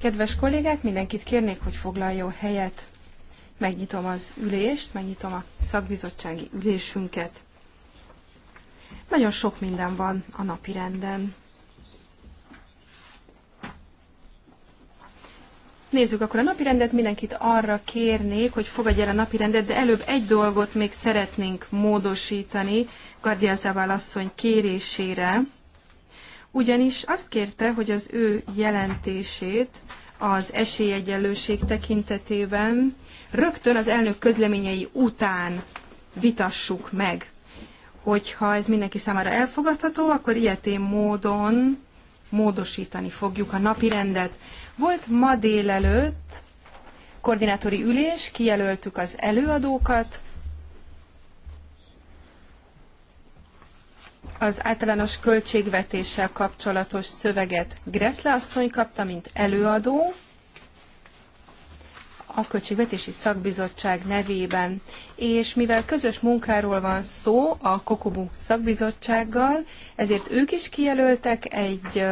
Kedves kollégák, mindenkit kérnék, hogy foglaljon helyet. Megnyitom az ülést, megnyitom a szakbizottsági ülésünket. Nagyon sok minden van a napi renden. Nézzük akkor a napirendet, mindenkit arra kérnék, hogy fogadja el a napirendet, de előbb egy dolgot még szeretnénk módosítani Gardia Zabál asszony kérésére ugyanis azt kérte, hogy az ő jelentését az esélyegyenlőség tekintetében rögtön az elnök közleményei után vitassuk meg. Hogyha ez mindenki számára elfogadható, akkor ilyetén módon módosítani fogjuk a napi rendet. Volt ma délelőtt koordinátori ülés, kijelöltük az előadókat, az általános költségvetéssel kapcsolatos szöveget Greszle asszony kapta, mint előadó a Költségvetési Szakbizottság nevében. És mivel közös munkáról van szó a Kokobu szakbizottsággal, ezért ők is kijelöltek egy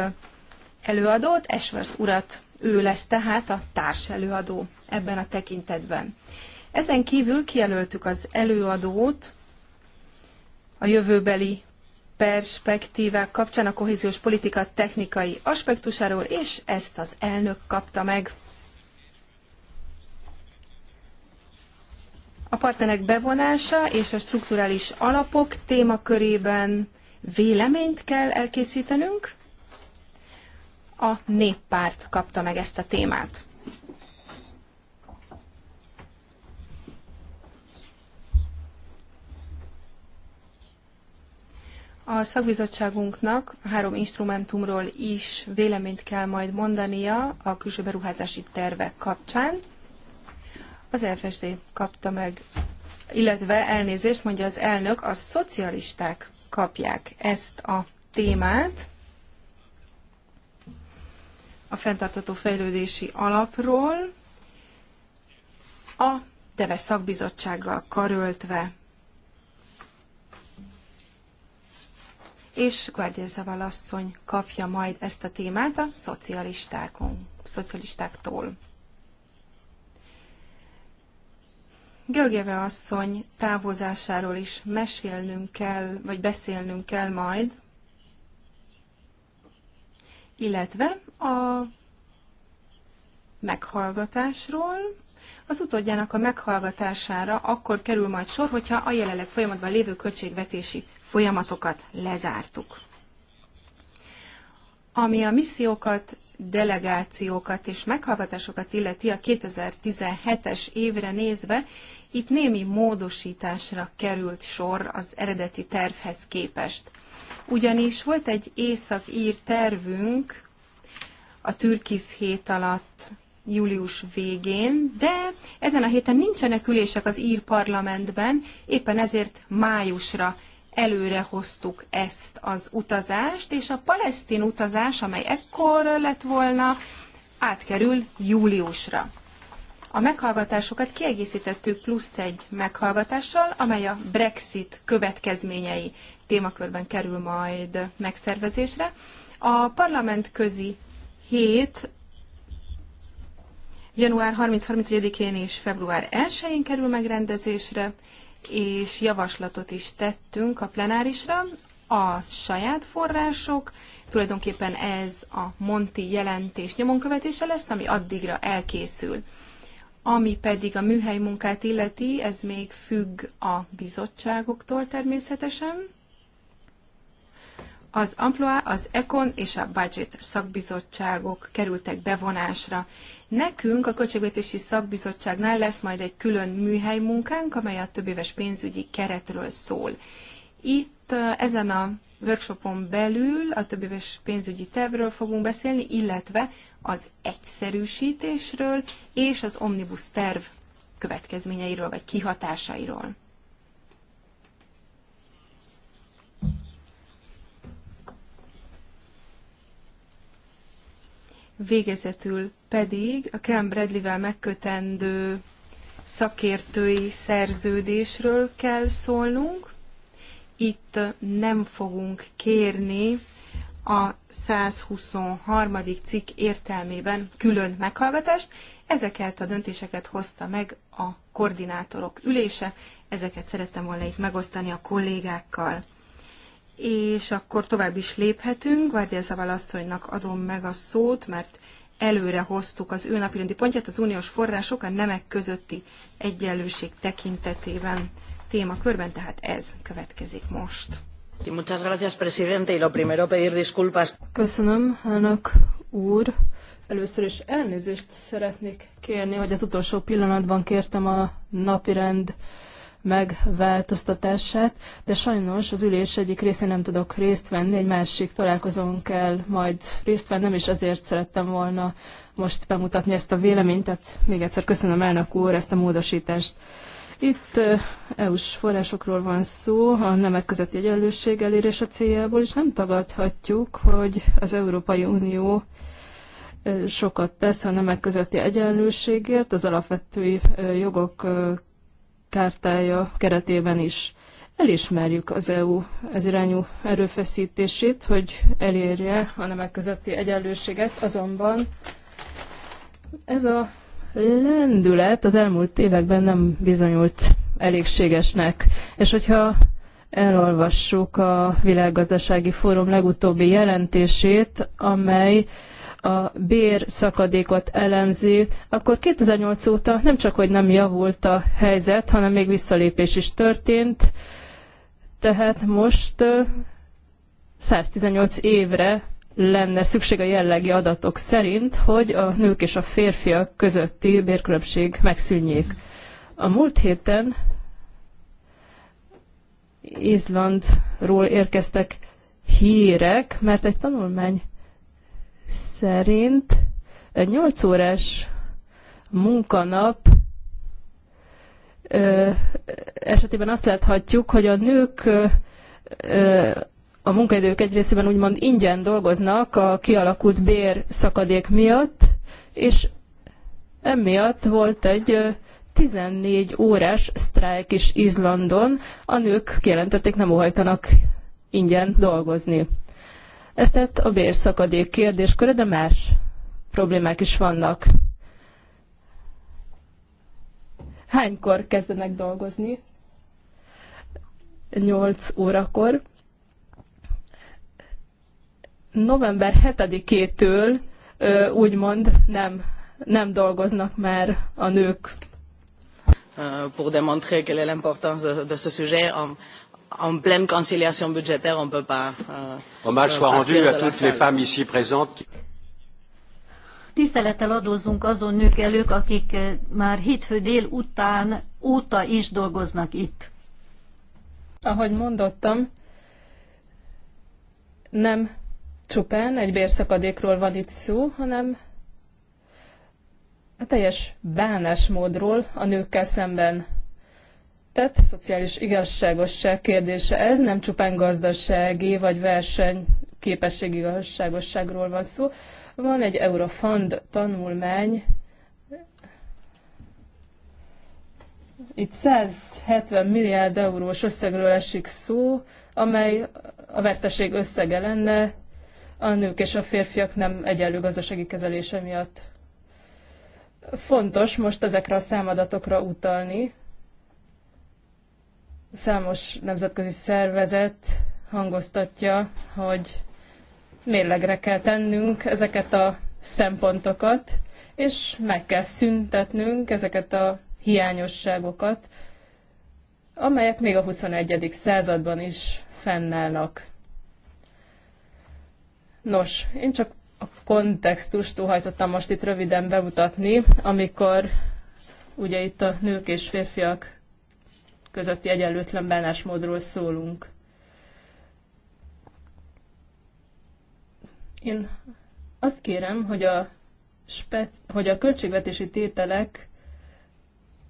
előadót, Esvers urat. Ő lesz tehát a társ előadó ebben a tekintetben. Ezen kívül kijelöltük az előadót a jövőbeli perspektívák kapcsán a kohéziós politika technikai aspektusáról, és ezt az elnök kapta meg. A partnerek bevonása és a strukturális alapok témakörében véleményt kell elkészítenünk. A néppárt kapta meg ezt a témát. A szakbizottságunknak három instrumentumról is véleményt kell majd mondania a külső beruházási tervek kapcsán. Az FSD kapta meg, illetve elnézést mondja az elnök, a szocialisták kapják ezt a témát a fenntartató fejlődési alapról a teves szakbizottsággal karöltve. és Guardia asszony kapja majd ezt a témát a szocialistákon, szocialistáktól. Georgieve asszony távozásáról is mesélnünk kell, vagy beszélnünk kell majd, illetve a meghallgatásról, az utódjának a meghallgatására akkor kerül majd sor, hogyha a jelenleg folyamatban lévő költségvetési folyamatokat lezártuk. Ami a missziókat, delegációkat és meghallgatásokat illeti a 2017-es évre nézve, itt némi módosításra került sor az eredeti tervhez képest. Ugyanis volt egy észak-ír tervünk a türkisz hét alatt július végén, de ezen a héten nincsenek ülések az ír parlamentben, éppen ezért májusra előre hoztuk ezt az utazást, és a palesztin utazás, amely ekkor lett volna, átkerül júliusra. A meghallgatásokat kiegészítettük plusz egy meghallgatással, amely a Brexit következményei témakörben kerül majd megszervezésre. A parlament közi hét január 30-31-én és február 1-én kerül megrendezésre, és javaslatot is tettünk a plenárisra, a saját források, tulajdonképpen ez a Monti jelentés nyomonkövetése lesz, ami addigra elkészül. Ami pedig a műhely munkát illeti, ez még függ a bizottságoktól természetesen. Az Amploa, az Econ és a Budget szakbizottságok kerültek bevonásra. Nekünk a Költségvetési Szakbizottságnál lesz majd egy külön műhely munkánk, amely a többéves pénzügyi keretről szól. Itt ezen a workshopon belül a többéves pénzügyi tervről fogunk beszélni, illetve az egyszerűsítésről és az omnibus terv következményeiről vagy kihatásairól. Végezetül pedig a Krem Bradley-vel megkötendő szakértői szerződésről kell szólnunk. Itt nem fogunk kérni a 123. cikk értelmében külön meghallgatást. Ezeket a döntéseket hozta meg a koordinátorok ülése, ezeket szerettem volna itt megosztani a kollégákkal és akkor tovább is léphetünk. ez a asszonynak adom meg a szót, mert előre hoztuk az ő napirendi pontját, az uniós források a nemek közötti egyenlőség tekintetében témakörben, tehát ez következik most. Muchas gracias, presidente, y lo primero pedir disculpas. Köszönöm, Hának úr. Először is elnézést szeretnék kérni, hogy az utolsó pillanatban kértem a napirend megváltoztatását, de sajnos az ülés egyik részén nem tudok részt venni, egy másik találkozón kell majd részt vennem, és ezért szerettem volna most bemutatni ezt a véleményt, tehát még egyszer köszönöm elnök úr ezt a módosítást. Itt EU-s forrásokról van szó, a nemek közötti egyenlőség elérése céljából, és nem tagadhatjuk, hogy az Európai Unió sokat tesz a nemek közötti egyenlőségért, az alapvető jogok kártája keretében is. Elismerjük az EU ez irányú erőfeszítését, hogy elérje a nemek közötti egyenlőséget, azonban ez a lendület az elmúlt években nem bizonyult elégségesnek. És hogyha elolvassuk a Világgazdasági Fórum legutóbbi jelentését, amely a bér szakadékot elemzi, akkor 2008 óta nem csak, hogy nem javult a helyzet, hanem még visszalépés is történt. Tehát most 118 évre lenne szükség a jellegi adatok szerint, hogy a nők és a férfiak közötti bérkülönbség megszűnjék. A múlt héten Izlandról érkeztek hírek, mert egy tanulmány szerint egy 8 órás munkanap esetében azt láthatjuk, hogy a nők a munkaidők egy részében úgymond ingyen dolgoznak a kialakult bér szakadék miatt, és emiatt volt egy 14 órás sztrájk is Izlandon. A nők kijelentették, nem óhajtanak ingyen dolgozni. Ez tett a bérszakadék kérdésköre, de más problémák is vannak. Hánykor kezdenek dolgozni? 8 órakor. November 7-től úgymond nem, nem dolgoznak már a nők. Euh, pour démontrer quelle est l'importance de ce sujet, en pleine conciliation budgétaire, on ne peut pas. Euh, Hommage soit euh, rendu à toutes les femmes ici présentes. Qui... Tisztelettel adózunk azon nők elők, akik eh, már hétfő dél után óta is dolgoznak itt. Ahogy mondottam, nem csupán egy bérszakadékról van itt szó, hanem a teljes bánásmódról a nőkkel szemben tett, szociális igazságosság kérdése. Ez nem csupán gazdasági vagy verseny képességi igazságosságról van szó. Van egy Eurofund tanulmány, itt 170 milliárd eurós összegről esik szó, amely a veszteség összege lenne a nők és a férfiak nem egyenlő gazdasági kezelése miatt. Fontos most ezekre a számadatokra utalni, Számos nemzetközi szervezet hangoztatja, hogy mérlegre kell tennünk ezeket a szempontokat, és meg kell szüntetnünk ezeket a hiányosságokat, amelyek még a 21. században is fennállnak. Nos, én csak a kontextust óhajtottam most itt röviden bemutatni, amikor ugye itt a nők és férfiak közötti egyenlőtlen bánásmódról szólunk. Én azt kérem, hogy a, spec, hogy a költségvetési tételek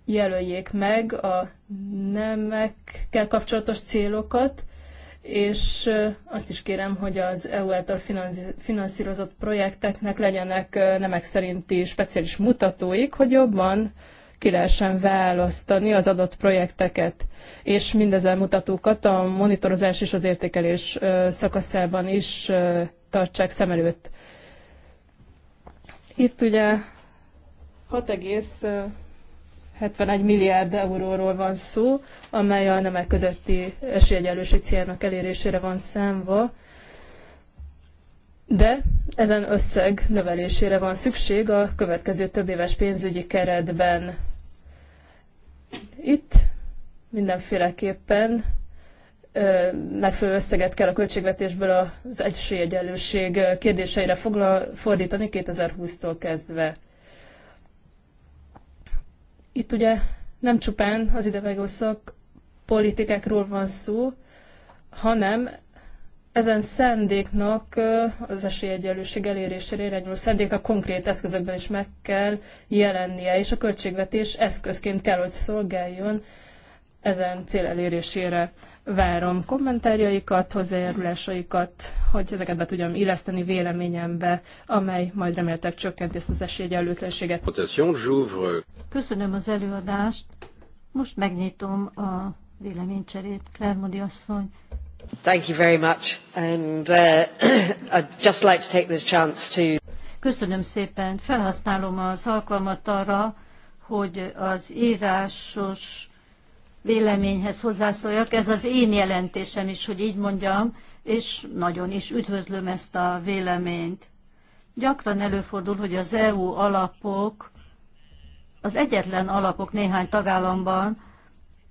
jelöljék meg a nemekkel kapcsolatos célokat, és azt is kérem, hogy az EU által finanszírozott projekteknek legyenek nemek szerinti speciális mutatóik, hogy jobban ki lehessen választani az adott projekteket, és mindezen mutatókat a monitorozás és az értékelés szakaszában is tartsák szem előtt. Itt ugye 6,71 milliárd euróról van szó, amely a nemek közötti esélyegyenlőség célnak elérésére van számva, de ezen összeg növelésére van szükség a következő több éves pénzügyi keretben. Itt mindenféleképpen megfelelő összeget kell a költségvetésből az esélyegyenlőség kérdéseire foglal, fordítani 2020-tól kezdve. Itt ugye nem csupán az idevágó politikákról van szó, hanem ezen szándéknak, az esélyegyenlőség elérésére irányuló szándéknak konkrét eszközökben is meg kell jelennie, és a költségvetés eszközként kell, hogy szolgáljon ezen cél elérésére. Várom kommentárjaikat, hozzájárulásaikat, hogy ezeket be tudjam illeszteni véleményembe, amely majd reméltek csökkenti ezt az esélyegyenlőtlenséget. Köszönöm az előadást. Most megnyitom a véleménycserét, Klermodi asszony. Köszönöm szépen. Felhasználom az alkalmat arra, hogy az írásos véleményhez hozzászóljak. Ez az én jelentésem is, hogy így mondjam, és nagyon is üdvözlöm ezt a véleményt. Gyakran előfordul, hogy az EU alapok, az egyetlen alapok néhány tagállamban,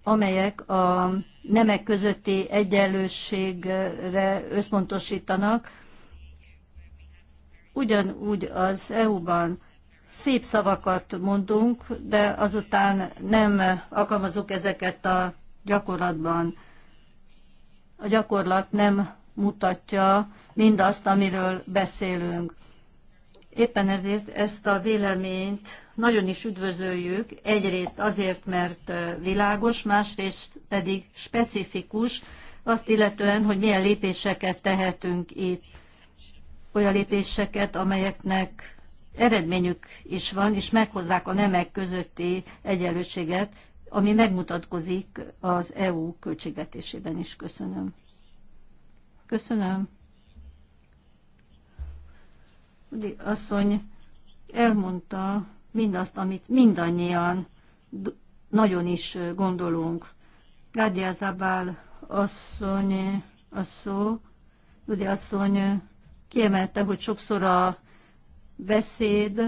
amelyek a nemek közötti egyenlősségre összpontosítanak. Ugyanúgy az EU-ban szép szavakat mondunk, de azután nem alkalmazunk ezeket a gyakorlatban. A gyakorlat nem mutatja mindazt, amiről beszélünk. Éppen ezért ezt a véleményt nagyon is üdvözöljük, egyrészt azért, mert világos, másrészt pedig specifikus, azt illetően, hogy milyen lépéseket tehetünk itt. Olyan lépéseket, amelyeknek eredményük is van, és meghozzák a nemek közötti egyenlőséget, ami megmutatkozik az EU költségvetésében is. Köszönöm. Köszönöm asszony elmondta mindazt, amit mindannyian nagyon is gondolunk. Gádia Zabál asszony, asszó, Judi asszony kiemelte, hogy sokszor a beszéd,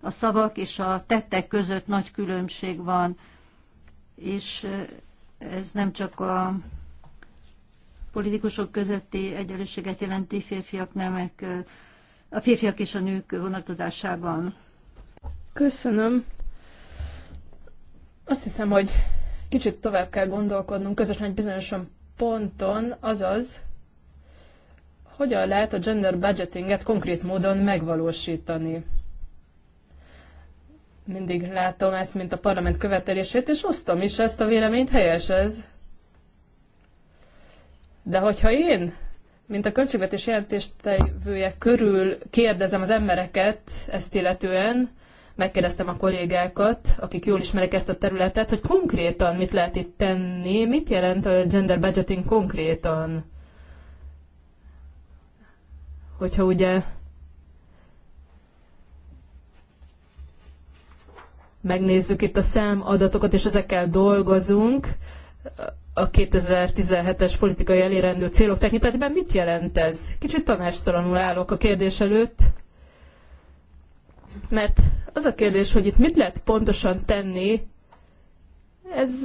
a szavak és a tettek között nagy különbség van, és ez nem csak a politikusok közötti egyenlőséget jelenti férfiak nemek a férfiak és a nők vonatkozásában. Köszönöm. Azt hiszem, hogy kicsit tovább kell gondolkodnunk közösen egy bizonyos ponton, azaz, hogyan lehet a gender budgetinget konkrét módon megvalósítani. Mindig látom ezt, mint a parlament követelését, és osztom is ezt a véleményt, helyes ez. De hogyha én mint a költségvetés jelentéstevője körül kérdezem az embereket ezt illetően, megkérdeztem a kollégákat, akik jól ismerik ezt a területet, hogy konkrétan mit lehet itt tenni, mit jelent a gender budgeting konkrétan? Hogyha ugye megnézzük itt a számadatokat, és ezekkel dolgozunk, a 2017-es politikai elérendő célok tekintetében mit jelent ez? Kicsit tanástalanul állok a kérdés előtt, mert az a kérdés, hogy itt mit lehet pontosan tenni, ez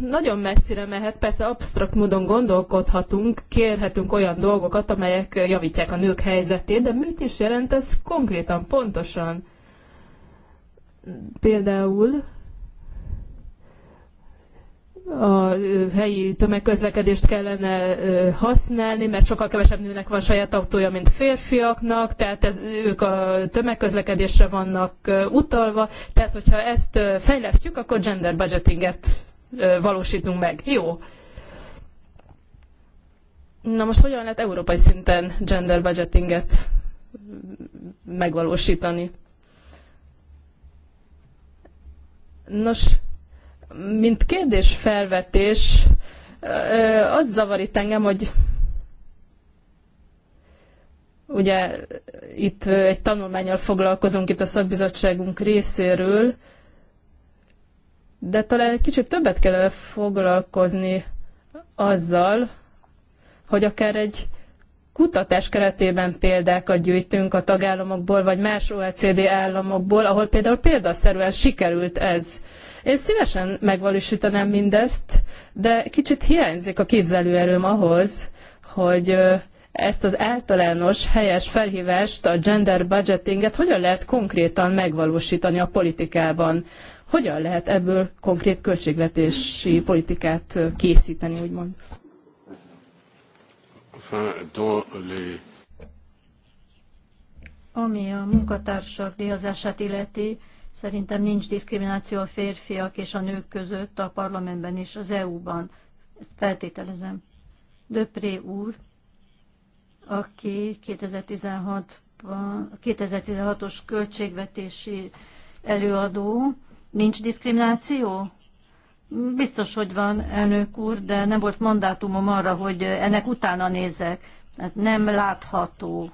nagyon messzire mehet, persze absztrakt módon gondolkodhatunk, kérhetünk olyan dolgokat, amelyek javítják a nők helyzetét, de mit is jelent ez konkrétan, pontosan? Például a helyi tömegközlekedést kellene használni, mert sokkal kevesebb nőnek van saját autója, mint férfiaknak, tehát ez, ők a tömegközlekedésre vannak utalva, tehát hogyha ezt fejlesztjük, akkor gender budgetinget valósítunk meg. Jó. Na most hogyan lehet európai szinten gender budgetinget megvalósítani? Nos, mint kérdés felvetés, az zavar itt engem, hogy ugye itt egy tanulmányal foglalkozunk itt a szakbizottságunk részéről, de talán egy kicsit többet kellene foglalkozni azzal, hogy akár egy kutatás keretében példákat gyűjtünk a tagállamokból, vagy más OECD államokból, ahol például példaszerűen sikerült ez. Én szívesen megvalósítanám mindezt, de kicsit hiányzik a képzelőerőm ahhoz, hogy ezt az általános helyes felhívást, a gender budgetinget hogyan lehet konkrétan megvalósítani a politikában? Hogyan lehet ebből konkrét költségvetési politikát készíteni, úgymond? Ami a munkatársak díjazását illeti, Szerintem nincs diszkrimináció a férfiak és a nők között a parlamentben és az EU-ban. Ezt feltételezem. Döpré úr, aki 2016 2016-os költségvetési előadó, nincs diszkrimináció? Biztos, hogy van, elnök úr, de nem volt mandátumom arra, hogy ennek utána nézek. Hát nem látható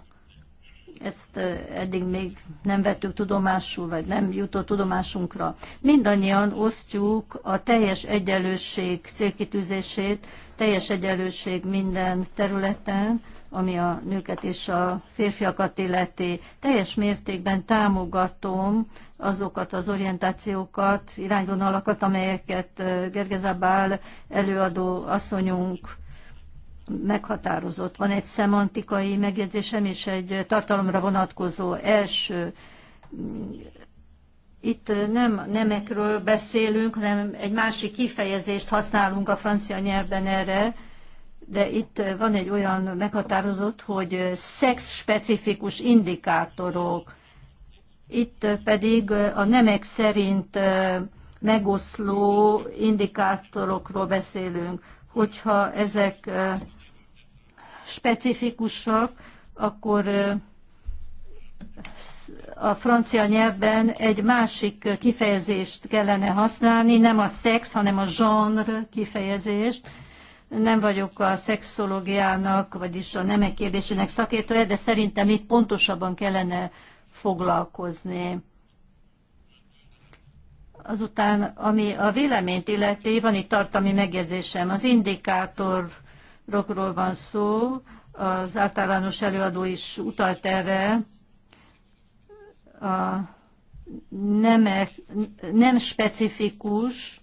ezt eddig még nem vettük tudomásul, vagy nem jutott tudomásunkra. Mindannyian osztjuk a teljes egyenlőség célkitűzését, teljes egyenlőség minden területen, ami a nőket és a férfiakat illeti. Teljes mértékben támogatom azokat az orientációkat, irányvonalakat, amelyeket Gergezabál előadó asszonyunk meghatározott. Van egy szemantikai megjegyzésem és egy tartalomra vonatkozó első. Mm, itt nem nemekről beszélünk, hanem egy másik kifejezést használunk a francia nyelven erre, de itt van egy olyan meghatározott, hogy szex-specifikus indikátorok. Itt pedig a nemek szerint megoszló indikátorokról beszélünk. Hogyha ezek specifikusak, akkor a francia nyelvben egy másik kifejezést kellene használni, nem a szex, hanem a genre kifejezést. Nem vagyok a szexológiának, vagyis a nemek kérdésének szakértője, de szerintem itt pontosabban kellene foglalkozni. Azután, ami a véleményt illeti, van itt tartalmi megjegyzésem. Az indikátor rockról van szó, az általános előadó is utalt erre, a nemek, nem specifikus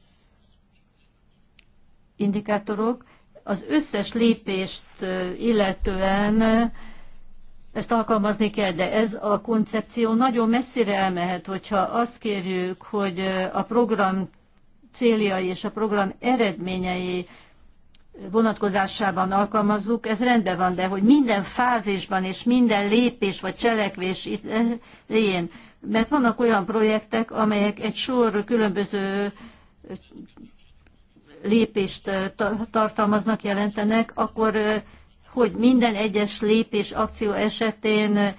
indikátorok, az összes lépést illetően ezt alkalmazni kell, de ez a koncepció nagyon messzire elmehet, hogyha azt kérjük, hogy a program céljai és a program eredményei vonatkozásában alkalmazzuk, ez rendben van, de hogy minden fázisban és minden lépés vagy cselekvés ilyen, eh, mert vannak olyan projektek, amelyek egy sor különböző eh, lépést eh, tartalmaznak, jelentenek, akkor hogy minden egyes lépés akció esetén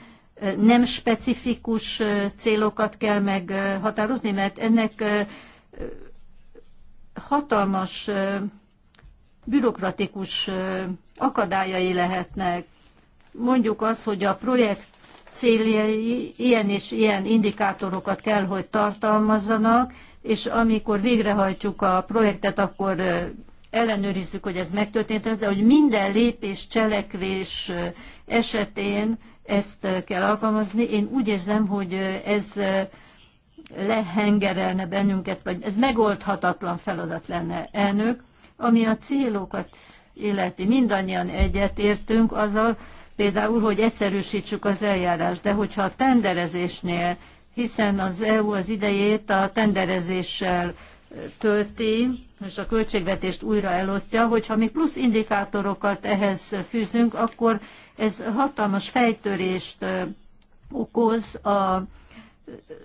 nem specifikus célokat kell meghatározni, mert ennek hatalmas bürokratikus akadályai lehetnek. Mondjuk az, hogy a projekt céljai ilyen és ilyen indikátorokat kell, hogy tartalmazzanak, és amikor végrehajtjuk a projektet, akkor ellenőrizzük, hogy ez megtörtént, de hogy minden lépés, cselekvés esetén ezt kell alkalmazni. Én úgy érzem, hogy ez lehengerelne bennünket, vagy ez megoldhatatlan feladat lenne, elnök. Ami a célokat illeti, mindannyian egyet értünk azzal, például, hogy egyszerűsítsük az eljárást, de hogyha a tenderezésnél, hiszen az EU az idejét a tenderezéssel tölti, és a költségvetést újra elosztja, hogyha mi plusz indikátorokat ehhez fűzünk, akkor ez hatalmas fejtörést okoz a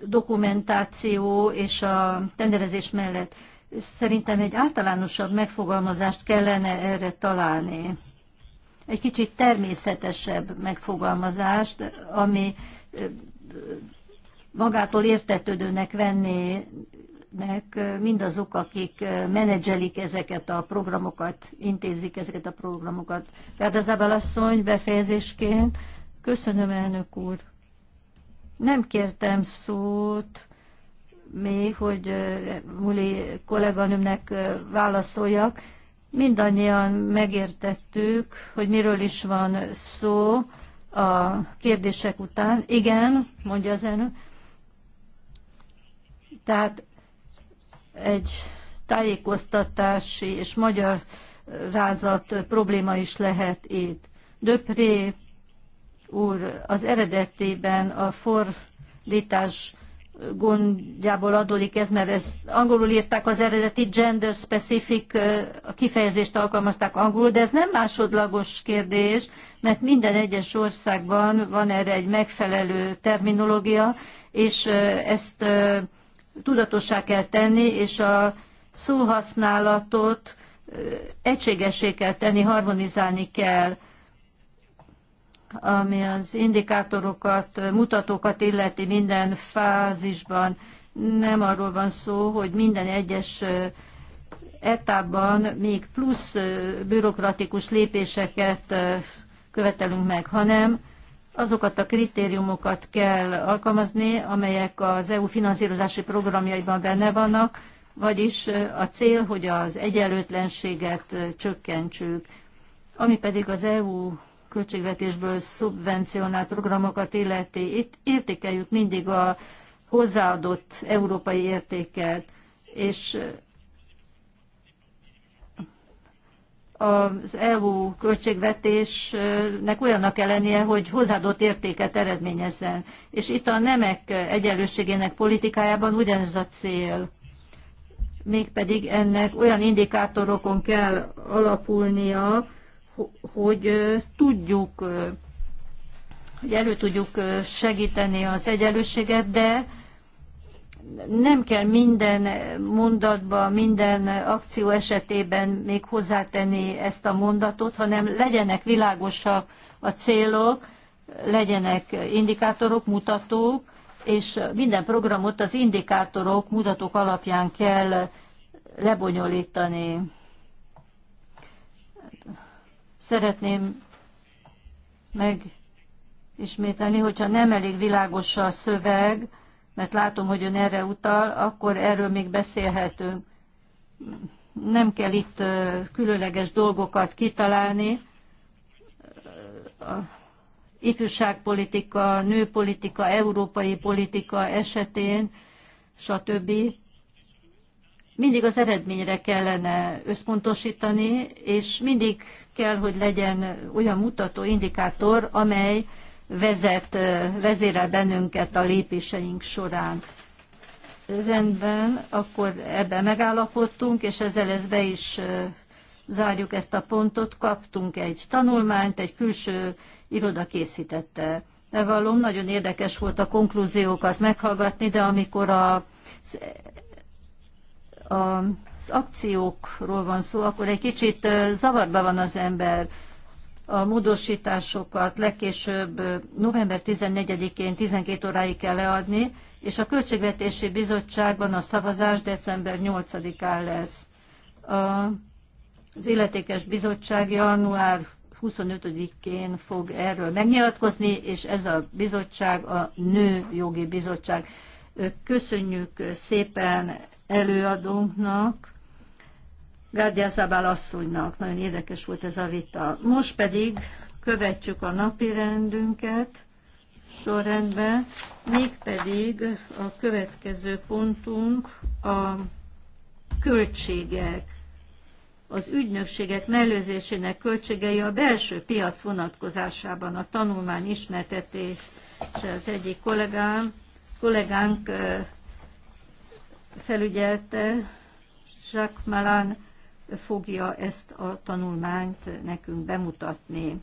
dokumentáció és a tenderezés mellett. Szerintem egy általánosabb megfogalmazást kellene erre találni. Egy kicsit természetesebb megfogalmazást, ami magától értetődőnek vennének mindazok, akik menedzselik ezeket a programokat, intézik ezeket a programokat. Rádazábel asszony befejezésként. Köszönöm, elnök úr. Nem kértem szót még, hogy Muli kolléganőmnek válaszoljak. Mindannyian megértettük, hogy miről is van szó a kérdések után. Igen, mondja az elnök. Tehát egy tájékoztatási és magyar rázat probléma is lehet itt. Döpré úr az eredetében a fordítás gondjából adódik ez, mert ez angolul írták az eredeti gender specific kifejezést alkalmazták angolul, de ez nem másodlagos kérdés, mert minden egyes országban van erre egy megfelelő terminológia, és ezt tudatossá kell tenni, és a szóhasználatot egységessé kell tenni, harmonizálni kell ami az indikátorokat, mutatókat illeti minden fázisban. Nem arról van szó, hogy minden egyes etában még plusz bürokratikus lépéseket követelünk meg, hanem azokat a kritériumokat kell alkalmazni, amelyek az EU finanszírozási programjaiban benne vannak, vagyis a cél, hogy az egyenlőtlenséget csökkentsük. Ami pedig az EU költségvetésből szubvencionált programokat illeti, itt értékeljük mindig a hozzáadott európai értéket, és az EU költségvetésnek olyannak kell lennie, hogy hozzáadott értéket eredményezzen. És itt a nemek egyenlőségének politikájában ugyanez a cél. Mégpedig ennek olyan indikátorokon kell alapulnia, hogy tudjuk, hogy elő tudjuk segíteni az egyenlőséget, de nem kell minden mondatba, minden akció esetében még hozzátenni ezt a mondatot, hanem legyenek világosak a célok, legyenek indikátorok, mutatók, és minden programot az indikátorok, mutatók alapján kell lebonyolítani. Szeretném megismételni, hogyha nem elég világos a szöveg, mert látom, hogy ön erre utal, akkor erről még beszélhetünk. Nem kell itt különleges dolgokat kitalálni. A ifjúságpolitika, nőpolitika, európai politika esetén, stb mindig az eredményre kellene összpontosítani, és mindig kell, hogy legyen olyan mutató, indikátor, amely vezet, vezérel bennünket a lépéseink során. Rendben, akkor ebben megállapodtunk, és ezzel ezt be is zárjuk ezt a pontot. Kaptunk egy tanulmányt, egy külső iroda készítette. De valóban nagyon érdekes volt a konklúziókat meghallgatni, de amikor a az akciókról van szó, akkor egy kicsit zavarba van az ember. A módosításokat legkésőbb november 14-én 12 óráig kell leadni, és a Költségvetési Bizottságban a szavazás december 8-án lesz. Az illetékes bizottság január 25-én fog erről megnyilatkozni, és ez a bizottság a Nőjogi Bizottság. Köszönjük szépen előadónknak, Gárdia Zabál asszonynak. Nagyon érdekes volt ez a vita. Most pedig követjük a napi rendünket sorrendbe, mégpedig a következő pontunk a költségek az ügynökségek mellőzésének költségei a belső piac vonatkozásában a tanulmány és az egyik kollégám, kollégánk felügyelte, Jacques Malan fogja ezt a tanulmányt nekünk bemutatni.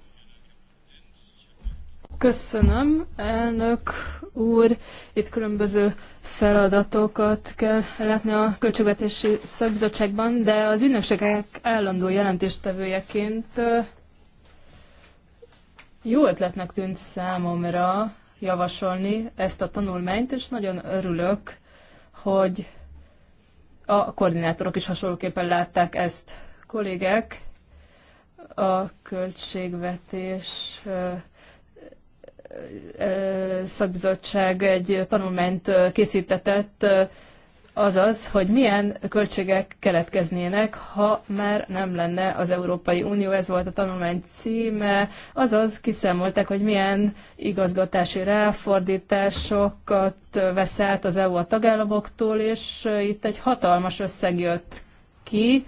Köszönöm, elnök úr. Itt különböző feladatokat kell látni a Költségvetési Szakbizottságban, de az ünnepségek állandó jelentéstevőjeként jó ötletnek tűnt számomra javasolni ezt a tanulmányt, és nagyon örülök, hogy a koordinátorok is hasonlóképpen látták ezt. Kollégek, a költségvetés szakbizottság egy tanulmányt készítetett azaz, hogy milyen költségek keletkeznének, ha már nem lenne az Európai Unió, ez volt a tanulmány címe, azaz kiszámolták, hogy milyen igazgatási ráfordításokat vesz át az EU a tagállamoktól, és itt egy hatalmas összeg jött ki,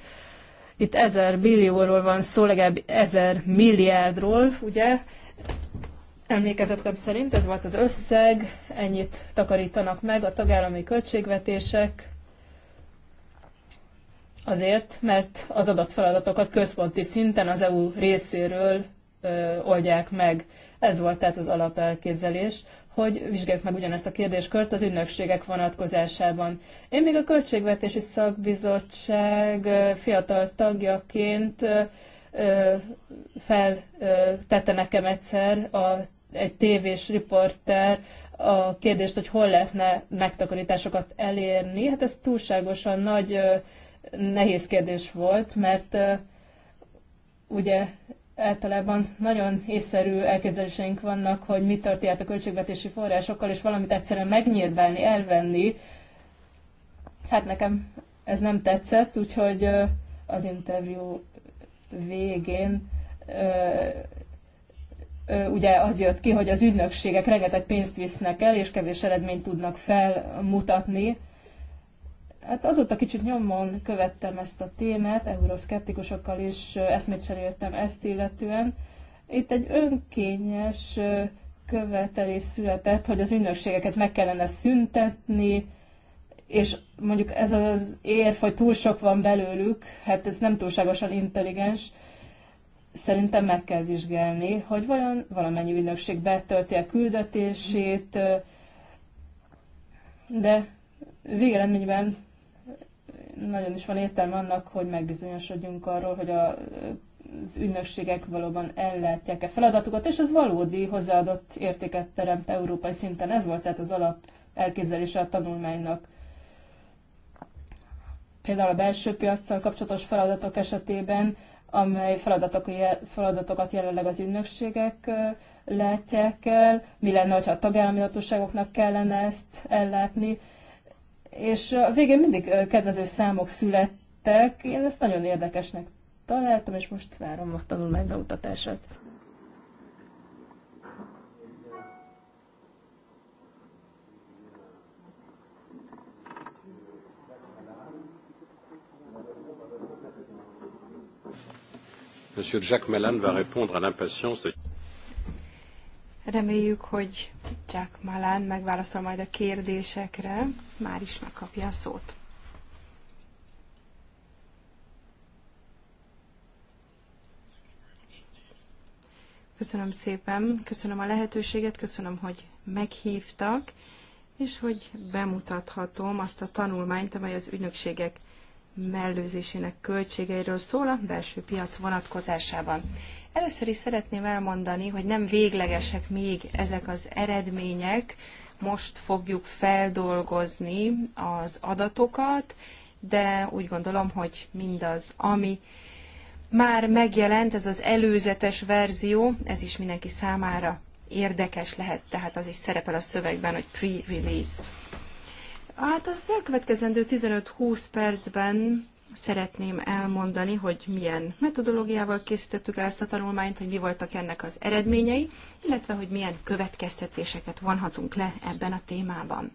itt ezer billióról van szó, legalább ezer milliárdról, ugye, Emlékezetem szerint ez volt az összeg, ennyit takarítanak meg a tagállami költségvetések, azért, mert az adatfeladatokat központi szinten az EU részéről ö, oldják meg. Ez volt tehát az alapelképzelés, hogy vizsgáljuk meg ugyanezt a kérdéskört az ünnepségek vonatkozásában. Én még a Költségvetési Szakbizottság fiatal tagjaként feltette nekem egyszer a egy tévés riporter a kérdést, hogy hol lehetne megtakarításokat elérni. Hát ez túlságosan nagy, nehéz kérdés volt, mert ugye általában nagyon észszerű elképzeléseink vannak, hogy mit mi át a költségvetési forrásokkal, és valamit egyszerűen megnyírbálni, elvenni. Hát nekem ez nem tetszett, úgyhogy az interjú végén ugye az jött ki, hogy az ügynökségek rengeteg pénzt visznek el, és kevés eredményt tudnak felmutatni. Hát azóta kicsit nyomon követtem ezt a témát, euroszkeptikusokkal is eszmét cseréltem ezt illetően. Itt egy önkényes követelés született, hogy az ügynökségeket meg kellene szüntetni, és mondjuk ez az érv, hogy túl sok van belőlük, hát ez nem túlságosan intelligens, szerintem meg kell vizsgálni, hogy vajon valamennyi ügynökség betölti a küldetését, de végeredményben nagyon is van értelme annak, hogy megbizonyosodjunk arról, hogy a, az ügynökségek valóban ellátják-e feladatukat, és ez valódi hozzáadott értéket teremt európai szinten. Ez volt tehát az alap elképzelése a tanulmánynak. Például a belső piacsal kapcsolatos feladatok esetében amely feladatokat jelenleg az ünnökségek látják el, mi lenne, ha a tagállami hatóságoknak kellene ezt ellátni, és a végén mindig kedvező számok születtek, én ezt nagyon érdekesnek találtam, és most várom a tanulmány beutatását. Monsieur Mellon va répondre à l'impatience de... Reméljük, hogy Jack Malán megválaszol majd a kérdésekre. Már is megkapja a szót. Köszönöm szépen, köszönöm a lehetőséget, köszönöm, hogy meghívtak, és hogy bemutathatom azt a tanulmányt, amely az ügynökségek mellőzésének költségeiről szól a belső piac vonatkozásában. Először is szeretném elmondani, hogy nem véglegesek még ezek az eredmények, most fogjuk feldolgozni az adatokat, de úgy gondolom, hogy mindaz, ami már megjelent, ez az előzetes verzió, ez is mindenki számára érdekes lehet, tehát az is szerepel a szövegben, hogy pre-release. Hát az elkövetkezendő 15-20 percben szeretném elmondani, hogy milyen metodológiával készítettük el ezt a tanulmányt, hogy mi voltak ennek az eredményei, illetve hogy milyen következtetéseket vonhatunk le ebben a témában.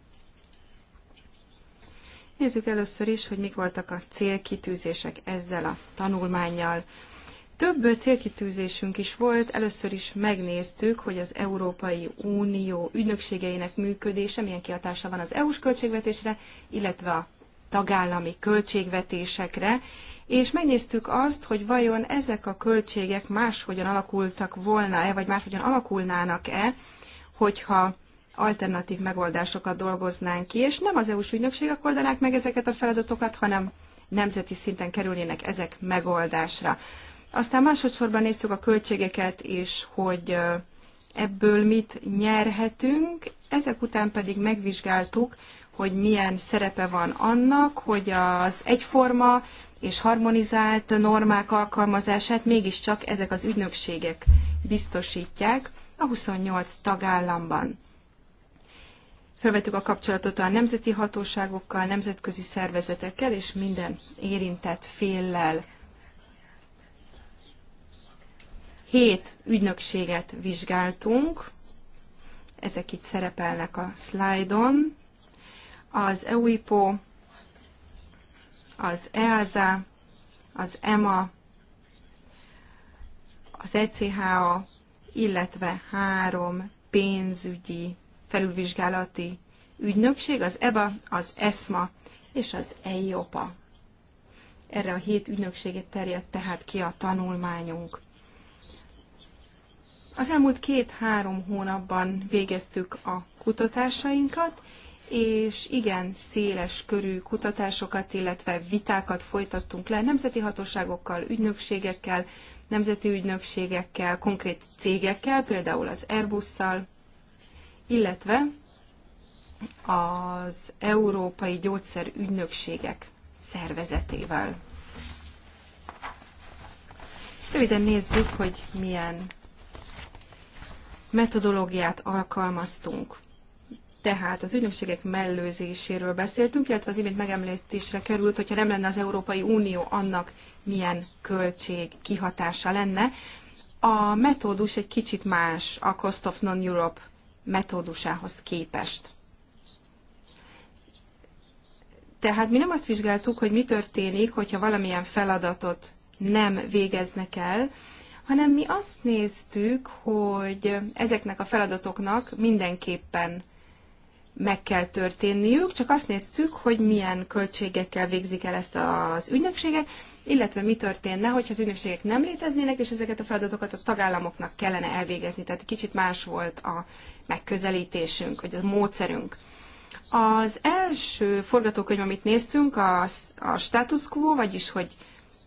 Nézzük először is, hogy mik voltak a célkitűzések ezzel a tanulmányjal. Több célkitűzésünk is volt, először is megnéztük, hogy az Európai Unió ügynökségeinek működése milyen kihatása van az EU-s költségvetésre, illetve a tagállami költségvetésekre, és megnéztük azt, hogy vajon ezek a költségek máshogyan alakultak volna-e, vagy máshogyan alakulnának-e, hogyha alternatív megoldásokat dolgoznánk ki, és nem az EU-s ügynökségek oldanák meg ezeket a feladatokat, hanem nemzeti szinten kerülnének ezek megoldásra. Aztán másodszorban néztük a költségeket és hogy ebből mit nyerhetünk, ezek után pedig megvizsgáltuk, hogy milyen szerepe van annak, hogy az egyforma és harmonizált normák alkalmazását mégiscsak ezek az ügynökségek biztosítják a 28 tagállamban. Felvettük a kapcsolatot a nemzeti hatóságokkal, nemzetközi szervezetekkel és minden érintett féllel. hét ügynökséget vizsgáltunk, ezek itt szerepelnek a szlájdon, az EUIPO, az EASA, az EMA, az ECHA, illetve három pénzügyi felülvizsgálati ügynökség, az EBA, az ESMA és az EIOPA. Erre a hét ügynökséget terjedt tehát ki a tanulmányunk. Az elmúlt két-három hónapban végeztük a kutatásainkat, és igen, széles körű kutatásokat, illetve vitákat folytattunk le nemzeti hatóságokkal, ügynökségekkel, nemzeti ügynökségekkel, konkrét cégekkel, például az airbus Airbus-szal, illetve az Európai Gyógyszerügynökségek szervezetével. Röviden nézzük, hogy milyen metodológiát alkalmaztunk. Tehát az ügynökségek mellőzéséről beszéltünk, illetve az imént megemlítésre került, hogyha nem lenne az Európai Unió, annak milyen költség kihatása lenne. A metódus egy kicsit más a Cost of Non-Europe metódusához képest. Tehát mi nem azt vizsgáltuk, hogy mi történik, hogyha valamilyen feladatot nem végeznek el, hanem mi azt néztük, hogy ezeknek a feladatoknak mindenképpen meg kell történniük, csak azt néztük, hogy milyen költségekkel végzik el ezt az ügynökségek, illetve mi történne, hogyha az ügynökségek nem léteznének, és ezeket a feladatokat a tagállamoknak kellene elvégezni. Tehát kicsit más volt a megközelítésünk, vagy a módszerünk. Az első forgatókönyv, amit néztünk, a, a status quo, vagyis hogy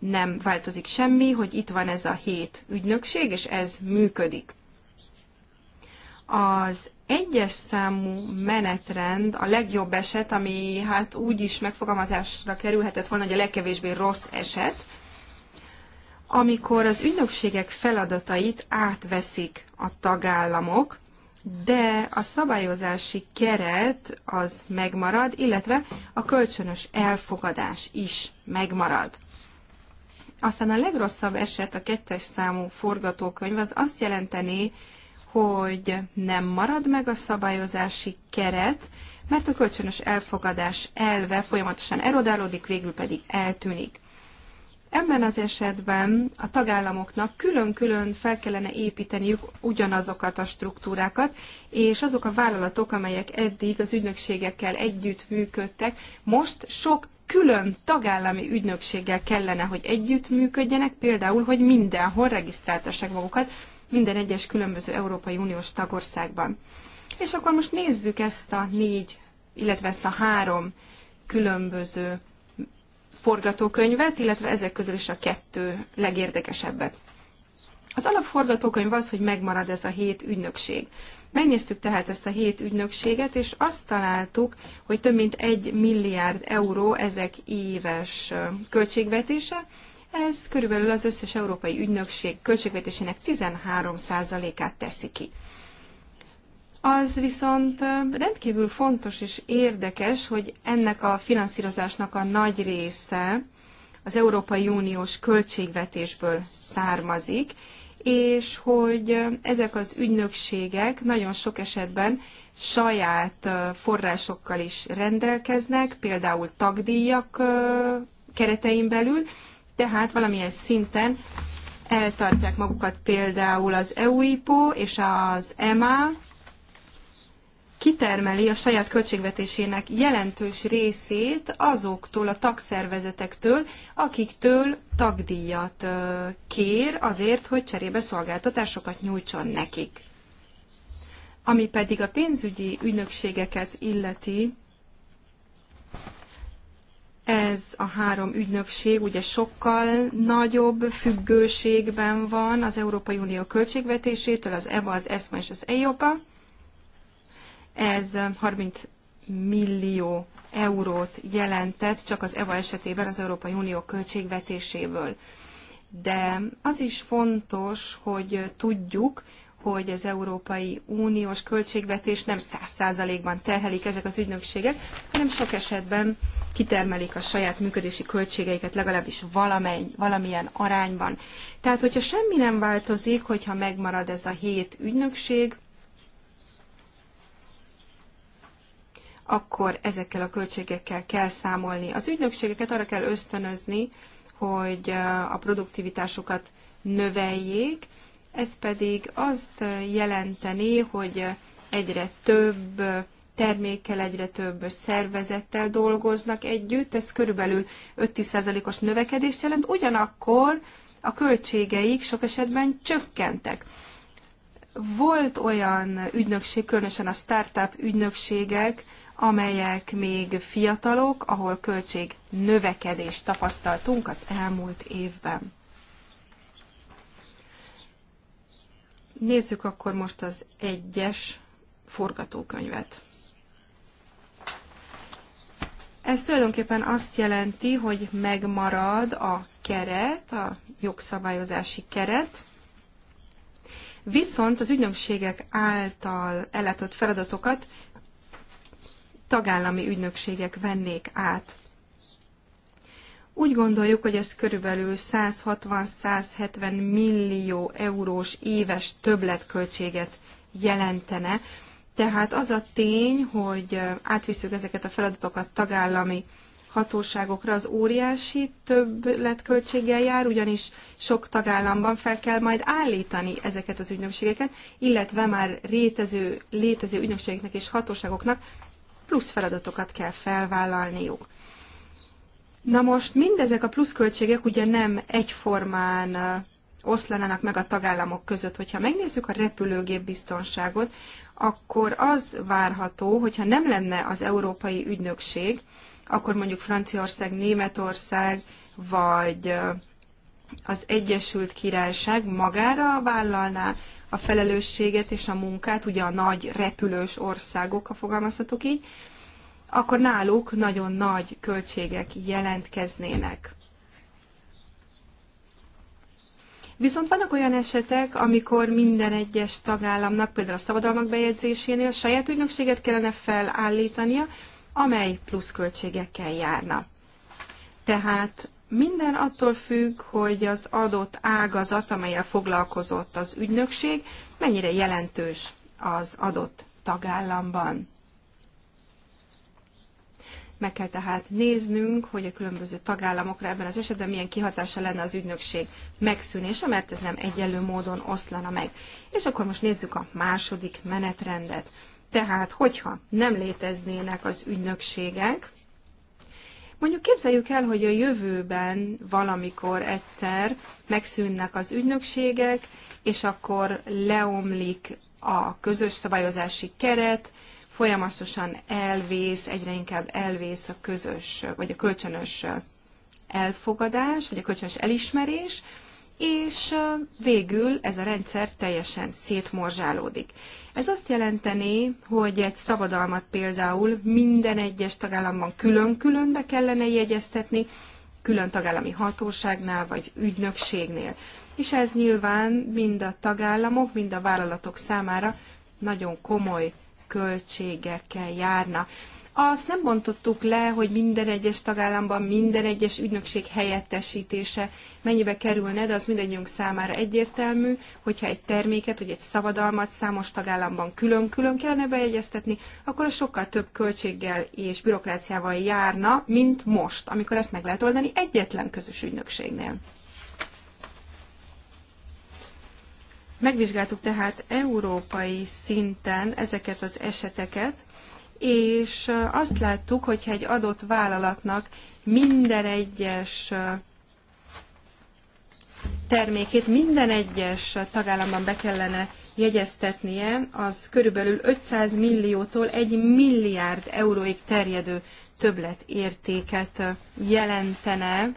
nem változik semmi, hogy itt van ez a hét ügynökség, és ez működik. Az egyes számú menetrend a legjobb eset, ami hát úgy is megfogalmazásra kerülhetett volna, hogy a legkevésbé rossz eset, amikor az ügynökségek feladatait átveszik a tagállamok, de a szabályozási keret az megmarad, illetve a kölcsönös elfogadás is megmarad. Aztán a legrosszabb eset, a kettes számú forgatókönyv, az azt jelenteni, hogy nem marad meg a szabályozási keret, mert a kölcsönös elfogadás elve folyamatosan erodálódik, végül pedig eltűnik. Ebben az esetben a tagállamoknak külön-külön fel kellene építeniük ugyanazokat a struktúrákat, és azok a vállalatok, amelyek eddig az ügynökségekkel együtt működtek, most sok külön tagállami ügynökséggel kellene, hogy együttműködjenek, például, hogy mindenhol regisztráltassák magukat, minden egyes különböző Európai Uniós tagországban. És akkor most nézzük ezt a négy, illetve ezt a három különböző forgatókönyvet, illetve ezek közül is a kettő legérdekesebbet. Az alapforgatókönyv az, hogy megmarad ez a hét ügynökség. Megnéztük tehát ezt a hét ügynökséget, és azt találtuk, hogy több mint egy milliárd euró ezek éves költségvetése, ez körülbelül az összes európai ügynökség költségvetésének 13%-át teszi ki. Az viszont rendkívül fontos és érdekes, hogy ennek a finanszírozásnak a nagy része az Európai Uniós költségvetésből származik, és hogy ezek az ügynökségek nagyon sok esetben saját forrásokkal is rendelkeznek, például tagdíjak keretein belül, tehát valamilyen szinten eltartják magukat például az EUIPO és az EMA kitermeli a saját költségvetésének jelentős részét azoktól a tagszervezetektől, akiktől tagdíjat kér azért, hogy cserébe szolgáltatásokat nyújtson nekik. Ami pedig a pénzügyi ügynökségeket illeti, ez a három ügynökség ugye sokkal nagyobb függőségben van az Európai Unió költségvetésétől, az EBA, az ESMA és az EIOPA, ez 30 millió eurót jelentett csak az EVA esetében az Európai Unió költségvetéséből. De az is fontos, hogy tudjuk, hogy az Európai Uniós költségvetés nem száz százalékban terhelik ezek az ügynökségek, hanem sok esetben kitermelik a saját működési költségeiket legalábbis valamely, valamilyen arányban. Tehát, hogyha semmi nem változik, hogyha megmarad ez a hét ügynökség, akkor ezekkel a költségekkel kell számolni. Az ügynökségeket arra kell ösztönözni, hogy a produktivitásukat növeljék, ez pedig azt jelenteni, hogy egyre több termékkel, egyre több szervezettel dolgoznak együtt, ez körülbelül 5-10%-os növekedést jelent, ugyanakkor a költségeik sok esetben csökkentek. Volt olyan ügynökség, különösen a startup ügynökségek, amelyek még fiatalok, ahol költség növekedést tapasztaltunk az elmúlt évben. Nézzük akkor most az egyes forgatókönyvet. Ez tulajdonképpen azt jelenti, hogy megmarad a keret, a jogszabályozási keret, viszont az ügynökségek által ellátott feladatokat tagállami ügynökségek vennék át. Úgy gondoljuk, hogy ez körülbelül 160-170 millió eurós éves többletköltséget jelentene, tehát az a tény, hogy átviszük ezeket a feladatokat tagállami hatóságokra, az óriási többletköltséggel jár, ugyanis sok tagállamban fel kell majd állítani ezeket az ügynökségeket, illetve már létező, létező ügynökségeknek és hatóságoknak plusz feladatokat kell felvállalniuk. Na most mindezek a pluszköltségek ugye nem egyformán oszlanának meg a tagállamok között. Hogyha megnézzük a repülőgép biztonságot, akkor az várható, hogyha nem lenne az európai ügynökség, akkor mondjuk Franciaország, Németország, vagy az Egyesült Királyság magára vállalná a felelősséget és a munkát, ugye a nagy repülős országok, ha fogalmazhatok így, akkor náluk nagyon nagy költségek jelentkeznének. Viszont vannak olyan esetek, amikor minden egyes tagállamnak, például a szabadalmak bejegyzésénél saját ügynökséget kellene felállítania, amely pluszköltségekkel járna. Tehát minden attól függ, hogy az adott ágazat, amelyel foglalkozott az ügynökség, mennyire jelentős az adott tagállamban. Meg kell tehát néznünk, hogy a különböző tagállamokra ebben az esetben milyen kihatása lenne az ügynökség megszűnése, mert ez nem egyenlő módon oszlana meg. És akkor most nézzük a második menetrendet. Tehát, hogyha nem léteznének az ügynökségek, Mondjuk képzeljük el, hogy a jövőben valamikor egyszer megszűnnek az ügynökségek, és akkor leomlik a közös szabályozási keret, folyamatosan elvész, egyre inkább elvész a közös, vagy a kölcsönös elfogadás, vagy a kölcsönös elismerés, és végül ez a rendszer teljesen szétmorzsálódik. Ez azt jelenteni, hogy egy szabadalmat például minden egyes tagállamban külön-külön be kellene jegyeztetni, külön tagállami hatóságnál vagy ügynökségnél. És ez nyilván mind a tagállamok, mind a vállalatok számára nagyon komoly költségekkel járna. Azt nem bontottuk le, hogy minden egyes tagállamban minden egyes ügynökség helyettesítése mennyibe kerülne, de az mindegyünk számára egyértelmű, hogyha egy terméket vagy egy szabadalmat számos tagállamban külön-külön kellene bejegyeztetni, akkor az sokkal több költséggel és bürokráciával járna, mint most, amikor ezt meg lehet oldani egyetlen közös ügynökségnél. Megvizsgáltuk tehát európai szinten ezeket az eseteket, és azt láttuk, hogyha egy adott vállalatnak minden egyes termékét minden egyes tagállamban be kellene jegyeztetnie, az körülbelül 500 milliótól 1 milliárd euróig terjedő többletértéket jelentene,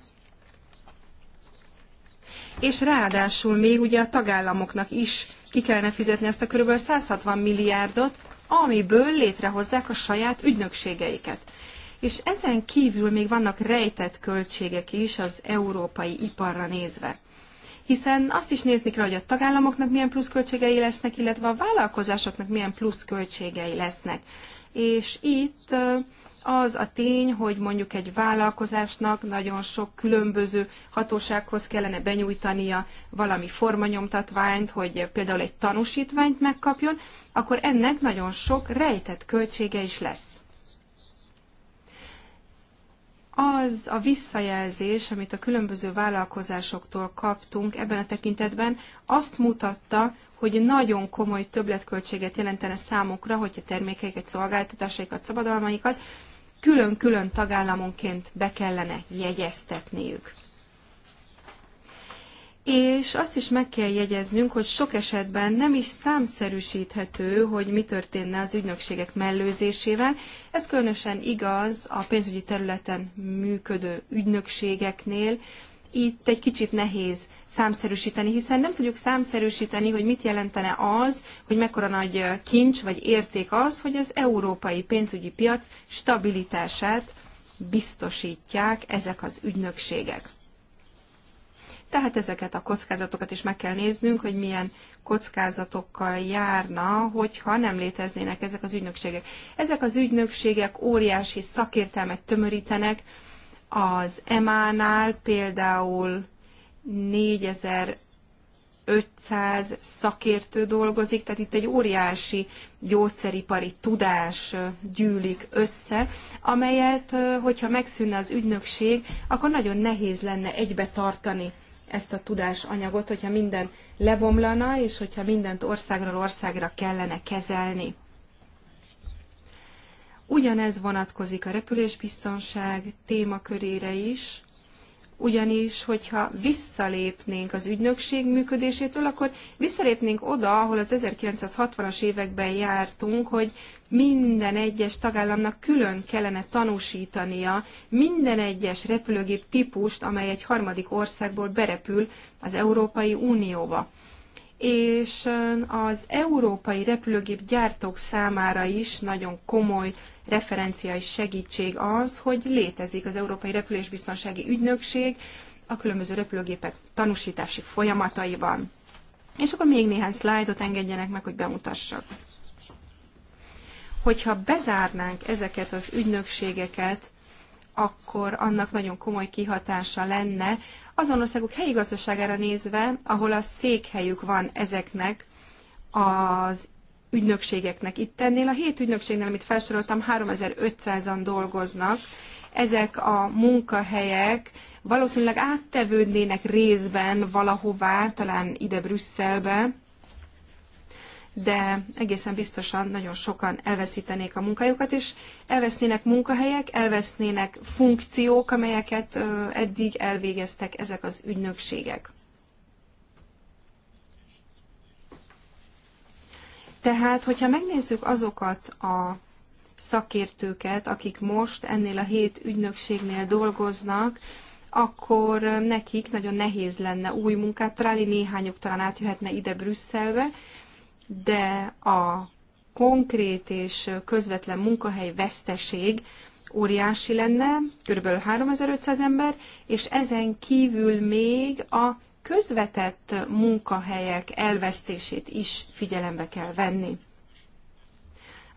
és ráadásul még ugye a tagállamoknak is ki kellene fizetni ezt a körülbelül 160 milliárdot, amiből létrehozzák a saját ügynökségeiket. És ezen kívül még vannak rejtett költségek is az európai iparra nézve hiszen azt is nézni kell, hogy a tagállamoknak milyen pluszköltségei lesznek, illetve a vállalkozásoknak milyen pluszköltségei lesznek. És itt az a tény, hogy mondjuk egy vállalkozásnak nagyon sok különböző hatósághoz kellene benyújtania valami formanyomtatványt, hogy például egy tanúsítványt megkapjon, akkor ennek nagyon sok rejtett költsége is lesz. Az a visszajelzés, amit a különböző vállalkozásoktól kaptunk ebben a tekintetben, azt mutatta, hogy nagyon komoly többletköltséget jelentene számukra, hogyha termékeiket, szolgáltatásaikat, szabadalmaikat külön-külön tagállamonként be kellene jegyeztetniük. És azt is meg kell jegyeznünk, hogy sok esetben nem is számszerűsíthető, hogy mi történne az ügynökségek mellőzésével. Ez különösen igaz a pénzügyi területen működő ügynökségeknél, itt egy kicsit nehéz számszerűsíteni, hiszen nem tudjuk számszerűsíteni, hogy mit jelentene az, hogy mekkora nagy kincs vagy érték az, hogy az európai pénzügyi piac stabilitását biztosítják ezek az ügynökségek. Tehát ezeket a kockázatokat is meg kell néznünk, hogy milyen kockázatokkal járna, hogyha nem léteznének ezek az ügynökségek. Ezek az ügynökségek óriási szakértelmet tömörítenek, az EMA-nál például 4500 szakértő dolgozik, tehát itt egy óriási gyógyszeripari tudás gyűlik össze, amelyet, hogyha megszűnne az ügynökség, akkor nagyon nehéz lenne egybe tartani ezt a tudásanyagot, hogyha minden lebomlana, és hogyha mindent országról országra kellene kezelni. Ugyanez vonatkozik a repülésbiztonság témakörére is, ugyanis, hogyha visszalépnénk az ügynökség működésétől, akkor visszalépnénk oda, ahol az 1960-as években jártunk, hogy minden egyes tagállamnak külön kellene tanúsítania minden egyes repülőgép típust, amely egy harmadik országból berepül az Európai Unióba. És az európai repülőgép gyártók számára is nagyon komoly referencia és segítség az, hogy létezik az Európai Repülésbiztonsági Ügynökség a különböző repülőgépek tanúsítási folyamataiban. És akkor még néhány szlájdot engedjenek meg, hogy bemutassak. Hogyha bezárnánk ezeket az ügynökségeket, akkor annak nagyon komoly kihatása lenne azon országok helyi gazdaságára nézve, ahol a székhelyük van ezeknek az ügynökségeknek itt tennél. A hét ügynökségnél, amit felsoroltam, 3500-an dolgoznak. Ezek a munkahelyek valószínűleg áttevődnének részben valahová, talán ide Brüsszelbe, de egészen biztosan nagyon sokan elveszítenék a munkájukat, és elvesznének munkahelyek, elvesznének funkciók, amelyeket eddig elvégeztek ezek az ügynökségek. Tehát, hogyha megnézzük azokat a szakértőket, akik most ennél a hét ügynökségnél dolgoznak, akkor nekik nagyon nehéz lenne új munkát találni, néhányuk talán átjöhetne ide Brüsszelbe, de a konkrét és közvetlen munkahely veszteség óriási lenne, kb. 3500 ember, és ezen kívül még a közvetett munkahelyek elvesztését is figyelembe kell venni.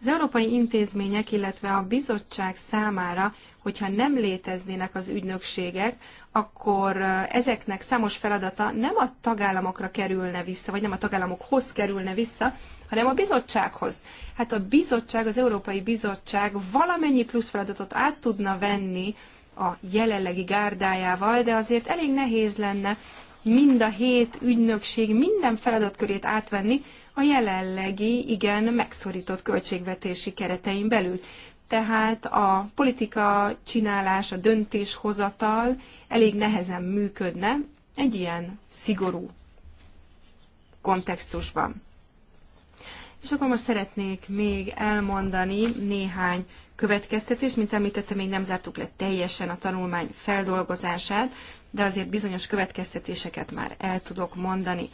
Az európai intézmények, illetve a bizottság számára, hogyha nem léteznének az ügynökségek, akkor ezeknek számos feladata nem a tagállamokra kerülne vissza, vagy nem a tagállamokhoz kerülne vissza, hanem a bizottsághoz. Hát a bizottság, az Európai Bizottság valamennyi plusz feladatot át tudna venni a jelenlegi gárdájával, de azért elég nehéz lenne mind a hét ügynökség minden feladatkörét átvenni a jelenlegi, igen, megszorított költségvetési keretein belül. Tehát a politika csinálás, a döntéshozatal elég nehezen működne egy ilyen szigorú kontextusban. És akkor most szeretnék még elmondani néhány következtetés, mint említettem, még nem zártuk le teljesen a tanulmány feldolgozását, de azért bizonyos következtetéseket már el tudok mondani.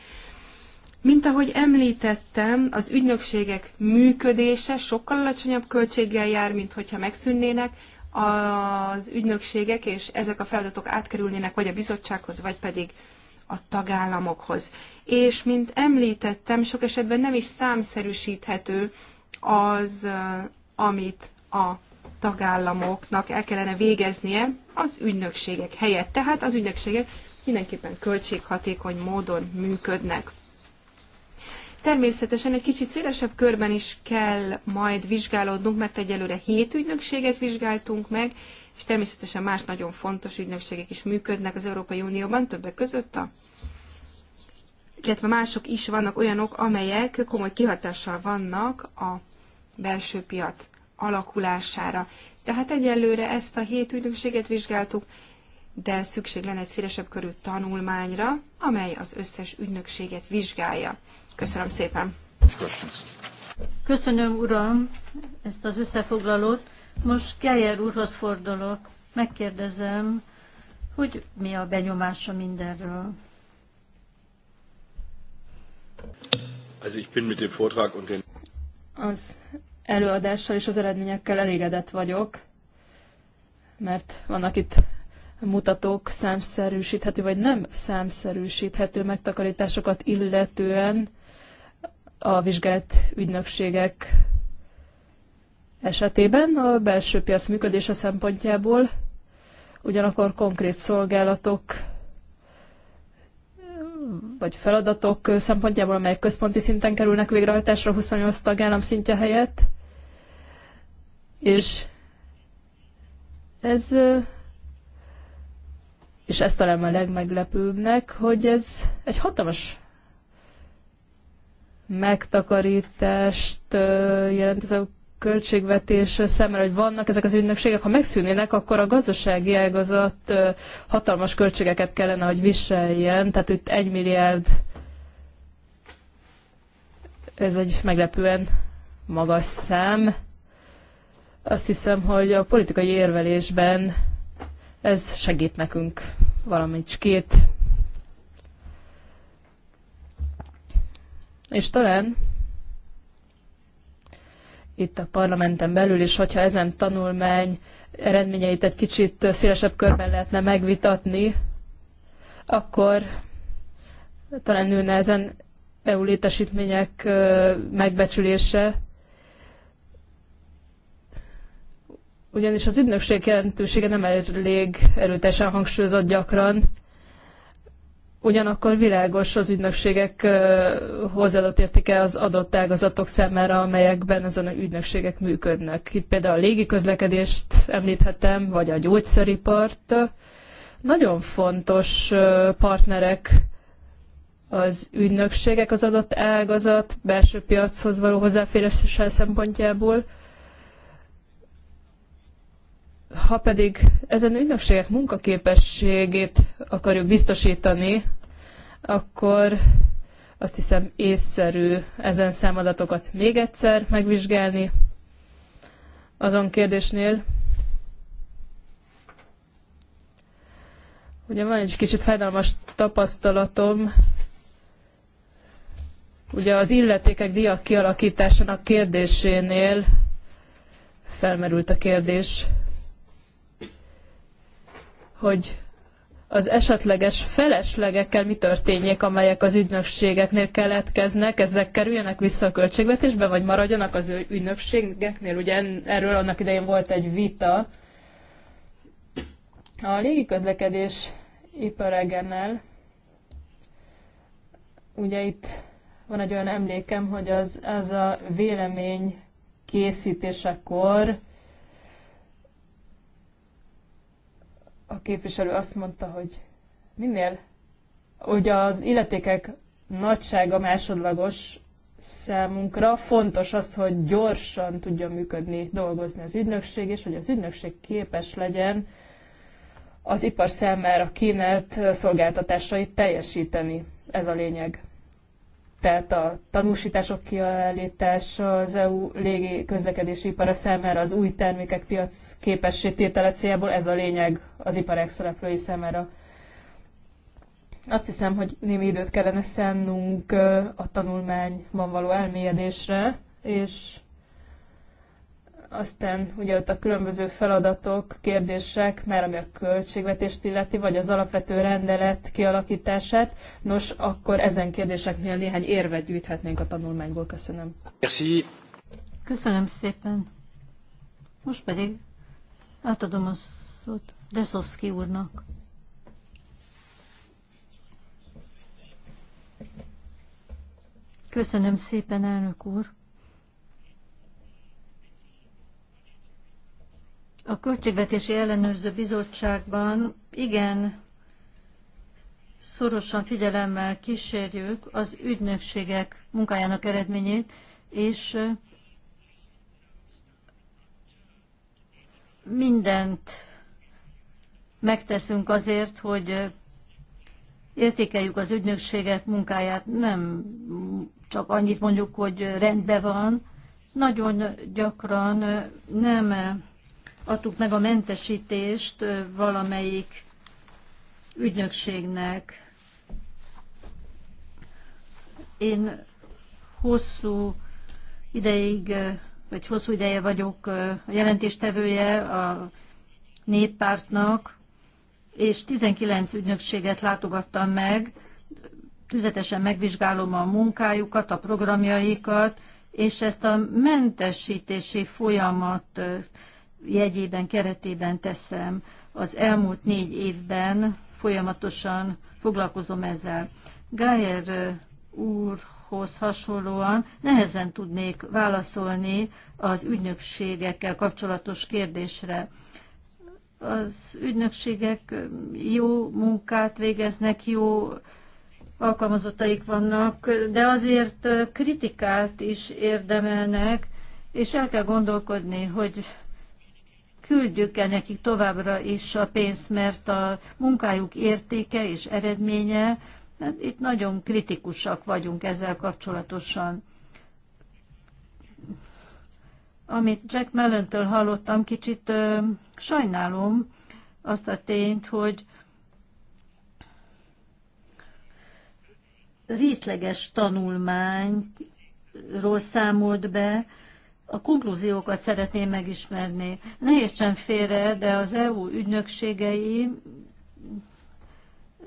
Mint ahogy említettem, az ügynökségek működése sokkal alacsonyabb költséggel jár, mint hogyha megszűnnének az ügynökségek, és ezek a feladatok átkerülnének vagy a bizottsághoz, vagy pedig a tagállamokhoz. És mint említettem, sok esetben nem is számszerűsíthető az, amit a tagállamoknak el kellene végeznie az ügynökségek helyett. Tehát az ügynökségek mindenképpen költséghatékony módon működnek. Természetesen egy kicsit szélesebb körben is kell majd vizsgálódnunk, mert egyelőre hét ügynökséget vizsgáltunk meg, és természetesen más nagyon fontos ügynökségek is működnek az Európai Unióban, többek között a illetve mások is vannak olyanok, amelyek komoly kihatással vannak a belső piac alakulására. Tehát egyelőre ezt a hét ügynökséget vizsgáltuk, de szükség lenne egy szélesebb körű tanulmányra, amely az összes ügynökséget vizsgálja. Köszönöm szépen! Köszönöm, uram, ezt az összefoglalót. Most Geyer úrhoz fordulok. Megkérdezem, hogy mi a benyomása mindenről. Also ich bin mit dem Vortrag und den az előadással és az eredményekkel elégedett vagyok, mert vannak itt mutatók számszerűsíthető vagy nem számszerűsíthető megtakarításokat illetően a vizsgált ügynökségek esetében a belső piac működése szempontjából, ugyanakkor konkrét szolgálatok vagy feladatok szempontjából, amelyek központi szinten kerülnek végrehajtásra 28 tagállam szintje helyett, és ez, és ezt talán a legmeglepőbbnek, hogy ez egy hatalmas megtakarítást jelent ez a költségvetés szemmel hogy vannak ezek az ügynökségek, ha megszűnének, akkor a gazdasági ágazat hatalmas költségeket kellene, hogy viseljen, tehát itt egy milliárd, ez egy meglepően magas szám, azt hiszem, hogy a politikai érvelésben ez segít nekünk valamicskét. És talán itt a parlamenten belül is, hogyha ezen tanulmány eredményeit egy kicsit szélesebb körben lehetne megvitatni, akkor talán nőne ezen EU létesítmények megbecsülése, ugyanis az ügynökség jelentősége nem elég erőteljesen hangsúlyozott gyakran, ugyanakkor világos az ügynökségek hozzáadott értéke az adott ágazatok számára, amelyekben ezen az ügynökségek működnek. Itt például a légiközlekedést említhetem, vagy a gyógyszeripart. Nagyon fontos partnerek az ügynökségek az adott ágazat belső piachoz való hozzáférés szempontjából ha pedig ezen ügynökségek munkaképességét akarjuk biztosítani, akkor azt hiszem észszerű ezen számadatokat még egyszer megvizsgálni azon kérdésnél, Ugye van egy kicsit fájdalmas tapasztalatom, ugye az illetékek díjak kialakításának kérdésénél felmerült a kérdés, hogy az esetleges feleslegekkel mi történjék, amelyek az ügynökségeknél keletkeznek, ezek kerüljenek vissza a költségvetésbe, vagy maradjanak az ügynökségeknél? Ugye erről annak idején volt egy vita. A légiközlekedés iparegennel, ugye itt van egy olyan emlékem, hogy az, az a vélemény készítésekor a képviselő azt mondta, hogy minél hogy az illetékek nagysága másodlagos számunkra, fontos az, hogy gyorsan tudjon működni, dolgozni az ügynökség, és hogy az ügynökség képes legyen az ipar számára kínált szolgáltatásait teljesíteni. Ez a lényeg tehát a tanúsítások kiállítása az EU légi közlekedési ipara számára az új termékek piac képessé tétele céljából, ez a lényeg az iparek szereplői számára. Azt hiszem, hogy némi időt kellene szennünk a tanulmányban való elmélyedésre, és aztán ugye ott a különböző feladatok, kérdések, már ami a költségvetést illeti, vagy az alapvető rendelet kialakítását. Nos, akkor ezen kérdéseknél néhány érvet gyűjthetnénk a tanulmányból. Köszönöm. Merci. Köszönöm szépen. Most pedig átadom a szót Deszowski úrnak. Köszönöm szépen, elnök úr. A Költségvetési Ellenőrző Bizottságban igen szorosan figyelemmel kísérjük az ügynökségek munkájának eredményét, és mindent megteszünk azért, hogy értékeljük az ügynökségek munkáját, nem csak annyit mondjuk, hogy rendben van, nagyon gyakran nem adtuk meg a mentesítést valamelyik ügynökségnek. Én hosszú ideig, vagy hosszú ideje vagyok a jelentéstevője a néppártnak, és 19 ügynökséget látogattam meg, tüzetesen megvizsgálom a munkájukat, a programjaikat, és ezt a mentesítési folyamat jegyében, keretében teszem. Az elmúlt négy évben folyamatosan foglalkozom ezzel. Gájer úrhoz hasonlóan nehezen tudnék válaszolni az ügynökségekkel kapcsolatos kérdésre. Az ügynökségek jó munkát végeznek, jó alkalmazottaik vannak, de azért kritikát is érdemelnek, és el kell gondolkodni, hogy küldjük e nekik továbbra is a pénzt, mert a munkájuk értéke és eredménye, hát itt nagyon kritikusak vagyunk ezzel kapcsolatosan. Amit Jack Mellöntől hallottam, kicsit ö, sajnálom azt a tényt, hogy részleges tanulmányról számolt be, a konklúziókat szeretném megismerni. Ne értsen félre, de az EU ügynökségei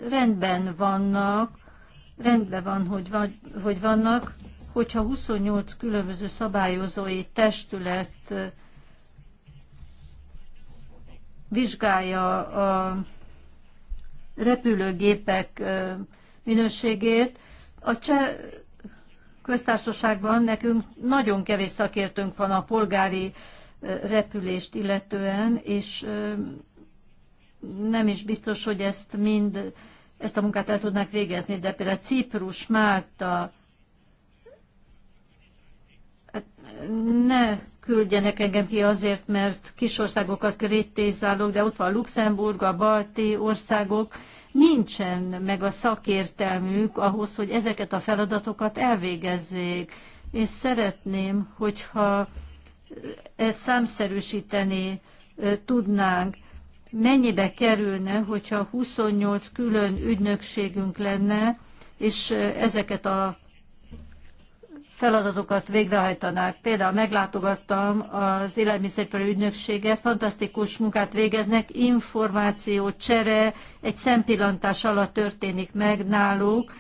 rendben vannak, rendben van, hogy, van, hogy vannak, hogyha 28 különböző szabályozói testület vizsgálja a repülőgépek minőségét, a cseh köztársaságban nekünk nagyon kevés szakértőnk van a polgári repülést illetően, és nem is biztos, hogy ezt mind, ezt a munkát el tudnák végezni, de például Ciprus, Málta, hát ne küldjenek engem ki azért, mert kisországokat kritizálok, de ott van Luxemburg, a balti országok, nincsen meg a szakértelmük ahhoz, hogy ezeket a feladatokat elvégezzék. És szeretném, hogyha ezt számszerűsíteni tudnánk, mennyibe kerülne, hogyha 28 külön ügynökségünk lenne, és ezeket a feladatokat végrehajtanák. Például meglátogattam az élelmiszerpörő ügynökséget, fantasztikus munkát végeznek, információ, csere egy szempillantás alatt történik meg náluk,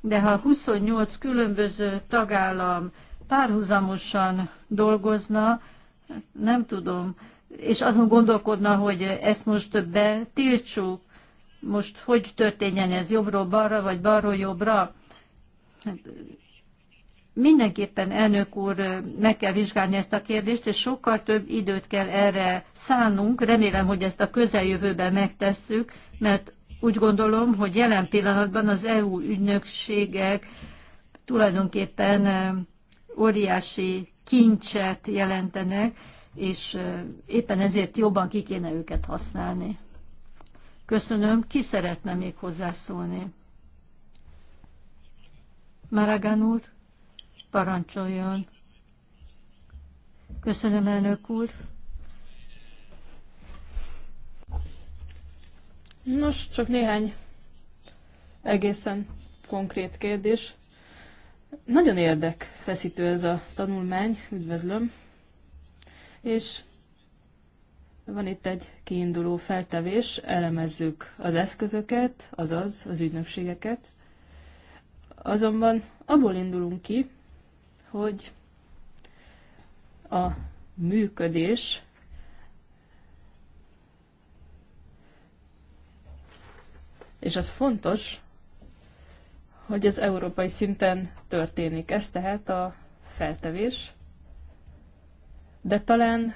de ha 28 különböző tagállam párhuzamosan dolgozna, nem tudom, és azon gondolkodna, hogy ezt most tiltsuk, most hogy történjen ez jobbról balra, vagy balról jobbra, hát, Mindenképpen, elnök úr, meg kell vizsgálni ezt a kérdést, és sokkal több időt kell erre szánnunk. Remélem, hogy ezt a közeljövőben megtesszük, mert úgy gondolom, hogy jelen pillanatban az EU ügynökségek tulajdonképpen óriási kincset jelentenek, és éppen ezért jobban ki kéne őket használni. Köszönöm. Ki szeretne még hozzászólni? Maragán úr? Parancsoljon. Köszönöm, elnök úr. Nos, csak néhány egészen konkrét kérdés. Nagyon érdekfeszítő ez a tanulmány, üdvözlöm. És van itt egy kiinduló feltevés, elemezzük az eszközöket, azaz az ügynökségeket. Azonban abból indulunk ki, hogy a működés és az fontos, hogy ez európai szinten történik. Ez tehát a feltevés, de talán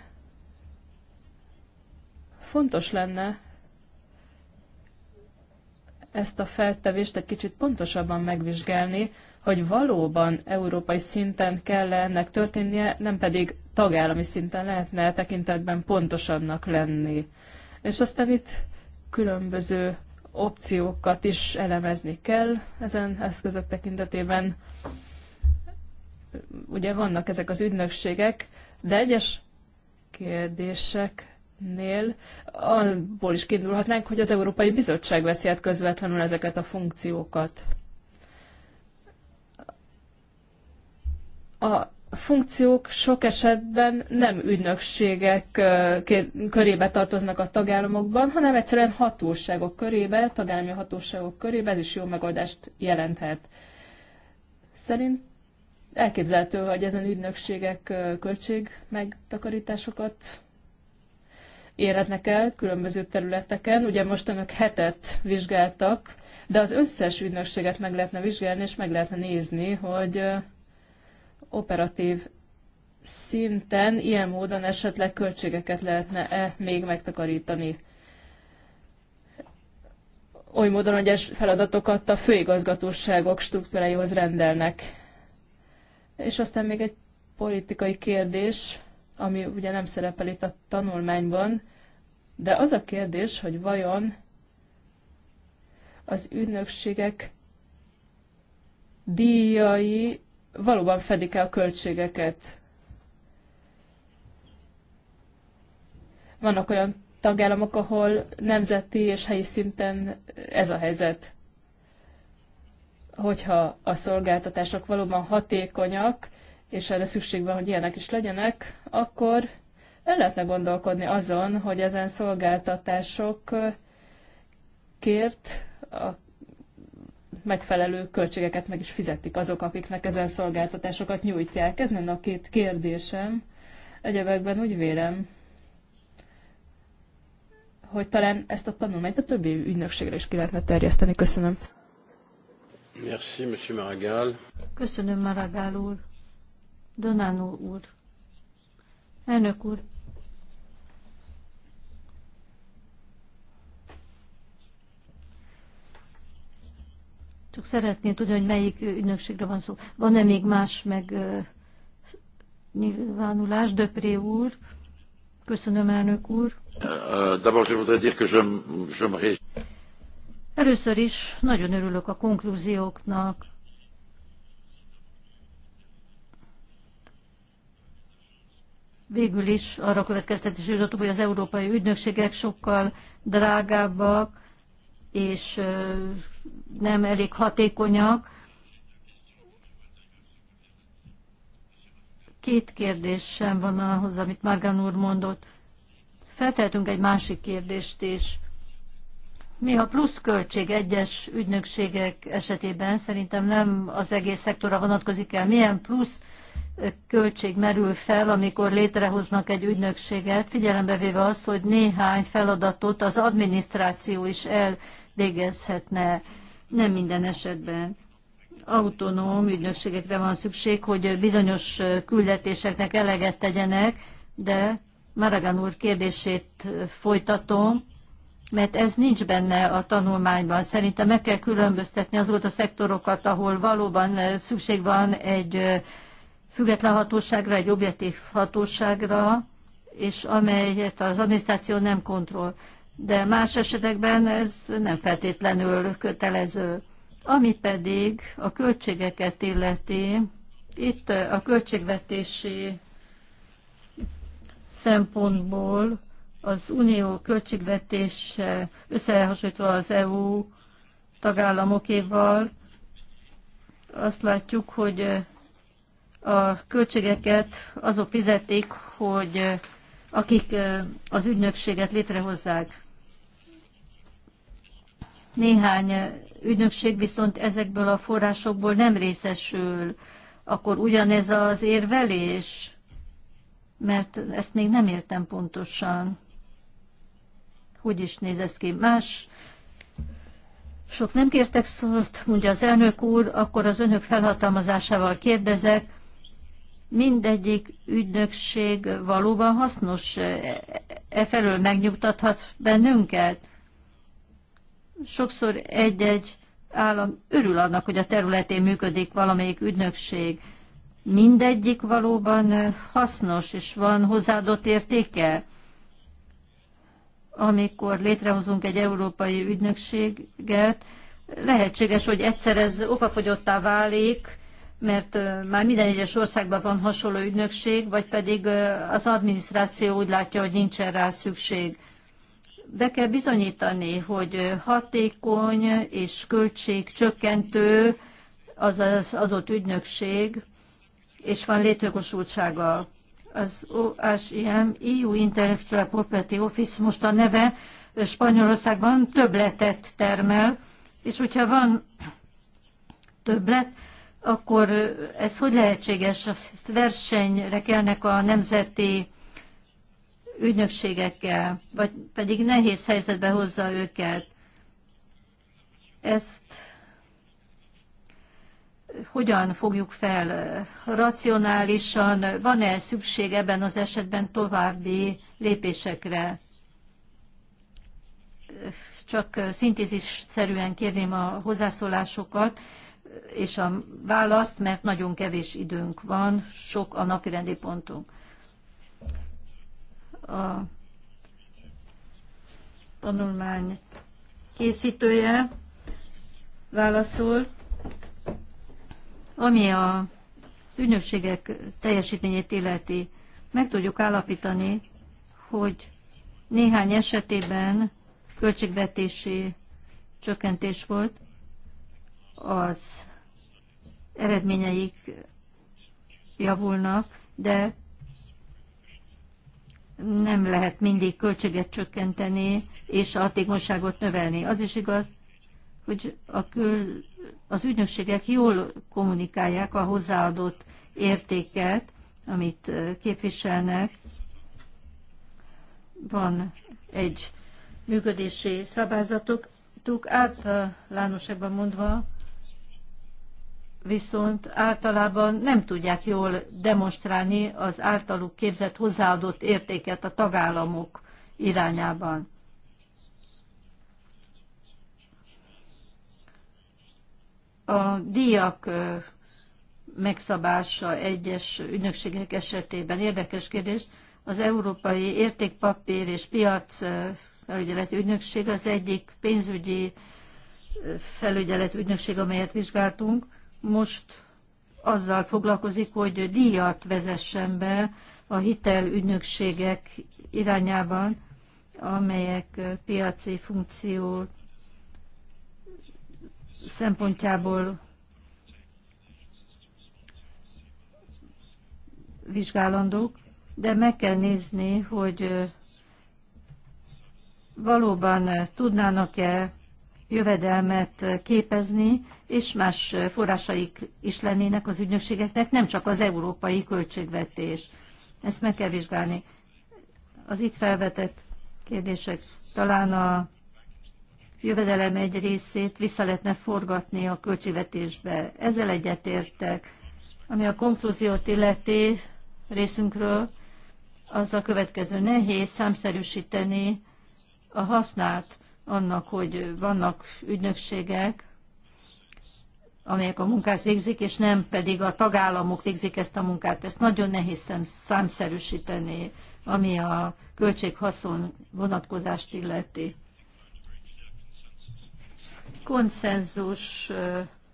fontos lenne ezt a feltevést egy kicsit pontosabban megvizsgálni, hogy valóban európai szinten kell -e ennek történnie, nem pedig tagállami szinten lehetne e tekintetben pontosabbnak lenni. És aztán itt különböző opciókat is elemezni kell ezen eszközök tekintetében. Ugye vannak ezek az ügynökségek, de egyes kérdéseknél abból is kiindulhatnánk, hogy az Európai Bizottság veszi át közvetlenül ezeket a funkciókat. A funkciók sok esetben nem ügynökségek körébe tartoznak a tagállamokban, hanem egyszerűen hatóságok körébe, tagállami hatóságok körébe, ez is jó megoldást jelenthet. Szerint elképzelhető, hogy ezen ügynökségek költség megtakarításokat érhetnek el különböző területeken. Ugye most önök hetet vizsgáltak, de az összes ügynökséget meg lehetne vizsgálni, és meg lehetne nézni, hogy operatív szinten ilyen módon esetleg költségeket lehetne-e még megtakarítani? Oly módon, hogy ez feladatokat a főigazgatóságok struktúráihoz rendelnek. És aztán még egy politikai kérdés, ami ugye nem szerepel itt a tanulmányban, de az a kérdés, hogy vajon az ügynökségek díjai valóban fedik-e a költségeket. Vannak olyan tagállamok, ahol nemzeti és helyi szinten ez a helyzet. Hogyha a szolgáltatások valóban hatékonyak, és erre szükség van, hogy ilyenek is legyenek, akkor el lehetne gondolkodni azon, hogy ezen szolgáltatásokért a megfelelő költségeket meg is fizetik azok, akiknek ezen szolgáltatásokat nyújtják. Ez lenne a két kérdésem. Egyebekben úgy vélem, hogy talán ezt a tanulmányt a többi ügynökségre is ki lehetne terjeszteni. Köszönöm. Merci, Monsieur Maragall. Köszönöm, Maragall úr. Donánó úr. Elnök úr, Csak szeretném tudni, hogy melyik ügynökségre van szó. Van-e még más meg nyilvánulás? Döpré úr. Köszönöm, elnök úr. Euh, Először is nagyon örülök a konklúzióknak. Végül is arra következtetés jutottuk, hogy az európai ügynökségek sokkal drágábbak, és nem elég hatékonyak. Két kérdésem van ahhoz, amit Márgán úr mondott. Feltehetünk egy másik kérdést is. Mi a pluszköltség egyes ügynökségek esetében szerintem nem az egész szektorra vonatkozik el. Milyen plusz költség merül fel, amikor létrehoznak egy ügynökséget, figyelembe véve azt, hogy néhány feladatot az adminisztráció is el végezhetne, nem minden esetben autonóm ügynökségekre van szükség, hogy bizonyos küldetéseknek eleget tegyenek, de Maragán úr kérdését folytatom, mert ez nincs benne a tanulmányban. Szerintem meg kell különböztetni azokat a szektorokat, ahol valóban szükség van egy független hatóságra, egy objektív hatóságra, és amelyet az adminisztráció nem kontroll de más esetekben ez nem feltétlenül kötelező. Ami pedig a költségeket illeti, itt a költségvetési szempontból az unió költségvetés összehasonlítva az EU tagállamokéval azt látjuk, hogy a költségeket azok fizetik, hogy akik az ügynökséget létrehozzák néhány ügynökség viszont ezekből a forrásokból nem részesül, akkor ugyanez az érvelés? Mert ezt még nem értem pontosan. Hogy is néz ez ki? Más sok nem kértek szót, mondja az elnök úr, akkor az önök felhatalmazásával kérdezek, mindegyik ügynökség valóban hasznos? E, e felől megnyugtathat bennünket? sokszor egy-egy állam örül annak, hogy a területén működik valamelyik ügynökség. Mindegyik valóban hasznos, és van hozzáadott értéke. Amikor létrehozunk egy európai ügynökséget, lehetséges, hogy egyszer ez okafogyottá válik, mert már minden egyes országban van hasonló ügynökség, vagy pedig az adminisztráció úgy látja, hogy nincsen rá szükség be kell bizonyítani, hogy hatékony és költségcsökkentő az az adott ügynökség, és van létjogosultsága. Az OHIM, EU Intellectual Property Office most a neve Spanyolországban többletet termel, és hogyha van többlet, akkor ez hogy lehetséges? Versenyre kelnek a nemzeti ügynökségekkel, vagy pedig nehéz helyzetbe hozza őket. Ezt hogyan fogjuk fel racionálisan, van-e szükség ebben az esetben további lépésekre? Csak szintézisszerűen kérném a hozzászólásokat és a választ, mert nagyon kevés időnk van, sok a napirendi pontunk a tanulmány készítője válaszol, ami a, az ügynökségek teljesítményét illeti. Meg tudjuk állapítani, hogy néhány esetében költségvetési csökkentés volt, az eredményeik javulnak, de nem lehet mindig költséget csökkenteni és a hatékonyságot növelni. Az is igaz, hogy a kül, az ügynökségek jól kommunikálják a hozzáadott értéket, amit képviselnek. Van egy működési szabályzatuk, általánosabban mondva viszont általában nem tudják jól demonstrálni az általuk képzett hozzáadott értéket a tagállamok irányában. A díjak megszabása egyes ügynökségek esetében érdekes kérdés. Az Európai Értékpapír és Piac Felügyeleti Ügynökség az egyik pénzügyi felügyelet ügynökség, amelyet vizsgáltunk, most azzal foglalkozik, hogy díjat vezessen be a hitelügynökségek irányában, amelyek piaci funkció szempontjából vizsgálandók, de meg kell nézni, hogy valóban tudnának-e jövedelmet képezni, és más forrásaik is lennének az ügynökségeknek, nem csak az európai költségvetés. Ezt meg kell vizsgálni. Az itt felvetett kérdések talán a jövedelem egy részét vissza lehetne forgatni a költségvetésbe. Ezzel egyetértek. Ami a konklúziót illeti részünkről, az a következő nehéz számszerűsíteni a hasznát annak, hogy vannak ügynökségek, amelyek a munkát végzik, és nem pedig a tagállamok végzik ezt a munkát. Ezt nagyon nehéz számszerűsíteni, ami a költséghaszon vonatkozást illeti. Konszenzus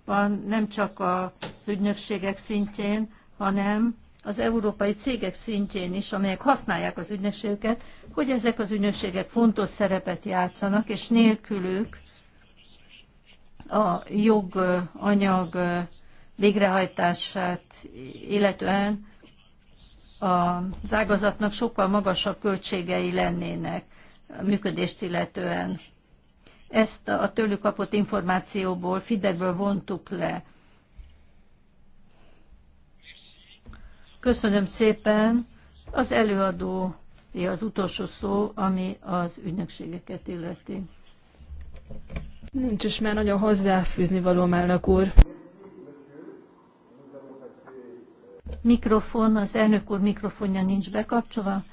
van nem csak az ügynökségek szintjén, hanem az európai cégek szintjén is, amelyek használják az ügynökségeket, hogy ezek az ügynökségek fontos szerepet játszanak, és nélkülük a joganyag végrehajtását illetően az ágazatnak sokkal magasabb költségei lennének a működést illetően. Ezt a tőlük kapott információból, feedbackből vontuk le. Köszönöm szépen. Az előadó az utolsó szó, ami az ügynökségeket illeti. Nincs is már nagyon hozzáfűzni való, elnök úr. Mikrofon, az elnök úr mikrofonja nincs bekapcsolva.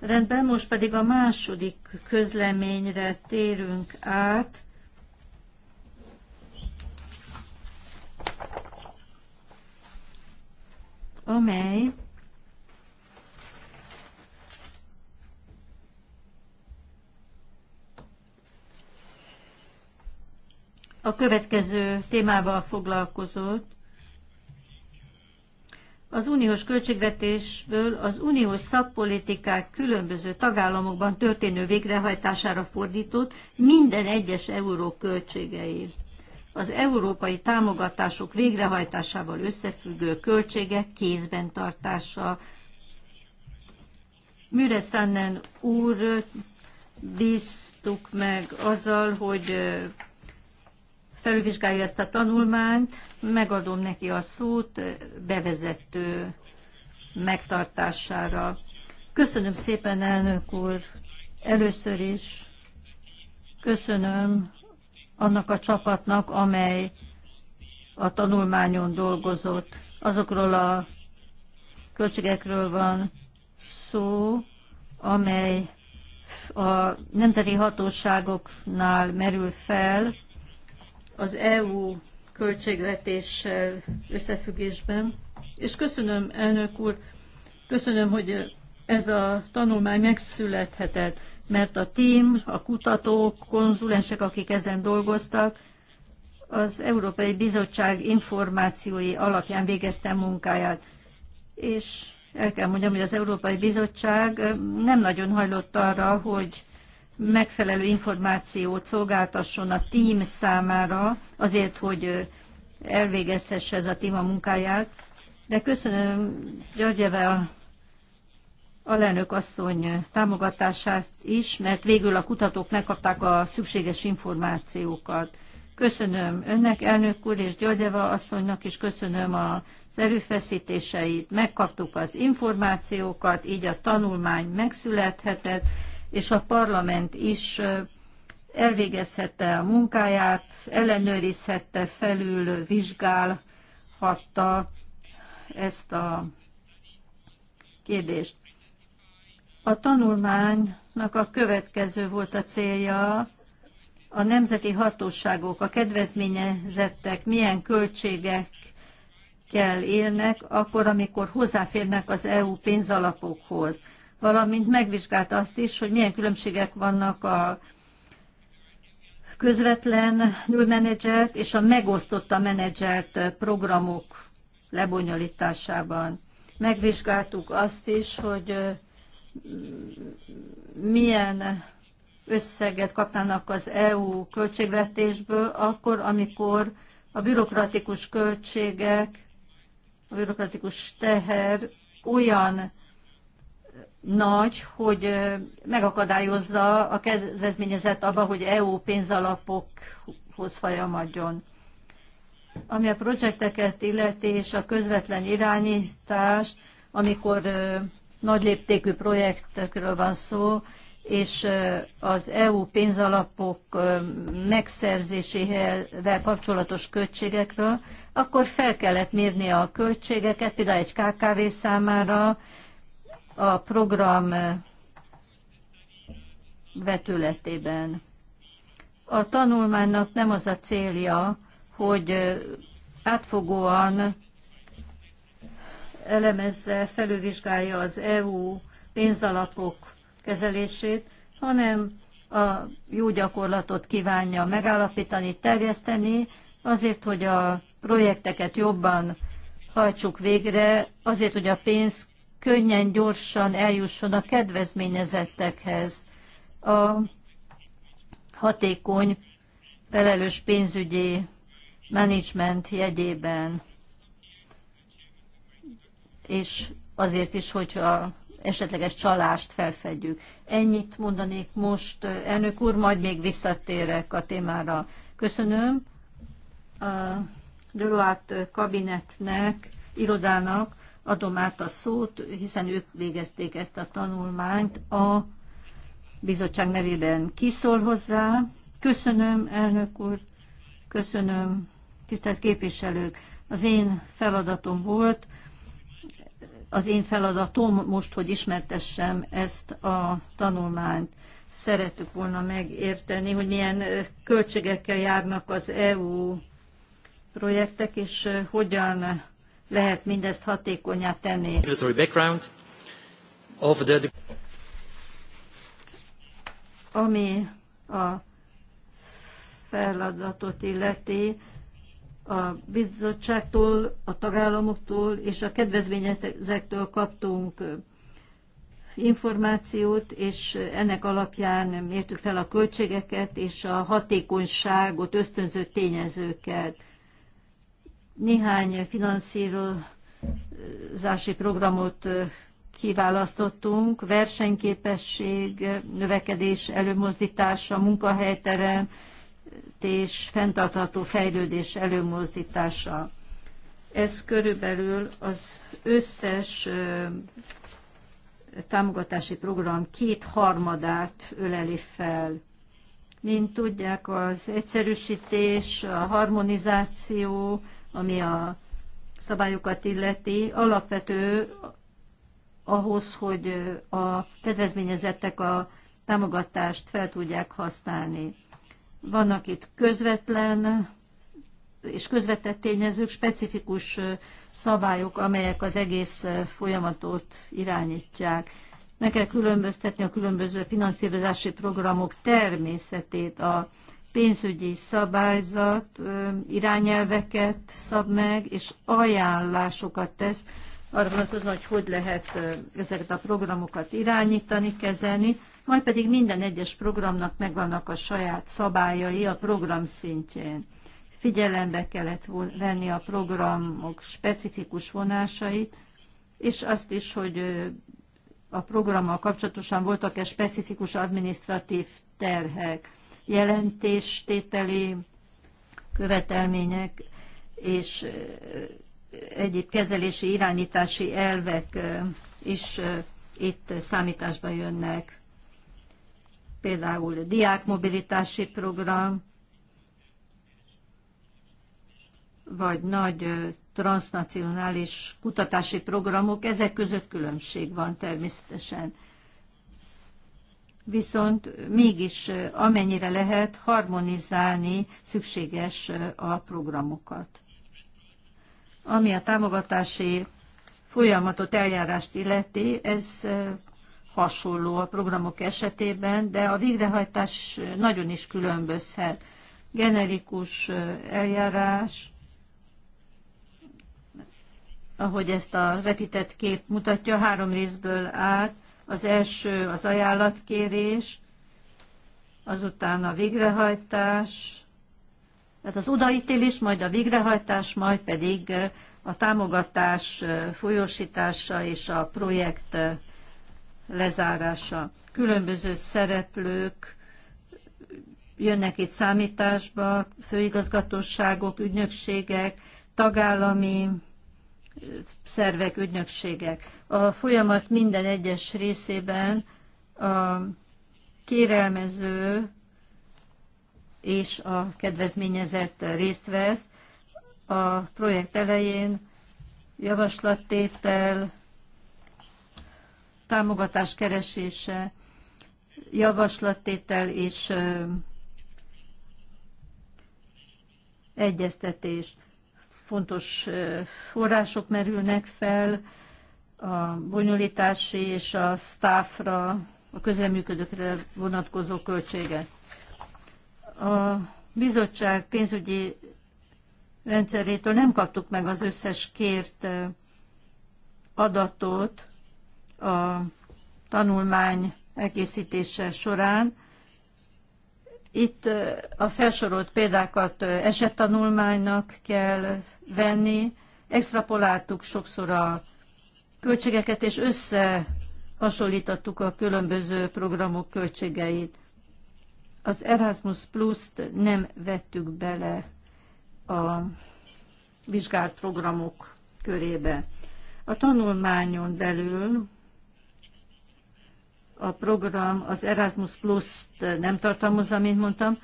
Rendben, most pedig a második közleményre térünk át. amely a következő témával foglalkozott. Az uniós költségvetésből az uniós szakpolitikák különböző tagállamokban történő végrehajtására fordított minden egyes euró költségei az európai támogatások végrehajtásával összefüggő költségek kézben tartása. Müreszánnen úr bíztuk meg azzal, hogy felülvizsgálja ezt a tanulmányt, megadom neki a szót bevezető megtartására. Köszönöm szépen, elnök úr! Először is köszönöm annak a csapatnak, amely a tanulmányon dolgozott. Azokról a költségekről van szó, amely a nemzeti hatóságoknál merül fel az EU költségvetéssel összefüggésben. És köszönöm, elnök úr, köszönöm, hogy ez a tanulmány megszülethetett mert a team, a kutatók, konzulensek, akik ezen dolgoztak, az Európai Bizottság információi alapján végezte munkáját. És el kell mondjam, hogy az Európai Bizottság nem nagyon hajlott arra, hogy megfelelő információt szolgáltasson a tím számára, azért, hogy elvégezhesse ez a tím a munkáját. De köszönöm Györgyeve alelnök asszony támogatását is, mert végül a kutatók megkapták a szükséges információkat. Köszönöm önnek, elnök úr, és Györgyeva asszonynak is köszönöm az erőfeszítéseit. Megkaptuk az információkat, így a tanulmány megszülethetett, és a parlament is elvégezhette a munkáját, ellenőrizhette, felül vizsgálhatta ezt a kérdést. A tanulmánynak a következő volt a célja, a nemzeti hatóságok, a kedvezményezettek milyen költségekkel élnek, akkor, amikor hozzáférnek az EU pénzalapokhoz. Valamint megvizsgált azt is, hogy milyen különbségek vannak a közvetlen menedzselt és a megosztotta menedzselt programok lebonyolításában. Megvizsgáltuk azt is, hogy milyen összeget kapnának az EU költségvetésből, akkor, amikor a bürokratikus költségek, a bürokratikus teher olyan nagy, hogy megakadályozza a kedvezményezett abba, hogy EU pénzalapokhoz folyamadjon. Ami a projekteket illeti és a közvetlen irányítás, amikor nagy léptékű projektekről van szó, és az EU pénzalapok megszerzésével kapcsolatos költségekről, akkor fel kellett mérni a költségeket, például egy KKV számára a program vetületében. A tanulmánynak nem az a célja, hogy átfogóan elemezze, felülvizsgálja az EU pénzalapok kezelését, hanem a jó gyakorlatot kívánja megállapítani, terjeszteni, azért, hogy a projekteket jobban hajtsuk végre, azért, hogy a pénz könnyen, gyorsan eljusson a kedvezményezettekhez. A hatékony, felelős pénzügyi menedzsment jegyében és azért is, hogy a esetleges csalást felfedjük. Ennyit mondanék most, elnök úr, majd még visszatérek a témára. Köszönöm a Deloitte kabinetnek, irodának adom át a szót, hiszen ők végezték ezt a tanulmányt a bizottság nevében. Kiszól hozzá. Köszönöm, elnök úr, köszönöm, tisztelt képviselők. Az én feladatom volt, az én feladatom most, hogy ismertessem ezt a tanulmányt. Szeretük volna megérteni, hogy milyen költségekkel járnak az EU projektek, és hogyan lehet mindezt hatékonyá tenni. Ami a feladatot illeti, a bizottságtól, a tagállamoktól és a kedvezményezektől kaptunk információt, és ennek alapján mértük fel a költségeket és a hatékonyságot ösztönző tényezőket. Néhány finanszírozási programot kiválasztottunk, versenyképesség, növekedés előmozdítása, munkahelyterem, és fenntartható fejlődés előmozdítása. Ez körülbelül az összes támogatási program kétharmadát öleli fel. Mint tudják, az egyszerűsítés, a harmonizáció, ami a szabályokat illeti, alapvető ahhoz, hogy a kedvezményezettek a támogatást fel tudják használni. Vannak itt közvetlen és közvetett tényezők, specifikus szabályok, amelyek az egész folyamatot irányítják. Meg kell különböztetni a különböző finanszírozási programok természetét, a pénzügyi szabályzat irányelveket szab meg, és ajánlásokat tesz arra vonatkozóan, hogy hogy lehet ezeket a programokat irányítani, kezelni majd pedig minden egyes programnak megvannak a saját szabályai a program szintjén. Figyelembe kellett venni a programok specifikus vonásait, és azt is, hogy a programmal kapcsolatosan voltak-e specifikus adminisztratív terhek, jelentéstételi követelmények és egyéb kezelési irányítási elvek is itt számításba jönnek például diákmobilitási program, vagy nagy transnacionális kutatási programok, ezek között különbség van természetesen. Viszont mégis amennyire lehet harmonizálni szükséges a programokat. Ami a támogatási folyamatot, eljárást illeti, ez hasonló a programok esetében, de a végrehajtás nagyon is különbözhet. Generikus eljárás, ahogy ezt a vetített kép mutatja, három részből áll. Az első az ajánlatkérés, azután a végrehajtás, tehát az odaítélés, majd a végrehajtás, majd pedig a támogatás folyósítása és a projekt lezárása. Különböző szereplők jönnek itt számításba, főigazgatóságok, ügynökségek, tagállami szervek, ügynökségek. A folyamat minden egyes részében a kérelmező és a kedvezményezett részt vesz. A projekt elején javaslattétel, támogatás keresése, javaslattétel és egyeztetés. Fontos források merülnek fel a bonyolítási és a staffra, a közreműködőkre vonatkozó költsége. A bizottság pénzügyi rendszerétől nem kaptuk meg az összes kért adatot, a tanulmány elkészítése során. Itt a felsorolt példákat esettanulmánynak kell venni, extrapoláltuk sokszor a költségeket, és összehasonlítottuk a különböző programok költségeit. Az Erasmus Plus-t nem vettük bele a vizsgált programok körébe. A tanulmányon belül a program az Erasmus Plus-t nem tartalmazza, mint mondtam,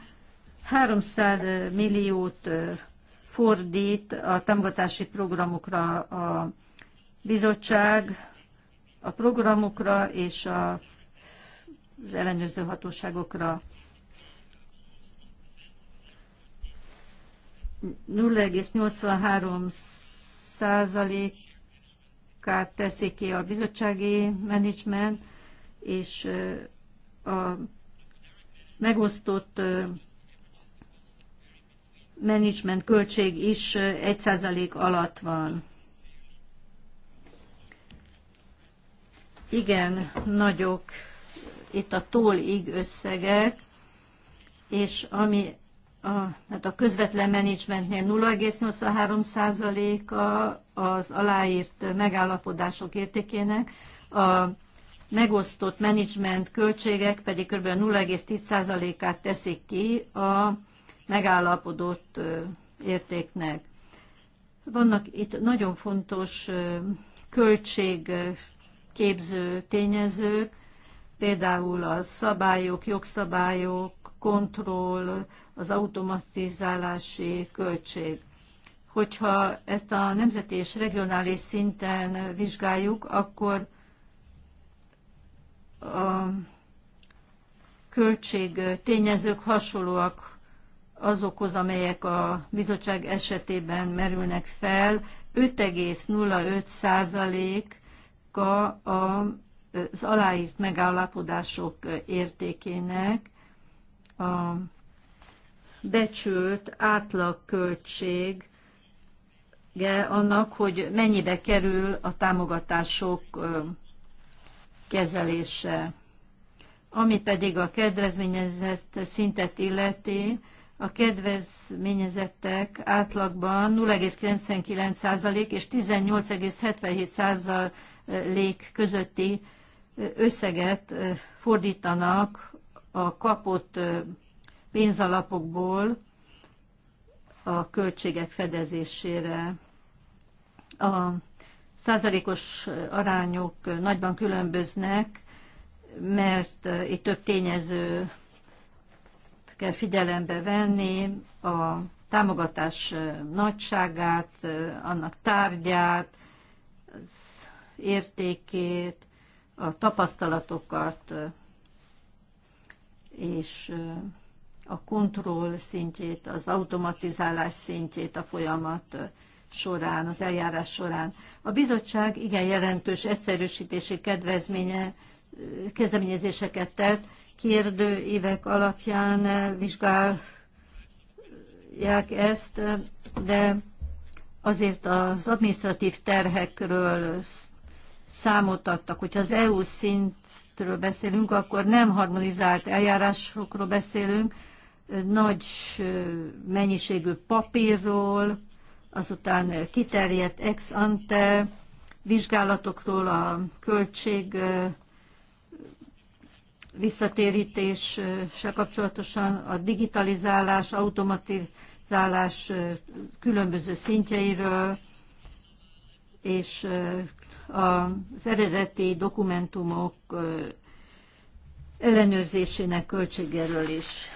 300 milliót fordít a támogatási programokra a bizottság, a programokra és a, az ellenőrző hatóságokra. 0,83 százalékát teszi ki a bizottsági menedzsment, és a megosztott menedzsment költség is 1% alatt van. Igen, nagyok itt a tólig összegek, és ami a, hát a közvetlen menedzsmentnél 0,83%-a az aláírt megállapodások értékének, a megosztott menedzsment költségek pedig kb. 01 át teszik ki a megállapodott értéknek. Vannak itt nagyon fontos költségképző tényezők, például a szabályok, jogszabályok, kontroll, az automatizálási költség. Hogyha ezt a nemzeti és regionális szinten vizsgáljuk, akkor a költség tényezők hasonlóak azokhoz, amelyek a bizottság esetében merülnek fel. 5,05%-a az aláírt megállapodások értékének a becsült átlagköltség annak, hogy mennyibe kerül a támogatások kezelése. Ami pedig a kedvezményezett szintet illeti, a kedvezményezettek átlagban 0,99% és 18,77% közötti összeget fordítanak a kapott pénzalapokból a költségek fedezésére. A százalékos arányok nagyban különböznek, mert itt több tényező kell figyelembe venni, a támogatás nagyságát, annak tárgyát, az értékét, a tapasztalatokat és a kontroll szintjét, az automatizálás szintjét a folyamat során, az eljárás során. A bizottság igen jelentős egyszerűsítési kedvezménye, kezdeményezéseket tett, kérdő évek alapján vizsgálják ezt, de azért az administratív terhekről számot adtak. Hogyha az EU szintről beszélünk, akkor nem harmonizált eljárásokról beszélünk, nagy mennyiségű papírról, azután kiterjedt ex ante vizsgálatokról a költség visszatérítéssel kapcsolatosan a digitalizálás, automatizálás különböző szintjeiről, és az eredeti dokumentumok ellenőrzésének költségéről is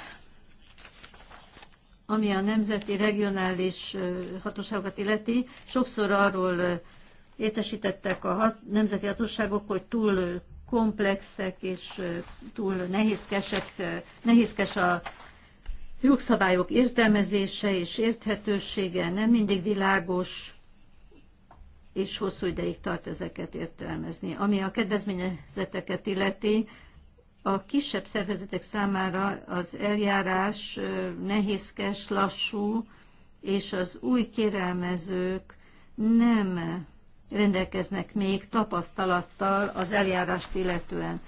ami a nemzeti, regionális hatóságokat illeti. Sokszor arról értesítettek a hat, nemzeti hatóságok, hogy túl komplexek és túl nehézkesek, nehézkes a jogszabályok értelmezése és érthetősége, nem mindig világos, és hosszú ideig tart ezeket értelmezni. Ami a kedvezményezeteket illeti, a kisebb szervezetek számára az eljárás nehézkes, lassú, és az új kérelmezők nem rendelkeznek még tapasztalattal az eljárást illetően.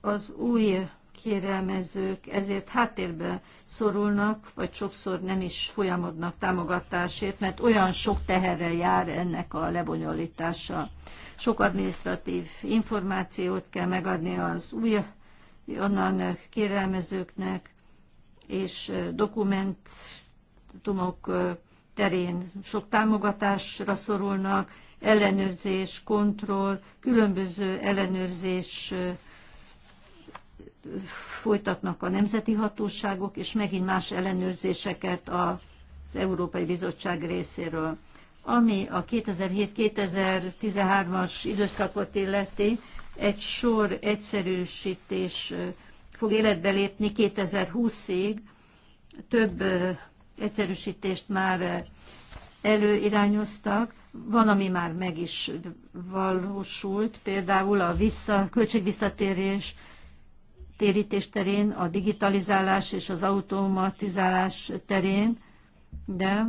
Az új kérelmezők ezért háttérbe szorulnak, vagy sokszor nem is folyamodnak támogatásért, mert olyan sok teherrel jár ennek a lebonyolítása. Sok adminisztratív információt kell megadni az új onnan kérelmezőknek, és dokumentumok terén sok támogatásra szorulnak, ellenőrzés, kontroll, különböző ellenőrzés folytatnak a nemzeti hatóságok, és megint más ellenőrzéseket az Európai Bizottság részéről. Ami a 2007-2013-as időszakot illeti, egy sor egyszerűsítés fog életbe lépni 2020-ig. Több egyszerűsítést már előirányoztak, van, ami már meg is valósult, például a vissza, költségvisszatérés térítés terén, a digitalizálás és az automatizálás terén, de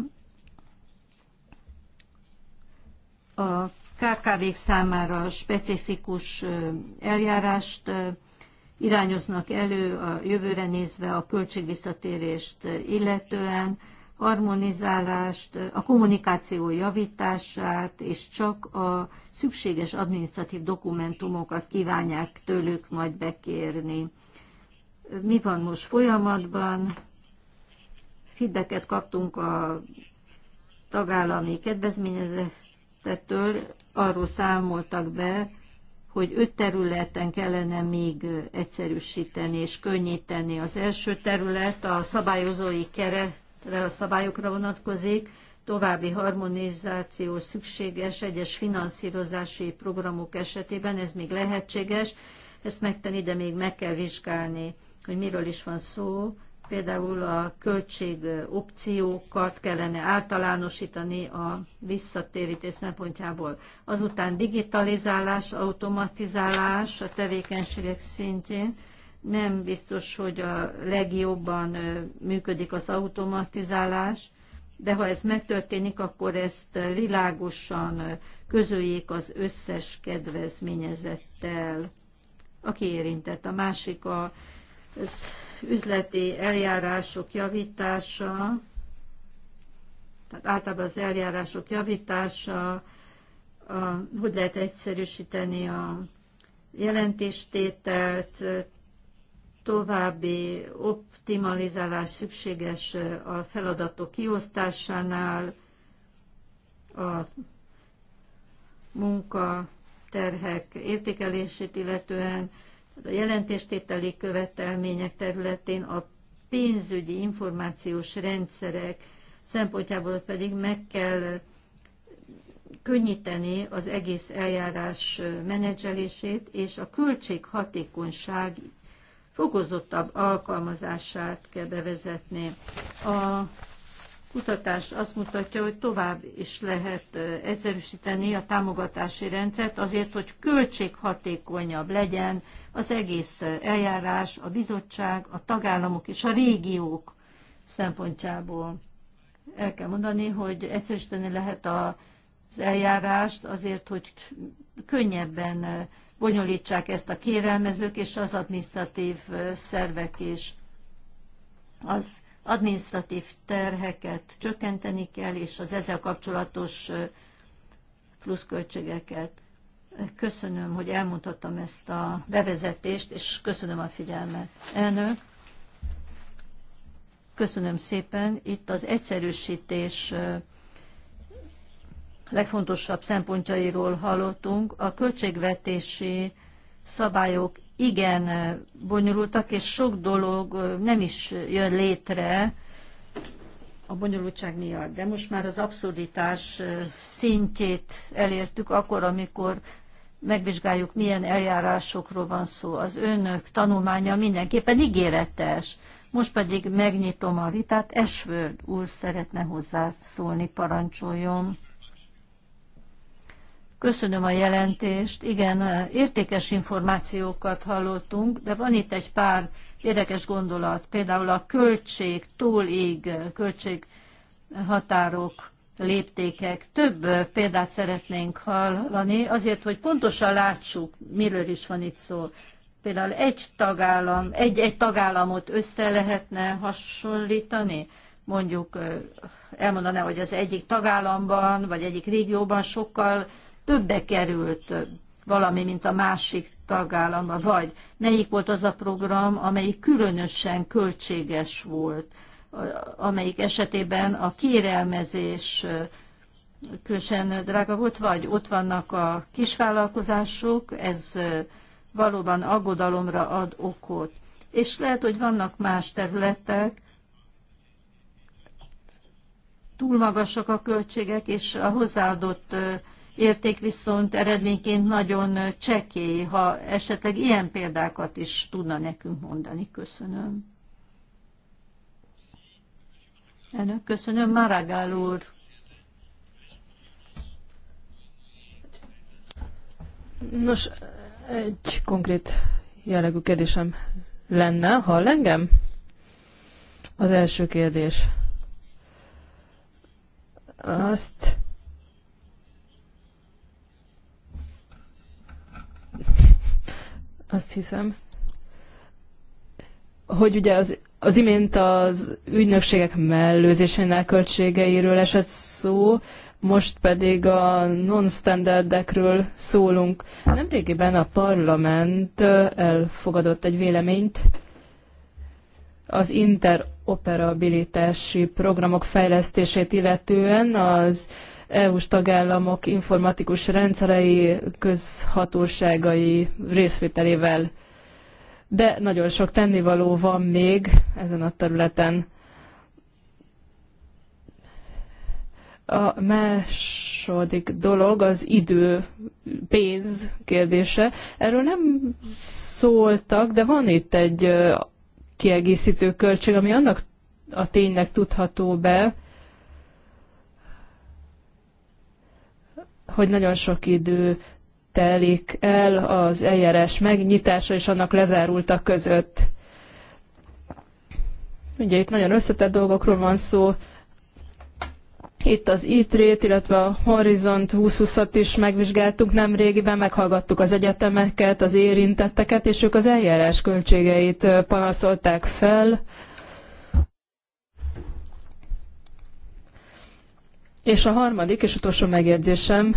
a kkv számára specifikus eljárást irányoznak elő a jövőre nézve a költségvisszatérést illetően, harmonizálást, a kommunikáció javítását, és csak a szükséges adminisztratív dokumentumokat kívánják tőlük majd bekérni mi van most folyamatban. Feedbacket kaptunk a tagállami kedvezményezettől, arról számoltak be, hogy öt területen kellene még egyszerűsíteni és könnyíteni. Az első terület a szabályozói keretre, a szabályokra vonatkozik, további harmonizáció szükséges egyes finanszírozási programok esetében, ez még lehetséges, ezt megtenni, de még meg kell vizsgálni hogy miről is van szó, például a költség opciókat kellene általánosítani a visszatérítés szempontjából. Azután digitalizálás, automatizálás a tevékenységek szintjén. Nem biztos, hogy a legjobban működik az automatizálás, de ha ez megtörténik, akkor ezt világosan közöljék az összes kedvezményezettel, aki érintett. A másik a üzleti eljárások javítása, tehát általában az eljárások javítása, a, hogy lehet egyszerűsíteni a jelentéstételt, további optimalizálás szükséges a feladatok kiosztásánál, a munkaterhek értékelését illetően, a jelentéstételi követelmények területén a pénzügyi információs rendszerek szempontjából pedig meg kell könnyíteni az egész eljárás menedzselését és a költséghatékonyság fokozottabb alkalmazását kell bevezetni. A kutatás azt mutatja, hogy tovább is lehet egyszerűsíteni a támogatási rendszert azért, hogy költséghatékonyabb legyen az egész eljárás, a bizottság, a tagállamok és a régiók szempontjából. El kell mondani, hogy egyszerűsíteni lehet az eljárást azért, hogy könnyebben bonyolítsák ezt a kérelmezők és az administratív szervek is. Az adminisztratív terheket csökkenteni kell, és az ezzel kapcsolatos pluszköltségeket. Köszönöm, hogy elmondhattam ezt a bevezetést, és köszönöm a figyelmet. Elnök, köszönöm szépen. Itt az egyszerűsítés legfontosabb szempontjairól hallottunk. A költségvetési szabályok igen bonyolultak, és sok dolog nem is jön létre a bonyolultság miatt. De most már az abszurditás szintjét elértük akkor, amikor megvizsgáljuk, milyen eljárásokról van szó. Az önök tanulmánya mindenképpen ígéretes. Most pedig megnyitom a vitát. Esvörd úr szeretne hozzászólni, parancsoljon. Köszönöm a jelentést. Igen, értékes információkat hallottunk, de van itt egy pár érdekes gondolat. Például a költség túlig, költség határok, léptékek. Több példát szeretnénk hallani, azért, hogy pontosan látsuk, miről is van itt szó. Például egy tagállam, egy-egy tagállamot össze lehetne hasonlítani, mondjuk elmondaná, hogy az egyik tagállamban, vagy egyik régióban sokkal többe került valami, mint a másik tagállama, vagy melyik volt az a program, amelyik különösen költséges volt, amelyik esetében a kérelmezés különösen drága volt, vagy ott vannak a kisvállalkozások, ez valóban aggodalomra ad okot. És lehet, hogy vannak más területek, túl magasak a költségek, és a hozzáadott érték viszont eredményként nagyon csekély, ha esetleg ilyen példákat is tudna nekünk mondani. Köszönöm. Elnök, köszönöm. Maragall úr. Nos, egy konkrét jellegű kérdésem lenne. ha engem? Az első kérdés. Azt Azt hiszem, hogy ugye az, az imént az ügynökségek mellőzésénál költségeiről esett szó, most pedig a non-standardekről szólunk. Nemrégiben a parlament elfogadott egy véleményt az inter operabilitási programok fejlesztését illetően az EU-s tagállamok informatikus rendszerei közhatóságai részvételével. De nagyon sok tennivaló van még ezen a területen. A második dolog az idő, pénz kérdése. Erről nem szóltak, de van itt egy kiegészítő költség, ami annak a ténynek tudható be, hogy nagyon sok idő telik el az eljárás megnyitása és annak lezárulta között. Ugye itt nagyon összetett dolgokról van szó, itt az ITRÉT, illetve a Horizont 2020-at is megvizsgáltuk nem meghallgattuk az egyetemeket, az érintetteket, és ők az eljárás költségeit panaszolták fel. És a harmadik és utolsó megjegyzésem,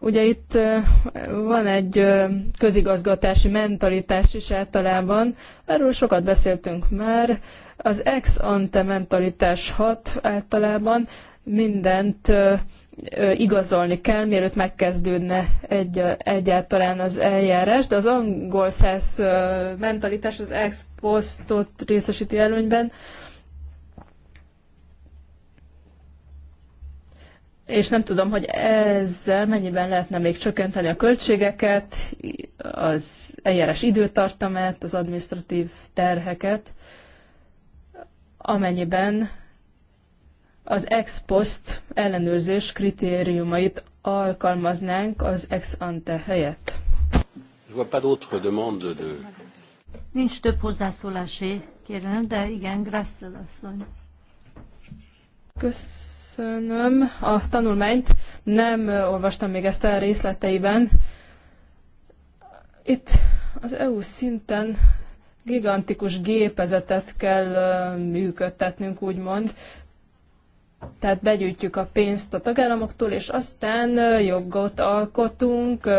ugye itt van egy közigazgatási mentalitás is általában, erről sokat beszéltünk már, az ex-ante mentalitás hat általában, mindent igazolni kell, mielőtt megkezdődne egy, egyáltalán az eljárás, de az angol száz mentalitás az ex postot részesíti előnyben, és nem tudom, hogy ezzel mennyiben lehetne még csökkenteni a költségeket, az eljárás időtartamát, az administratív terheket, amennyiben az ex post ellenőrzés kritériumait alkalmaznánk az ex ante helyett. Nincs több hozzászólásé, kérem, de igen, Grasszel asszony. Köszönöm a tanulmányt. Nem olvastam még ezt el részleteiben. Itt az EU szinten gigantikus gépezetet kell működtetnünk, úgymond, tehát begyűjtjük a pénzt a tagállamoktól, és aztán jogot alkotunk,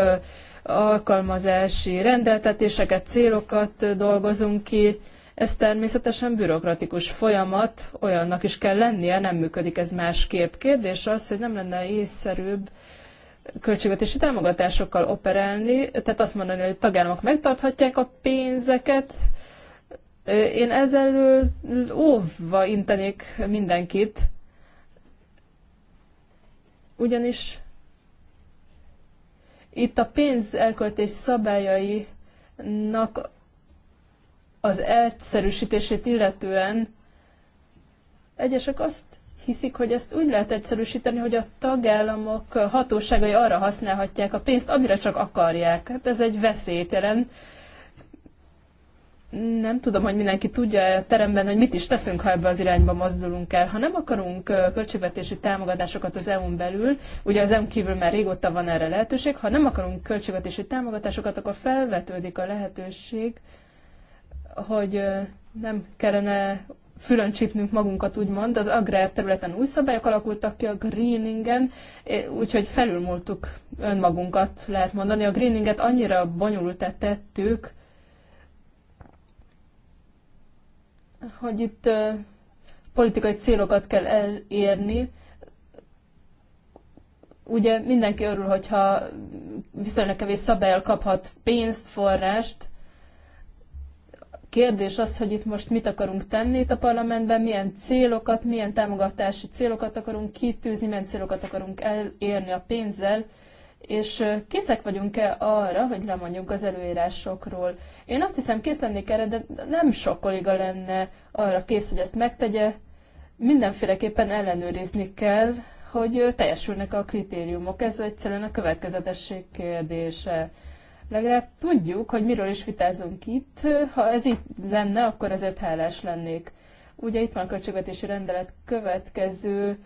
alkalmazási rendeltetéseket, célokat dolgozunk ki. Ez természetesen bürokratikus folyamat, olyannak is kell lennie, nem működik ez másképp. Kérdés az, hogy nem lenne észszerűbb költségvetési támogatásokkal operálni, tehát azt mondani, hogy tagállamok megtarthatják a pénzeket. Én ezzel óvva intenék mindenkit, ugyanis itt a pénz elköltés szabályainak az egyszerűsítését illetően egyesek azt hiszik, hogy ezt úgy lehet egyszerűsíteni, hogy a tagállamok hatóságai arra használhatják a pénzt, amire csak akarják. Hát ez egy veszélyt jelent, nem tudom, hogy mindenki tudja a teremben, hogy mit is teszünk, ha ebbe az irányba mozdulunk el. Ha nem akarunk költségvetési támogatásokat az EU-n belül, ugye az EU-n kívül már régóta van erre lehetőség, ha nem akarunk költségvetési támogatásokat, akkor felvetődik a lehetőség, hogy nem kellene fülön csípnünk magunkat, úgymond. Az területen új szabályok alakultak ki a greeningen, úgyhogy felülmúltuk önmagunkat, lehet mondani. A greeninget annyira bonyolultá tettük, hogy itt politikai célokat kell elérni. Ugye mindenki örül, hogyha viszonylag kevés szabály kaphat pénzt, forrást. Kérdés az, hogy itt most mit akarunk tenni itt a parlamentben, milyen célokat, milyen támogatási célokat akarunk kitűzni, milyen célokat akarunk elérni a pénzzel, és készek vagyunk-e arra, hogy lemondjunk az előírásokról. Én azt hiszem, kész lennék erre, de nem sok kolléga lenne arra kész, hogy ezt megtegye. Mindenféleképpen ellenőrizni kell, hogy teljesülnek a kritériumok. Ez egyszerűen a következetesség kérdése. Legalább tudjuk, hogy miről is vitázunk itt. Ha ez itt lenne, akkor ezért hálás lennék. Ugye itt van a költségvetési rendelet következő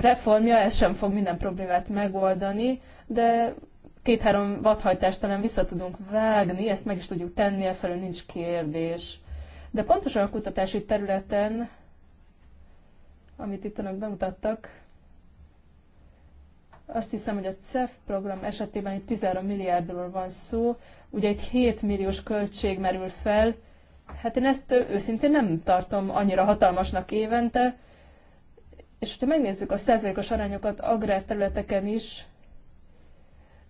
reformja, ez sem fog minden problémát megoldani, de két-három vadhajtást talán vissza tudunk vágni, ezt meg is tudjuk tenni, e felől nincs kérdés. De pontosan a kutatási területen, amit itt önök bemutattak, azt hiszem, hogy a CEF program esetében itt 13 milliárdról van szó, ugye egy 7 milliós költség merül fel, hát én ezt őszintén nem tartom annyira hatalmasnak évente, és hogyha megnézzük a százalékos arányokat agrárterületeken is,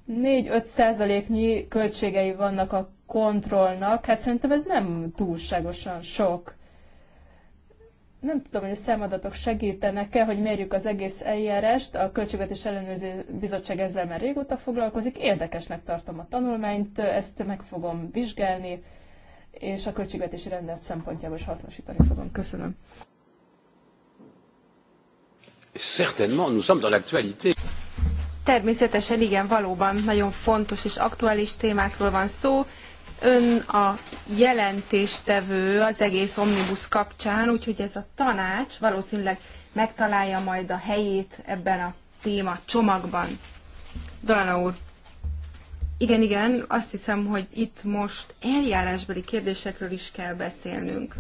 4-5 százaléknyi költségei vannak a kontrollnak, hát szerintem ez nem túlságosan sok. Nem tudom, hogy a számadatok segítenek-e, hogy mérjük az egész eljárást. A Költségvetés Ellenőrző Bizottság ezzel már régóta foglalkozik. Érdekesnek tartom a tanulmányt, ezt meg fogom vizsgálni, és a költségvetési rendelet szempontjából is hasznosítani fogom. Köszönöm. Certainement, nous sommes dans l'actualité. Természetesen igen, valóban nagyon fontos és aktuális témákról van szó. Ön a jelentéstevő az egész omnibus kapcsán, úgyhogy ez a tanács valószínűleg megtalálja majd a helyét ebben a téma csomagban. Dolana úr. Igen, igen, azt hiszem, hogy itt most eljárásbeli kérdésekről is kell beszélnünk.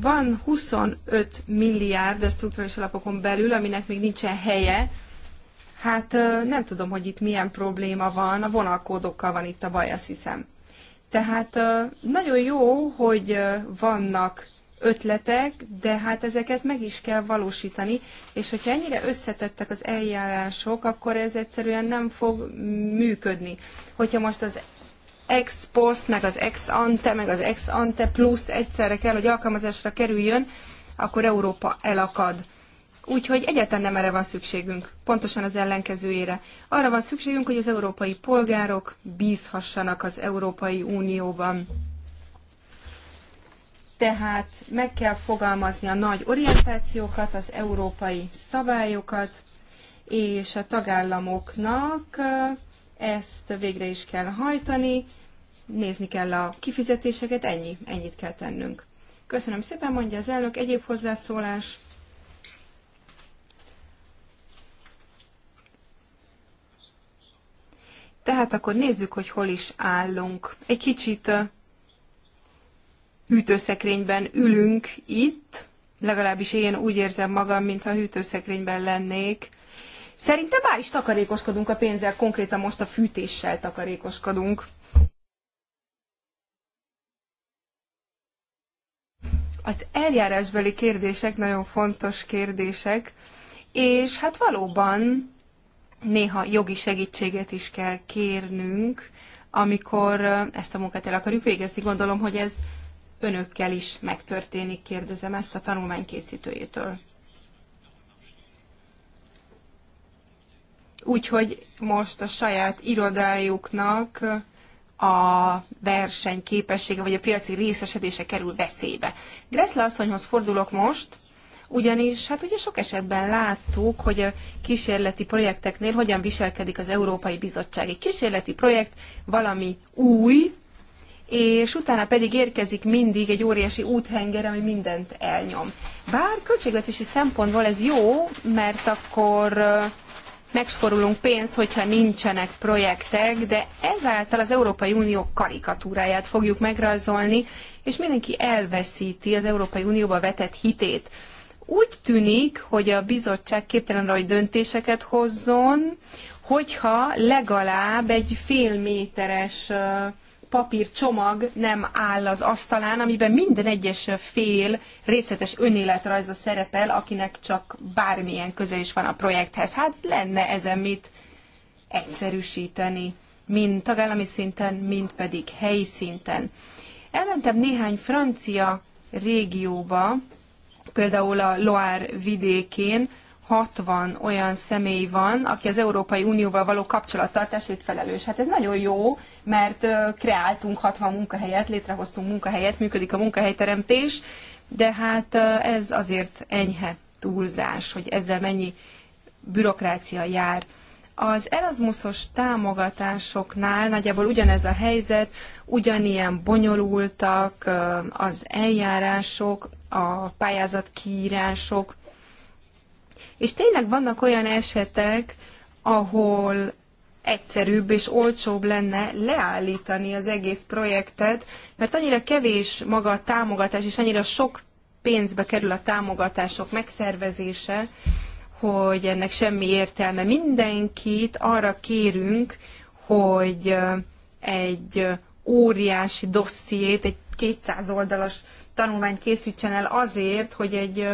Van 25 milliárd a struktúrális alapokon belül, aminek még nincsen helye. Hát nem tudom, hogy itt milyen probléma van, a vonalkódokkal van itt a baj, azt hiszem. Tehát nagyon jó, hogy vannak ötletek, de hát ezeket meg is kell valósítani, és hogyha ennyire összetettek az eljárások, akkor ez egyszerűen nem fog működni. Hogyha most az ex post, meg az ex ante, meg az ex ante plusz egyszerre kell, hogy alkalmazásra kerüljön, akkor Európa elakad. Úgyhogy egyáltalán nem erre van szükségünk, pontosan az ellenkezőjére. Arra van szükségünk, hogy az európai polgárok bízhassanak az Európai Unióban. Tehát meg kell fogalmazni a nagy orientációkat, az európai szabályokat, és a tagállamoknak eh, ezt végre is kell hajtani, nézni kell a kifizetéseket, ennyi, ennyit kell tennünk. Köszönöm szépen, mondja az elnök. Egyéb hozzászólás? Tehát akkor nézzük, hogy hol is állunk. Egy kicsit hűtőszekrényben ülünk itt, legalábbis én úgy érzem magam, mintha hűtőszekrényben lennék. Szerintem már is takarékoskodunk a pénzzel, konkrétan most a fűtéssel takarékoskodunk. Az eljárásbeli kérdések nagyon fontos kérdések, és hát valóban néha jogi segítséget is kell kérnünk, amikor ezt a munkát el akarjuk végezni. Gondolom, hogy ez önökkel is megtörténik, kérdezem ezt a tanulmánykészítőjétől. Úgyhogy most a saját irodájuknak a képessége, vagy a piaci részesedése kerül veszélybe. Gressle asszonyhoz fordulok most, ugyanis hát ugye sok esetben láttuk, hogy a kísérleti projekteknél hogyan viselkedik az Európai Bizottság. Egy kísérleti projekt valami új, és utána pedig érkezik mindig egy óriási úthenger, ami mindent elnyom. Bár költségvetési szempontból ez jó, mert akkor megsporulunk pénzt, hogyha nincsenek projektek, de ezáltal az Európai Unió karikatúráját fogjuk megrajzolni, és mindenki elveszíti az Európai Unióba vetett hitét. Úgy tűnik, hogy a bizottság képtelen arra, hogy döntéseket hozzon, hogyha legalább egy fél méteres uh, csomag nem áll az asztalán, amiben minden egyes fél részletes önéletrajza szerepel, akinek csak bármilyen köze is van a projekthez. Hát lenne ezen mit egyszerűsíteni, mind tagállami szinten, mind pedig helyi szinten. Elmentem néhány francia régióba, például a Loire vidékén, 60 olyan személy van, aki az Európai Unióval való kapcsolattartásért felelős. Hát ez nagyon jó, mert kreáltunk 60 munkahelyet, létrehoztunk munkahelyet, működik a munkahelyteremtés, de hát ez azért enyhe túlzás, hogy ezzel mennyi bürokrácia jár. Az Erasmusos támogatásoknál nagyjából ugyanez a helyzet, ugyanilyen bonyolultak az eljárások, a pályázat kiírások. és tényleg vannak olyan esetek, ahol egyszerűbb és olcsóbb lenne leállítani az egész projektet, mert annyira kevés maga a támogatás, és annyira sok pénzbe kerül a támogatások megszervezése, hogy ennek semmi értelme. Mindenkit arra kérünk, hogy egy óriási dossziét, egy 200 oldalas tanulmányt készítsen el azért, hogy egy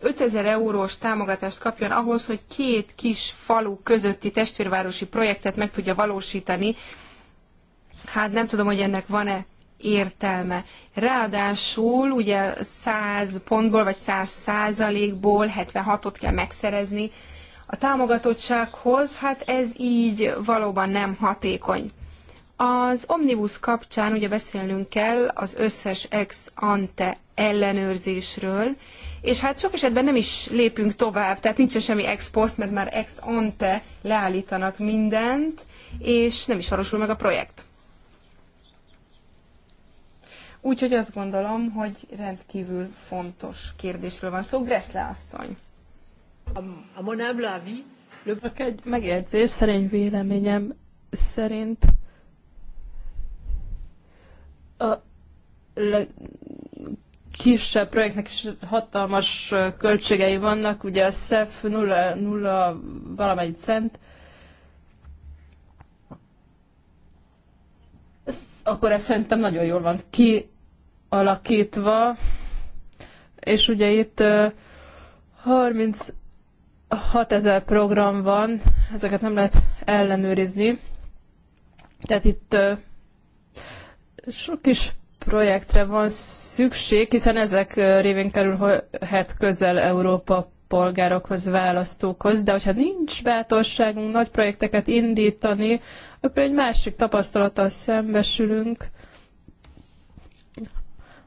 5000 eurós támogatást kapjon ahhoz, hogy két kis falu közötti testvérvárosi projektet meg tudja valósítani. Hát nem tudom, hogy ennek van-e értelme. Ráadásul ugye 100 pontból vagy 100 százalékból 76-ot kell megszerezni a támogatottsághoz, hát ez így valóban nem hatékony. Az Omnibus kapcsán ugye beszélnünk kell az összes ex ante ellenőrzésről, és hát sok esetben nem is lépünk tovább, tehát nincsen semmi ex post, mert már ex ante leállítanak mindent, és nem is valósul meg a projekt. Úgyhogy azt gondolom, hogy rendkívül fontos kérdésről van szó. Greszle asszony. A megjegyzés szerint véleményem szerint a kisebb projektnek is hatalmas költségei vannak, ugye a SZEF 0, 0 valamennyi cent, Ezt, akkor ez szerintem nagyon jól van kialakítva, és ugye itt 36 ezer program van, ezeket nem lehet ellenőrizni, tehát itt sok kis projektre van szükség, hiszen ezek révén kerülhet közel Európa polgárokhoz, választókhoz, de hogyha nincs bátorságunk nagy projekteket indítani, akkor egy másik tapasztalattal szembesülünk,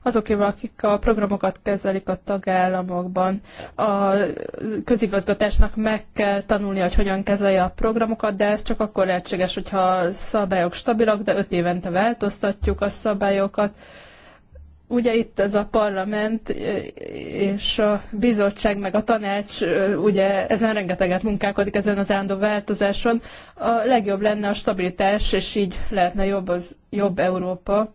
azokéval, akik a programokat kezelik a tagállamokban. A közigazgatásnak meg kell tanulnia, hogy hogyan kezelje a programokat, de ez csak akkor lehetséges, hogyha a szabályok stabilak, de öt évente változtatjuk a szabályokat. Ugye itt ez a parlament e, és a bizottság meg a tanács, e, ugye ezen rengeteget munkálkodik, ezen az állandó változáson. A legjobb lenne a stabilitás, és így lehetne jobb, az, jobb Európa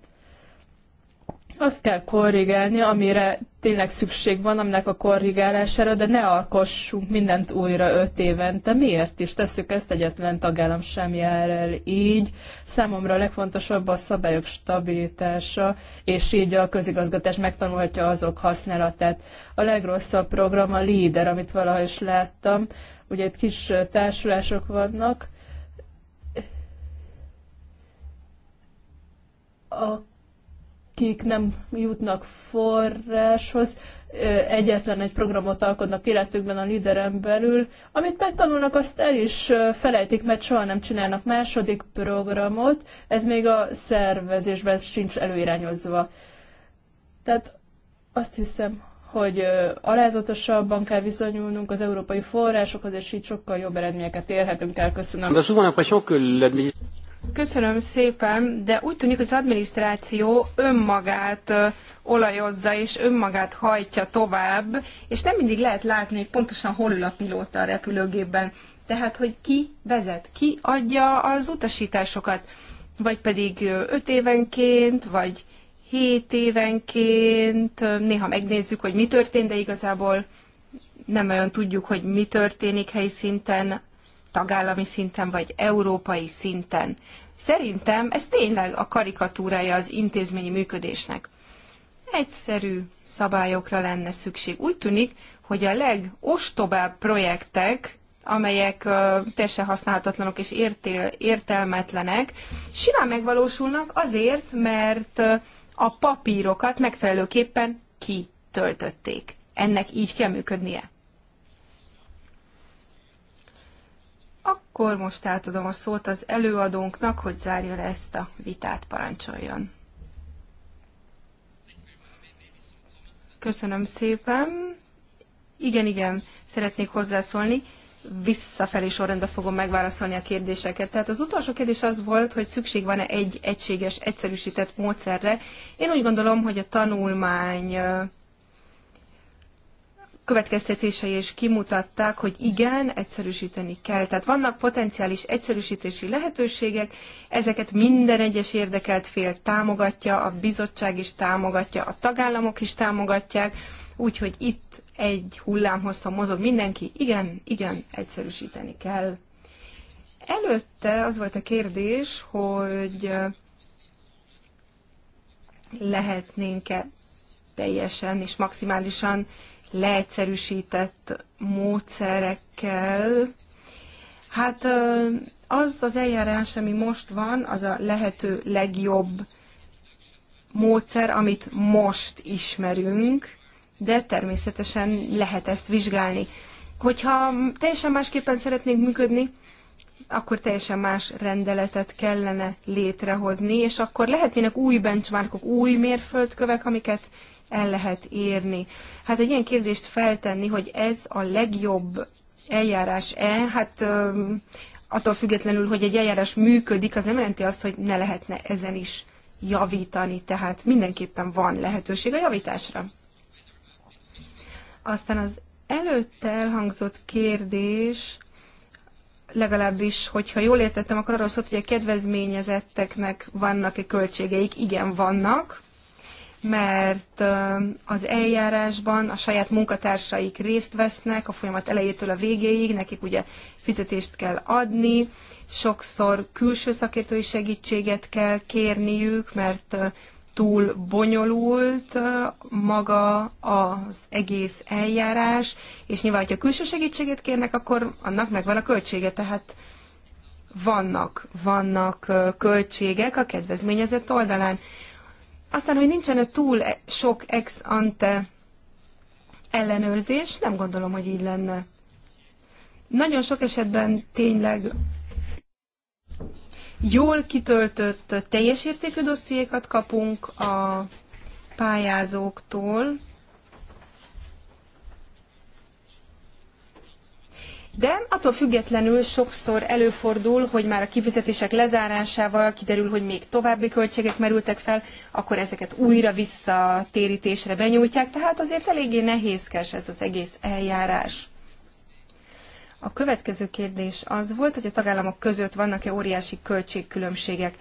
azt kell korrigálni, amire tényleg szükség van, aminek a korrigálására, de ne alkossunk mindent újra öt évente. Miért is tesszük ezt? Egyetlen tagállam sem jár el így. Számomra a legfontosabb a szabályok stabilitása, és így a közigazgatás megtanulhatja azok használatát. A legrosszabb program a LEADER, amit valaha is láttam. Ugye itt kis társulások vannak, a akik nem jutnak forráshoz, egyetlen egy programot alkotnak, életükben a líderen belül, amit megtanulnak, azt el is felejtik, mert soha nem csinálnak második programot, ez még a szervezésben sincs előirányozva. Tehát azt hiszem, hogy alázatosabban kell viszonyulnunk az európai forrásokhoz, és így sokkal jobb eredményeket érhetünk el. Köszönöm. Köszönöm szépen, de úgy tűnik, hogy az adminisztráció önmagát olajozza és önmagát hajtja tovább, és nem mindig lehet látni, hogy pontosan hol ül a pilóta a repülőgépben. Tehát, hogy ki vezet, ki adja az utasításokat, vagy pedig öt évenként, vagy hét évenként, néha megnézzük, hogy mi történt, de igazából nem olyan tudjuk, hogy mi történik helyszinten, tagállami szinten vagy európai szinten. Szerintem ez tényleg a karikatúrája az intézményi működésnek. Egyszerű szabályokra lenne szükség. Úgy tűnik, hogy a legostobább projektek, amelyek uh, teljesen használhatatlanok és értél, értelmetlenek, simán megvalósulnak azért, mert a papírokat megfelelőképpen kitöltötték. Ennek így kell működnie. akkor most átadom a szót az előadónknak, hogy zárja le ezt a vitát, parancsoljon. Köszönöm szépen. Igen, igen, szeretnék hozzászólni. Visszafelé sorrendben fogom megválaszolni a kérdéseket. Tehát az utolsó kérdés az volt, hogy szükség van-e egy egységes, egyszerűsített módszerre. Én úgy gondolom, hogy a tanulmány következtetései is kimutatták, hogy igen, egyszerűsíteni kell. Tehát vannak potenciális egyszerűsítési lehetőségek, ezeket minden egyes érdekelt fél támogatja, a bizottság is támogatja, a tagállamok is támogatják, úgyhogy itt egy hullámhosszon mozog mindenki, igen, igen, egyszerűsíteni kell. Előtte az volt a kérdés, hogy lehetnénk-e teljesen és maximálisan leegyszerűsített módszerekkel. Hát az az eljárás, ami most van, az a lehető legjobb módszer, amit most ismerünk, de természetesen lehet ezt vizsgálni. Hogyha teljesen másképpen szeretnénk működni, akkor teljesen más rendeletet kellene létrehozni, és akkor lehetnének új benchmarkok, új mérföldkövek, amiket el lehet érni. Hát egy ilyen kérdést feltenni, hogy ez a legjobb eljárás-e, hát attól függetlenül, hogy egy eljárás működik, az nem jelenti azt, hogy ne lehetne ezen is javítani, tehát mindenképpen van lehetőség a javításra. Aztán az előtte elhangzott kérdés, legalábbis, hogyha jól értettem, akkor arról szólt, hogy a kedvezményezetteknek vannak-e költségeik? Igen, vannak mert az eljárásban a saját munkatársaik részt vesznek a folyamat elejétől a végéig, nekik ugye fizetést kell adni, sokszor külső szakértői segítséget kell kérniük, mert túl bonyolult maga az egész eljárás, és nyilván, hogyha külső segítséget kérnek, akkor annak megvan a költsége, tehát vannak, vannak költségek a kedvezményezett oldalán. Aztán, hogy nincsen -e túl e- sok ex ante ellenőrzés, nem gondolom, hogy így lenne. Nagyon sok esetben tényleg jól kitöltött teljes értékű dossziékat kapunk a pályázóktól, De attól függetlenül sokszor előfordul, hogy már a kifizetések lezárásával kiderül, hogy még további költségek merültek fel, akkor ezeket újra visszatérítésre benyújtják, tehát azért eléggé nehézkes ez az egész eljárás. A következő kérdés az volt, hogy a tagállamok között vannak-e óriási költségkülönbségek.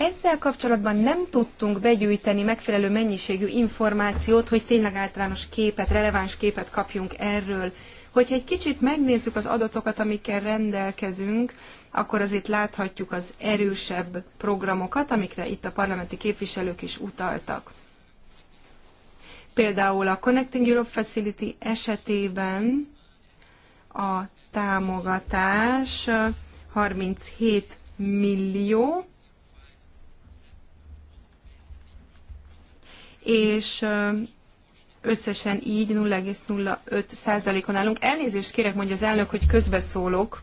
Ezzel kapcsolatban nem tudtunk begyűjteni megfelelő mennyiségű információt, hogy tényleg általános képet, releváns képet kapjunk erről. Hogyha egy kicsit megnézzük az adatokat, amikkel rendelkezünk, akkor azért láthatjuk az erősebb programokat, amikre itt a parlamenti képviselők is utaltak. Például a Connecting Europe Facility esetében a támogatás 37 millió, és összesen így 0,05%-on állunk. Elnézést kérek, mondja az elnök, hogy közbeszólok,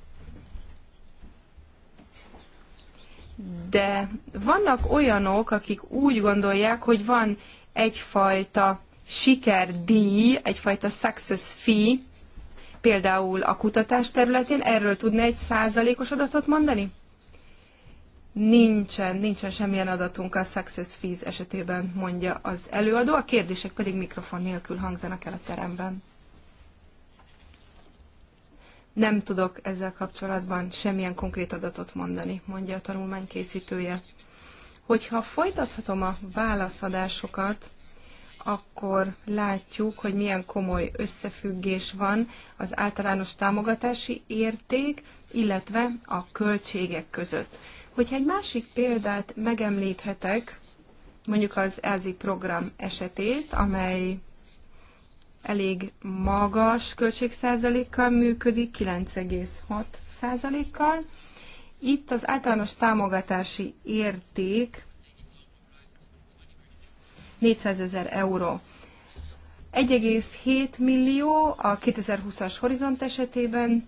de vannak olyanok, akik úgy gondolják, hogy van egyfajta sikerdíj, egyfajta success fee, például a kutatás területén, erről tudna egy százalékos adatot mondani? nincsen, nincsen semmilyen adatunk a success fees esetében, mondja az előadó, a kérdések pedig mikrofon nélkül hangzanak el a teremben. Nem tudok ezzel kapcsolatban semmilyen konkrét adatot mondani, mondja a tanulmány készítője. Hogyha folytathatom a válaszadásokat, akkor látjuk, hogy milyen komoly összefüggés van az általános támogatási érték, illetve a költségek között. Hogyha egy másik példát megemlíthetek, mondjuk az ELZI program esetét, amely elég magas költségszázalékkal működik, 9,6 százalékkal. Itt az általános támogatási érték 400 ezer euró. 1,7 millió a 2020-as horizont esetében,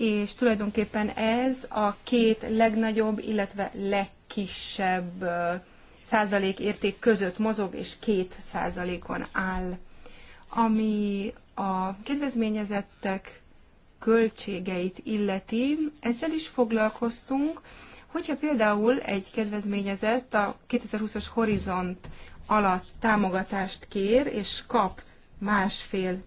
és tulajdonképpen ez a két legnagyobb, illetve legkisebb érték között mozog, és két százalékon áll. Ami a kedvezményezettek költségeit illeti, ezzel is foglalkoztunk, hogyha például egy kedvezményezett a 2020-as horizont alatt támogatást kér, és kap másfél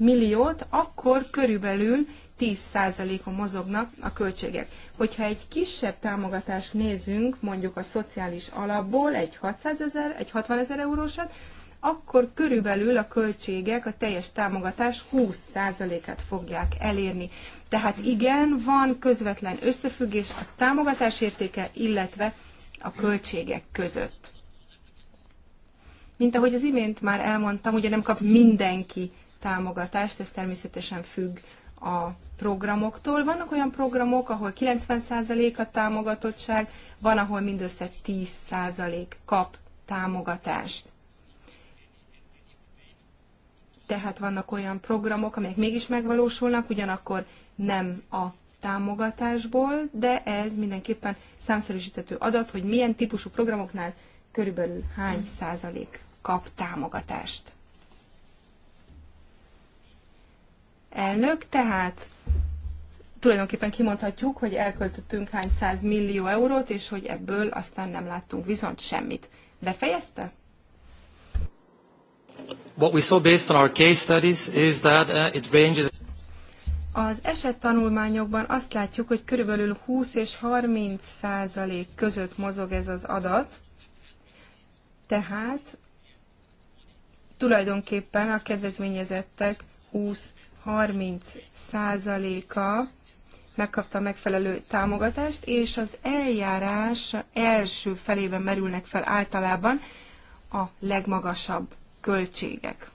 milliót, akkor körülbelül 10%-on mozognak a költségek. Hogyha egy kisebb támogatást nézünk, mondjuk a szociális alapból, egy 600 ezer, egy 60 ezer eurósat, akkor körülbelül a költségek a teljes támogatás 20%-át fogják elérni. Tehát igen, van közvetlen összefüggés a támogatás értéke, illetve a költségek között. Mint ahogy az imént már elmondtam, ugye nem kap mindenki támogatást, ez természetesen függ a programoktól. Vannak olyan programok, ahol 90% a támogatottság, van, ahol mindössze 10% kap támogatást. Tehát vannak olyan programok, amelyek mégis megvalósulnak, ugyanakkor nem a támogatásból, de ez mindenképpen számszerűsítető adat, hogy milyen típusú programoknál körülbelül hány százalék kap támogatást. elnök, tehát tulajdonképpen kimondhatjuk, hogy elköltöttünk hány száz millió eurót, és hogy ebből aztán nem láttunk viszont semmit. Befejezte? What we saw based on our case studies is that uh, it ranges az esettanulmányokban azt látjuk, hogy körülbelül 20 és 30 százalék között mozog ez az adat, tehát tulajdonképpen a kedvezményezettek 20 30%-a megkapta a megfelelő támogatást, és az eljárás első felében merülnek fel általában a legmagasabb költségek.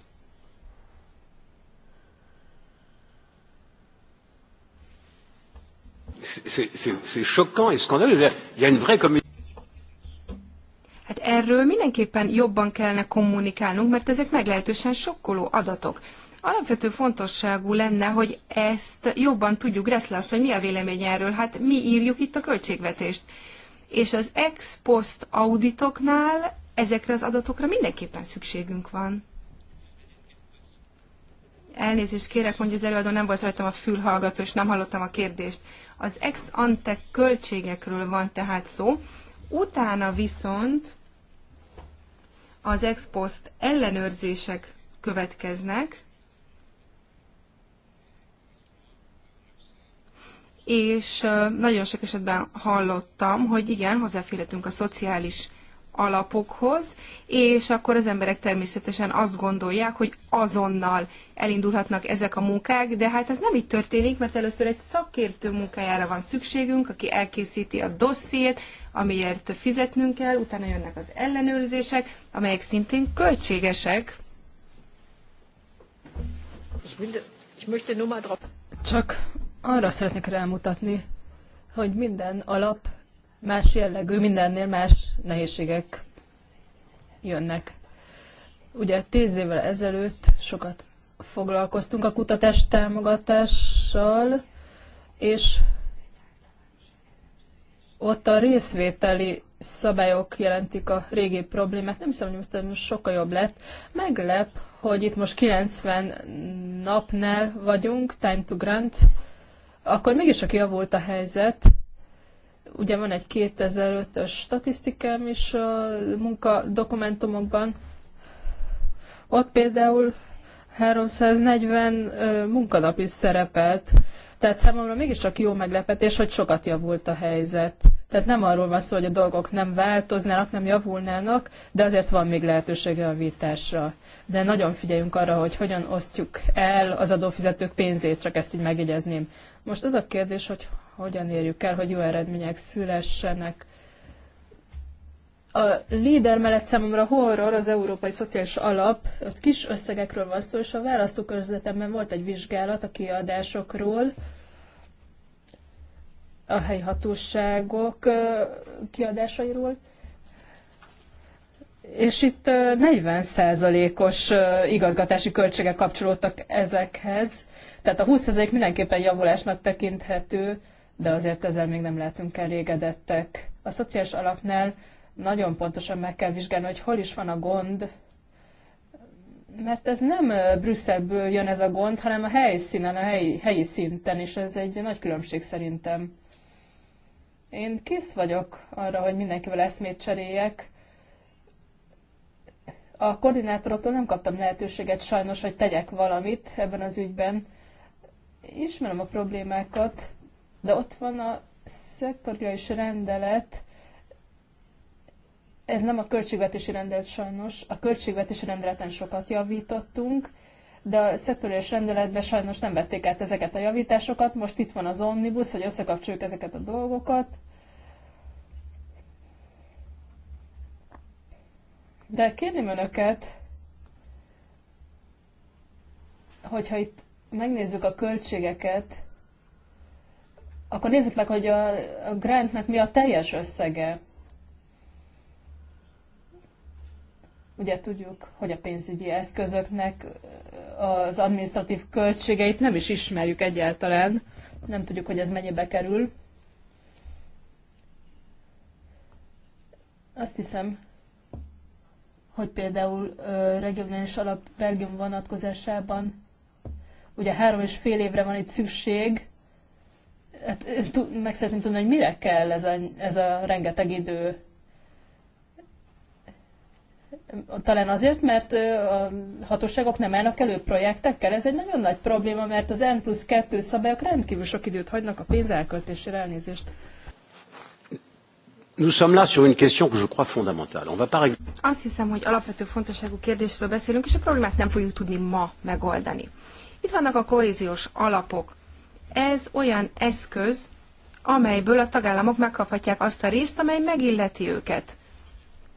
Hát erről mindenképpen jobban kellene kommunikálnunk, mert ezek meglehetősen sokkoló adatok. Alapvető fontosságú lenne, hogy ezt jobban tudjuk. Reszlász, hogy mi a vélemény erről. Hát mi írjuk itt a költségvetést. És az ex post auditoknál ezekre az adatokra mindenképpen szükségünk van. Elnézést kérek, mondja az előadó, nem volt rajtam a fülhallgató, és nem hallottam a kérdést. Az ex ante költségekről van tehát szó, utána viszont az ex post ellenőrzések következnek, és nagyon sok esetben hallottam, hogy igen, hozzáférhetünk a szociális alapokhoz, és akkor az emberek természetesen azt gondolják, hogy azonnal elindulhatnak ezek a munkák, de hát ez nem így történik, mert először egy szakértő munkájára van szükségünk, aki elkészíti a dossziét, amiért fizetnünk kell, utána jönnek az ellenőrzések, amelyek szintén költségesek. Csak arra szeretnék rámutatni, hogy minden alap más jellegű, mindennél más nehézségek jönnek. Ugye tíz évvel ezelőtt sokat foglalkoztunk a kutatás támogatással, és ott a részvételi szabályok jelentik a régi problémát. Nem hiszem, hogy most most sokkal jobb lett. Meglep, hogy itt most 90 napnál vagyunk, time to grant akkor mégis aki javult a helyzet. Ugye van egy 2005-ös statisztikám is a dokumentumokban, Ott például 340 munkanap is szerepelt. Tehát számomra mégiscsak jó meglepetés, hogy sokat javult a helyzet. Tehát nem arról van szó, hogy a dolgok nem változnának, nem javulnának, de azért van még lehetőség a vításra. De nagyon figyeljünk arra, hogy hogyan osztjuk el az adófizetők pénzét, csak ezt így megjegyezném. Most az a kérdés, hogy hogyan érjük el, hogy jó eredmények szülessenek. A líder mellett számomra horror az Európai Szociális Alap, ott kis összegekről van szó, és a választókörzetemben volt egy vizsgálat a kiadásokról, a helyhatóságok kiadásairól, és itt 40%-os igazgatási költségek kapcsolódtak ezekhez, tehát a 20% mindenképpen javulásnak tekinthető, de azért ezzel még nem lehetünk elégedettek. A szociális alapnál nagyon pontosan meg kell vizsgálni, hogy hol is van a gond, mert ez nem Brüsszelből jön ez a gond, hanem a helyszínen, a helyi, helyi szinten, és ez egy nagy különbség szerintem. Én kész vagyok arra, hogy mindenkivel eszmét cseréljek, a koordinátoroktól nem kaptam lehetőséget sajnos, hogy tegyek valamit ebben az ügyben. Ismerem a problémákat, de ott van a szektoriális rendelet, ez nem a költségvetési rendelet sajnos, a költségvetési rendeleten sokat javítottunk, de a szektoriális rendeletben sajnos nem vették át ezeket a javításokat, most itt van az omnibus, hogy összekapcsoljuk ezeket a dolgokat, De kérném önöket, hogyha itt megnézzük a költségeket, akkor nézzük meg, hogy a, grantnek mi a teljes összege. Ugye tudjuk, hogy a pénzügyi eszközöknek az administratív költségeit nem is ismerjük egyáltalán. Nem tudjuk, hogy ez mennyibe kerül. Azt hiszem, hogy például regionális alap Belgium vonatkozásában ugye három és fél évre van itt szükség, hát, meg szeretném tudni, hogy mire kell ez a, ez a rengeteg idő. Talán azért, mert a hatóságok nem állnak elő projektekkel. Ez egy nagyon nagy probléma, mert az N plusz 2 szabályok rendkívül sok időt hagynak a pénz elköltésére elnézést. Azt hiszem, hogy alapvető fontosságú kérdésről beszélünk, és a problémát nem fogjuk tudni ma megoldani. Itt vannak a kohéziós alapok. Ez olyan eszköz, amelyből a tagállamok megkaphatják azt a részt, amely megilleti őket.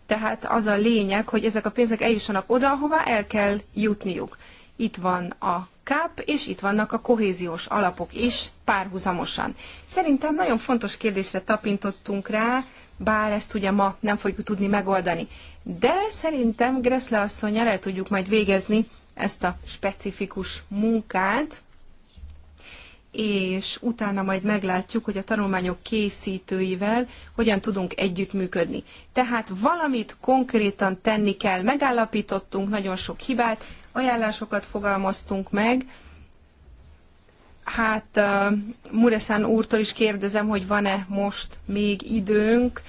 Tehát az a lényeg, hogy ezek a pénzek eljussanak oda, ahová el kell jutniuk. Itt van a KÁP, és itt vannak a kohéziós alapok is párhuzamosan. Szerintem nagyon fontos kérdésre tapintottunk rá, bár ezt ugye ma nem fogjuk tudni megoldani. De szerintem Greszle asszony el tudjuk majd végezni ezt a specifikus munkát, és utána majd meglátjuk, hogy a tanulmányok készítőivel hogyan tudunk együttműködni. Tehát valamit konkrétan tenni kell. Megállapítottunk nagyon sok hibát, ajánlásokat fogalmaztunk meg, hát Mureszán úrtól is kérdezem, hogy van-e most még időnk.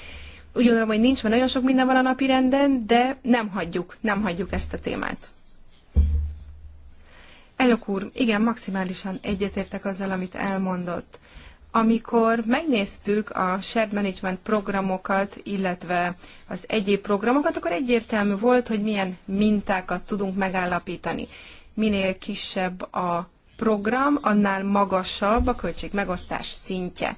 Úgy gondolom, hogy nincs, mert nagyon sok minden van a napi renden, de nem hagyjuk, nem hagyjuk ezt a témát. Elnök úr, igen, maximálisan egyetértek azzal, amit elmondott. Amikor megnéztük a shared management programokat, illetve az egyéb programokat, akkor egyértelmű volt, hogy milyen mintákat tudunk megállapítani. Minél kisebb a program, annál magasabb a költség megosztás szintje.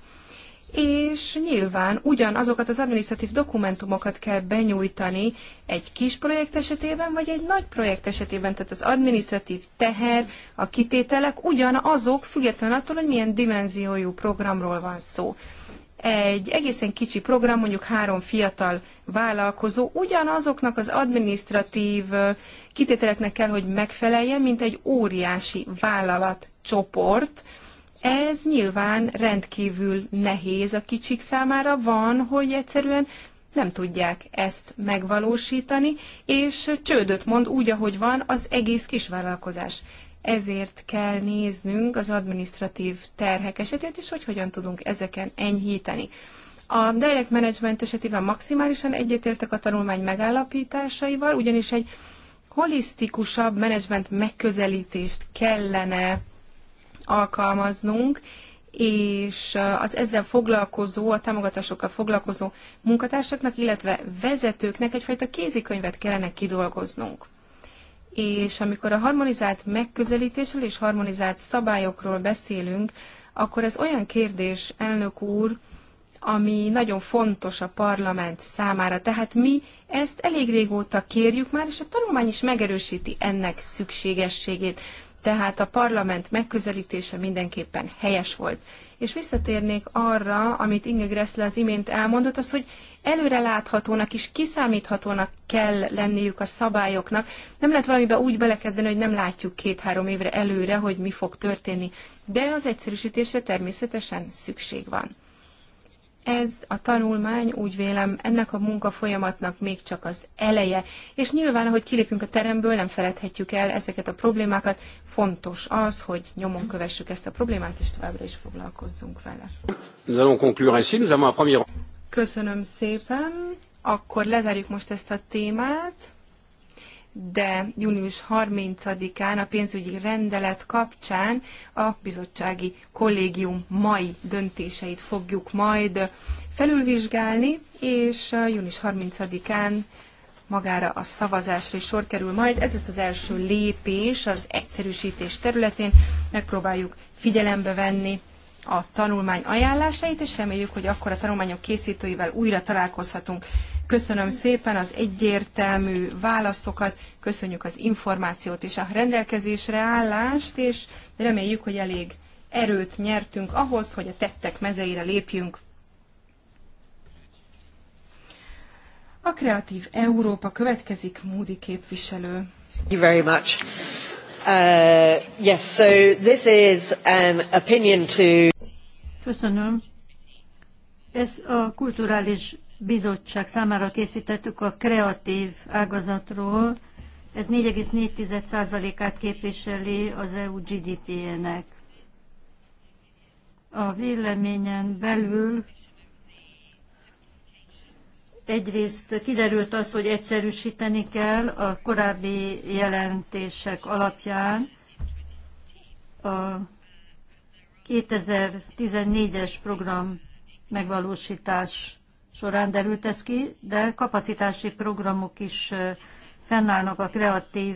És nyilván ugyanazokat az administratív dokumentumokat kell benyújtani egy kis projekt esetében, vagy egy nagy projekt esetében. Tehát az administratív teher, a kitételek ugyanazok, függetlenül attól, hogy milyen dimenziójú programról van szó egy egészen kicsi program, mondjuk három fiatal vállalkozó ugyanazoknak az administratív kitételeknek kell, hogy megfeleljen, mint egy óriási vállalatcsoport. Ez nyilván rendkívül nehéz a kicsik számára, van, hogy egyszerűen nem tudják ezt megvalósítani, és csődöt mond úgy, ahogy van az egész kisvállalkozás ezért kell néznünk az administratív terhek esetét, és hogy hogyan tudunk ezeken enyhíteni. A direct management esetében maximálisan egyetértek a tanulmány megállapításaival, ugyanis egy holisztikusabb menedzsment megközelítést kellene alkalmaznunk, és az ezzel foglalkozó, a támogatásokkal foglalkozó munkatársaknak, illetve vezetőknek egyfajta kézikönyvet kellene kidolgoznunk és amikor a harmonizált megközelítésről és harmonizált szabályokról beszélünk, akkor ez olyan kérdés, elnök úr, ami nagyon fontos a parlament számára. Tehát mi ezt elég régóta kérjük már, és a tanulmány is megerősíti ennek szükségességét. Tehát a parlament megközelítése mindenképpen helyes volt. És visszatérnék arra, amit Inge Gressle az imént elmondott, az, hogy előreláthatónak és kiszámíthatónak kell lenniük a szabályoknak. Nem lehet valamiben úgy belekezdeni, hogy nem látjuk két-három évre előre, hogy mi fog történni. De az egyszerűsítésre természetesen szükség van ez a tanulmány, úgy vélem, ennek a munka folyamatnak még csak az eleje. És nyilván, ahogy kilépünk a teremből, nem feledhetjük el ezeket a problémákat. Fontos az, hogy nyomon kövessük ezt a problémát, és továbbra is foglalkozzunk vele. Köszönöm szépen. Akkor lezárjuk most ezt a témát de június 30-án a pénzügyi rendelet kapcsán a bizottsági kollégium mai döntéseit fogjuk majd felülvizsgálni, és június 30-án magára a szavazásra is sor kerül majd. Ez lesz az első lépés az egyszerűsítés területén. Megpróbáljuk figyelembe venni a tanulmány ajánlásait, és reméljük, hogy akkor a tanulmányok készítőivel újra találkozhatunk. Köszönöm szépen az egyértelmű válaszokat, köszönjük az információt és a rendelkezésre állást, és reméljük, hogy elég erőt nyertünk ahhoz, hogy a tettek mezeire lépjünk. A Kreatív Európa következik, Módi képviselő. Thank you very much. Uh, yes, so this is an opinion to... Köszönöm. Ez a Kulturális Bizottság számára készítettük a kreatív ágazatról. Ez 4,4%-át képviseli az EU GDP-nek. A véleményen belül Egyrészt kiderült az, hogy egyszerűsíteni kell a korábbi jelentések alapján a 2014-es program megvalósítás során derült ez ki, de kapacitási programok is fennállnak a kreatív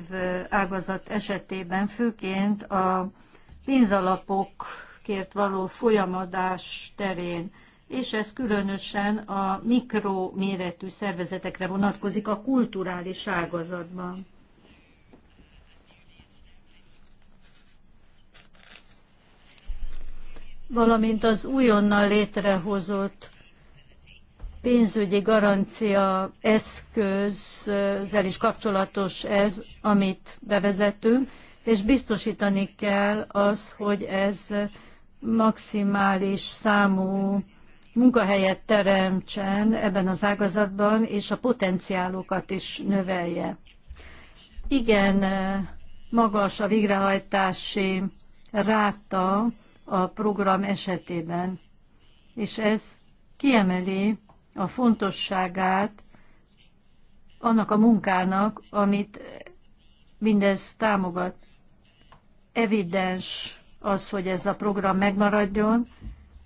ágazat esetében, főként a pénzalapokért való folyamadás terén és ez különösen a mikroméretű szervezetekre vonatkozik a kulturális ágazatban. valamint az újonnan létrehozott pénzügyi garancia eszközzel is kapcsolatos ez, amit bevezetünk, és biztosítani kell az, hogy ez maximális számú munkahelyet teremtsen ebben az ágazatban, és a potenciálokat is növelje. Igen, magas a végrehajtási ráta a program esetében, és ez kiemeli a fontosságát annak a munkának, amit mindez támogat. Evidens az, hogy ez a program megmaradjon,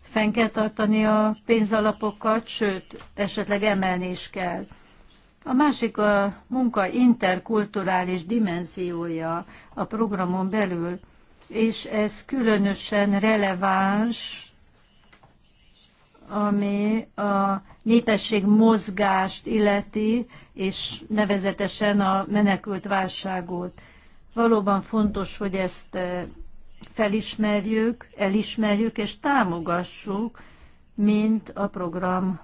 fenn kell tartani a pénzalapokat, sőt, esetleg emelni is kell. A másik a munka interkulturális dimenziója a programon belül, és ez különösen releváns, ami a népesség mozgást illeti, és nevezetesen a menekült válságot. Valóban fontos, hogy ezt eh, felismerjük, elismerjük és támogassuk, mint a program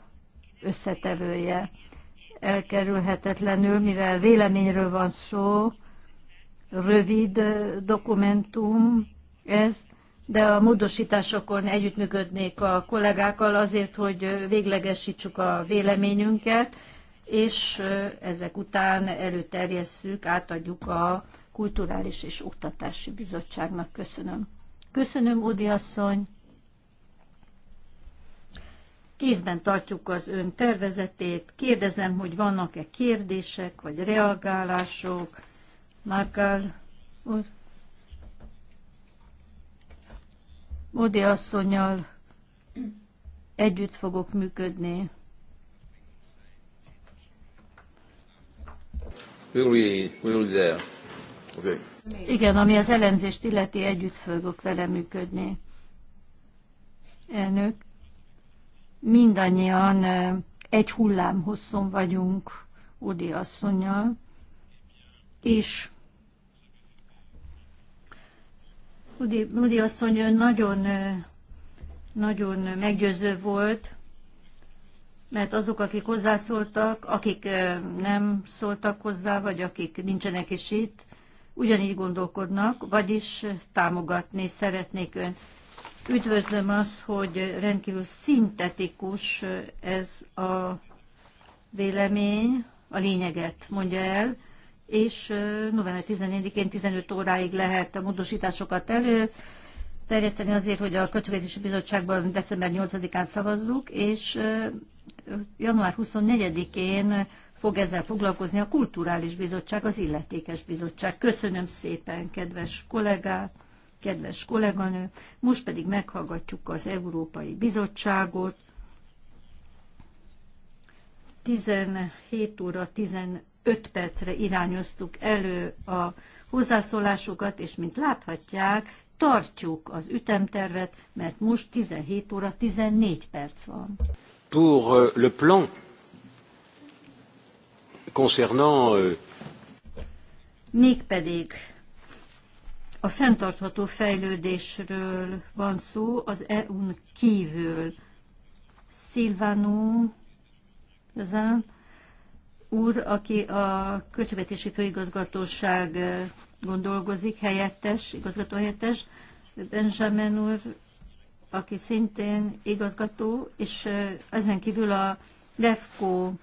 összetevője. Elkerülhetetlenül, mivel véleményről van szó, rövid dokumentum ez, de a módosításokon együttműködnék a kollégákkal azért, hogy véglegesítsük a véleményünket, és ezek után előterjesszük, átadjuk a Kulturális és Oktatási Bizottságnak köszönöm. Köszönöm, Odi asszony! Kézben tartjuk az ön tervezetét, kérdezem, hogy vannak-e kérdések, vagy reagálások. Márkál úr. Odi asszonyjal együtt fogok működni. We'll be, we'll be there. Igen, ami az elemzést illeti, együtt fogok vele működni. Elnök, mindannyian egy hullám hosszon vagyunk Udi asszonynal, és Udi, Udi asszony nagyon, nagyon meggyőző volt, mert azok, akik hozzászóltak, akik nem szóltak hozzá, vagy akik nincsenek is itt, ugyanígy gondolkodnak, vagyis támogatni szeretnék ön. Üdvözlöm az, hogy rendkívül szintetikus ez a vélemény, a lényeget mondja el, és november 14-én 15 óráig lehet a módosításokat elő terjeszteni azért, hogy a Költségvetési Bizottságban december 8-án szavazzuk, és január 24-én fog ezzel foglalkozni a Kulturális Bizottság, az Illetékes Bizottság. Köszönöm szépen, kedves kollégák, kedves kolléganő. Most pedig meghallgatjuk az Európai Bizottságot. 17 óra 15 percre irányoztuk elő a hozzászólásokat, és mint láthatják, tartjuk az ütemtervet, mert most 17 óra 14 perc van. Pour euh, le plan concernant... Euh, Mégpedig a fenntartható fejlődésről van szó az EU-n kívül. Silvano Zan úr, aki a Költségvetési Főigazgatóság gondolkozik, helyettes, igazgatóhelyettes, Benjamin úr, aki szintén igazgató, és ezen kívül a DEFCO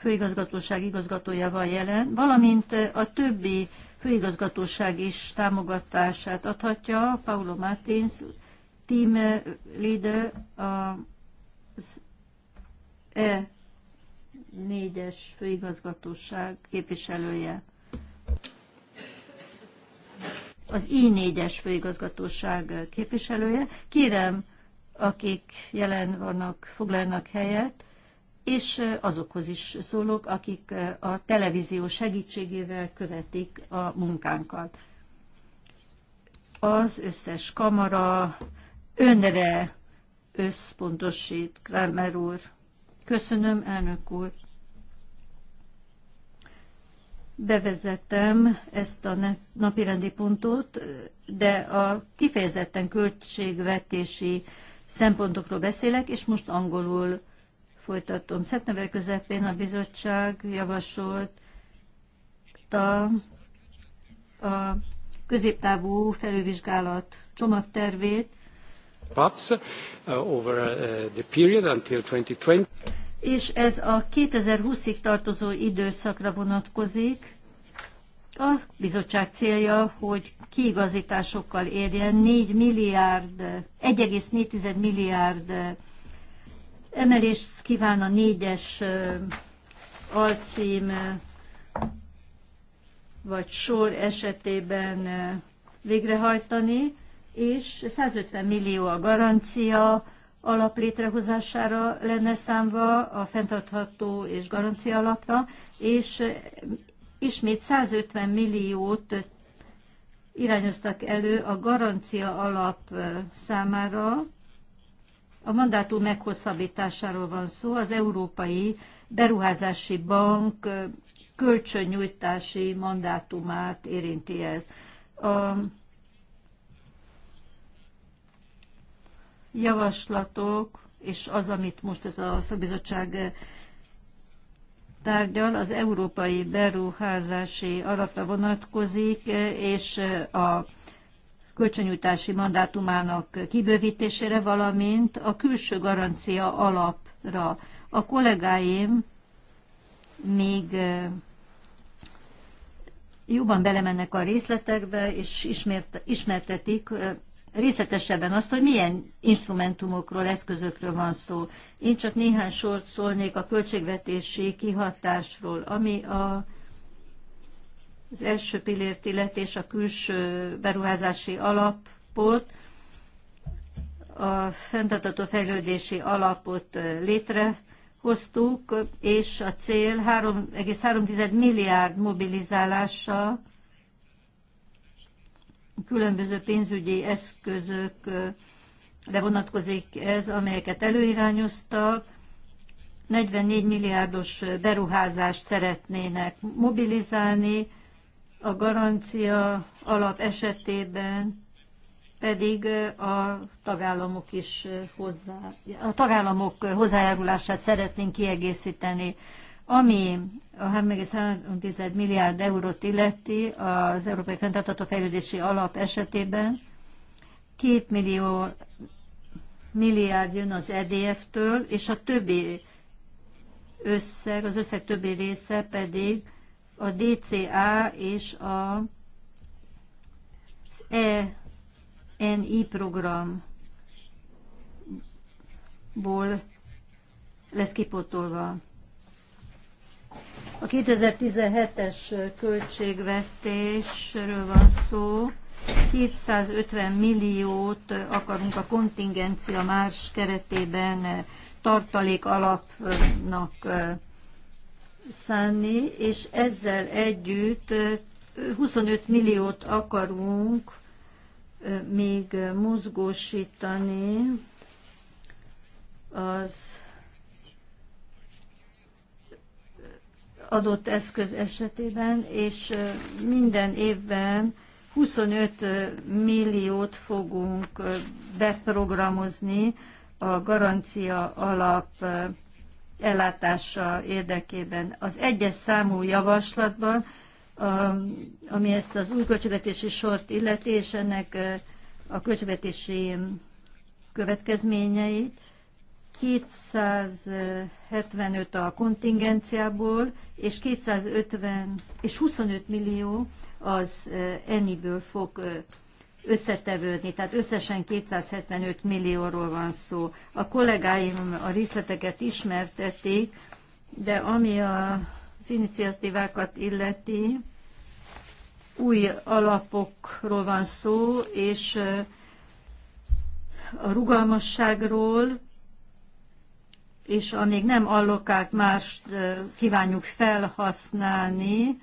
főigazgatóság igazgatója van jelen, valamint a többi főigazgatóság is támogatását adhatja. Paulo Martins, team leader az E4-es főigazgatóság képviselője. Az I4-es főigazgatóság képviselője. Kérem, akik jelen vannak, foglalnak helyet és azokhoz is szólok, akik a televízió segítségével követik a munkánkat. Az összes kamara önre összpontosít, Kramer úr. Köszönöm, elnök úr. Bevezettem ezt a napirendi pontot, de a kifejezetten költségvetési szempontokról beszélek, és most angolul folytatom. Szeptember közepén a bizottság javasolta a középtávú felülvizsgálat csomagtervét. PAPS uh, over uh, the period until 2020. És ez a 2020-ig tartozó időszakra vonatkozik. A bizottság célja, hogy kiigazításokkal érjen 4 milliárd, 1,4 milliárd Emelést kíván a négyes alcím vagy sor esetében végrehajtani, és 150 millió a garancia alap létrehozására lenne számva, a fenntartható és garancia alapra, és ismét 150 milliót irányoztak elő a garancia alap számára, a mandátum meghosszabbításáról van szó, az Európai Beruházási Bank kölcsönnyújtási mandátumát érinti ez. A javaslatok és az, amit most ez a szabizottság tárgyal, az európai beruházási alapra vonatkozik, és a kölcsönnyújtási mandátumának kibővítésére, valamint a külső garancia alapra. A kollégáim még jobban belemennek a részletekbe, és ismert, ismertetik részletesebben azt, hogy milyen instrumentumokról, eszközökről van szó. Én csak néhány sort szólnék a költségvetési kihatásról, ami a az első pillért illetés és a külső beruházási alapot, a fenntartató fejlődési alapot létrehoztuk, és a cél 3,3 milliárd mobilizálása különböző pénzügyi eszközök de vonatkozik ez, amelyeket előirányoztak. 44 milliárdos beruházást szeretnének mobilizálni, a garancia alap esetében pedig eh, a tagállamok is eh, hozzá, a tagállamok hozzájárulását szeretnénk kiegészíteni. Ami a 3,3 milliárd eurót illeti az Európai Fentartató Fejlődési Alap esetében, 2 millió milliárd jön az EDF-től, és a többi összeg, az összeg többi része pedig a DCA és a, ENI programból lesz kipotolva. A 2017-es költségvetésről van szó. 250 milliót akarunk a kontingencia más keretében tartalék alapnak szánni, és ezzel együtt 25 milliót akarunk még mozgósítani az adott eszköz esetében, és minden évben 25 milliót fogunk beprogramozni a garancia alap ellátása érdekében. Az egyes számú javaslatban, ami ezt az új költségvetési sort illeti, és ennek a költségvetési következményeit, 275 a kontingenciából, és 250 és 25 millió az enniből fog összetevődni, tehát összesen 275 millióról van szó. A kollégáim a részleteket ismertetik, de ami a, az iniciatívákat illeti, új alapokról van szó, és a rugalmasságról, és a még nem allokált más kívánjuk felhasználni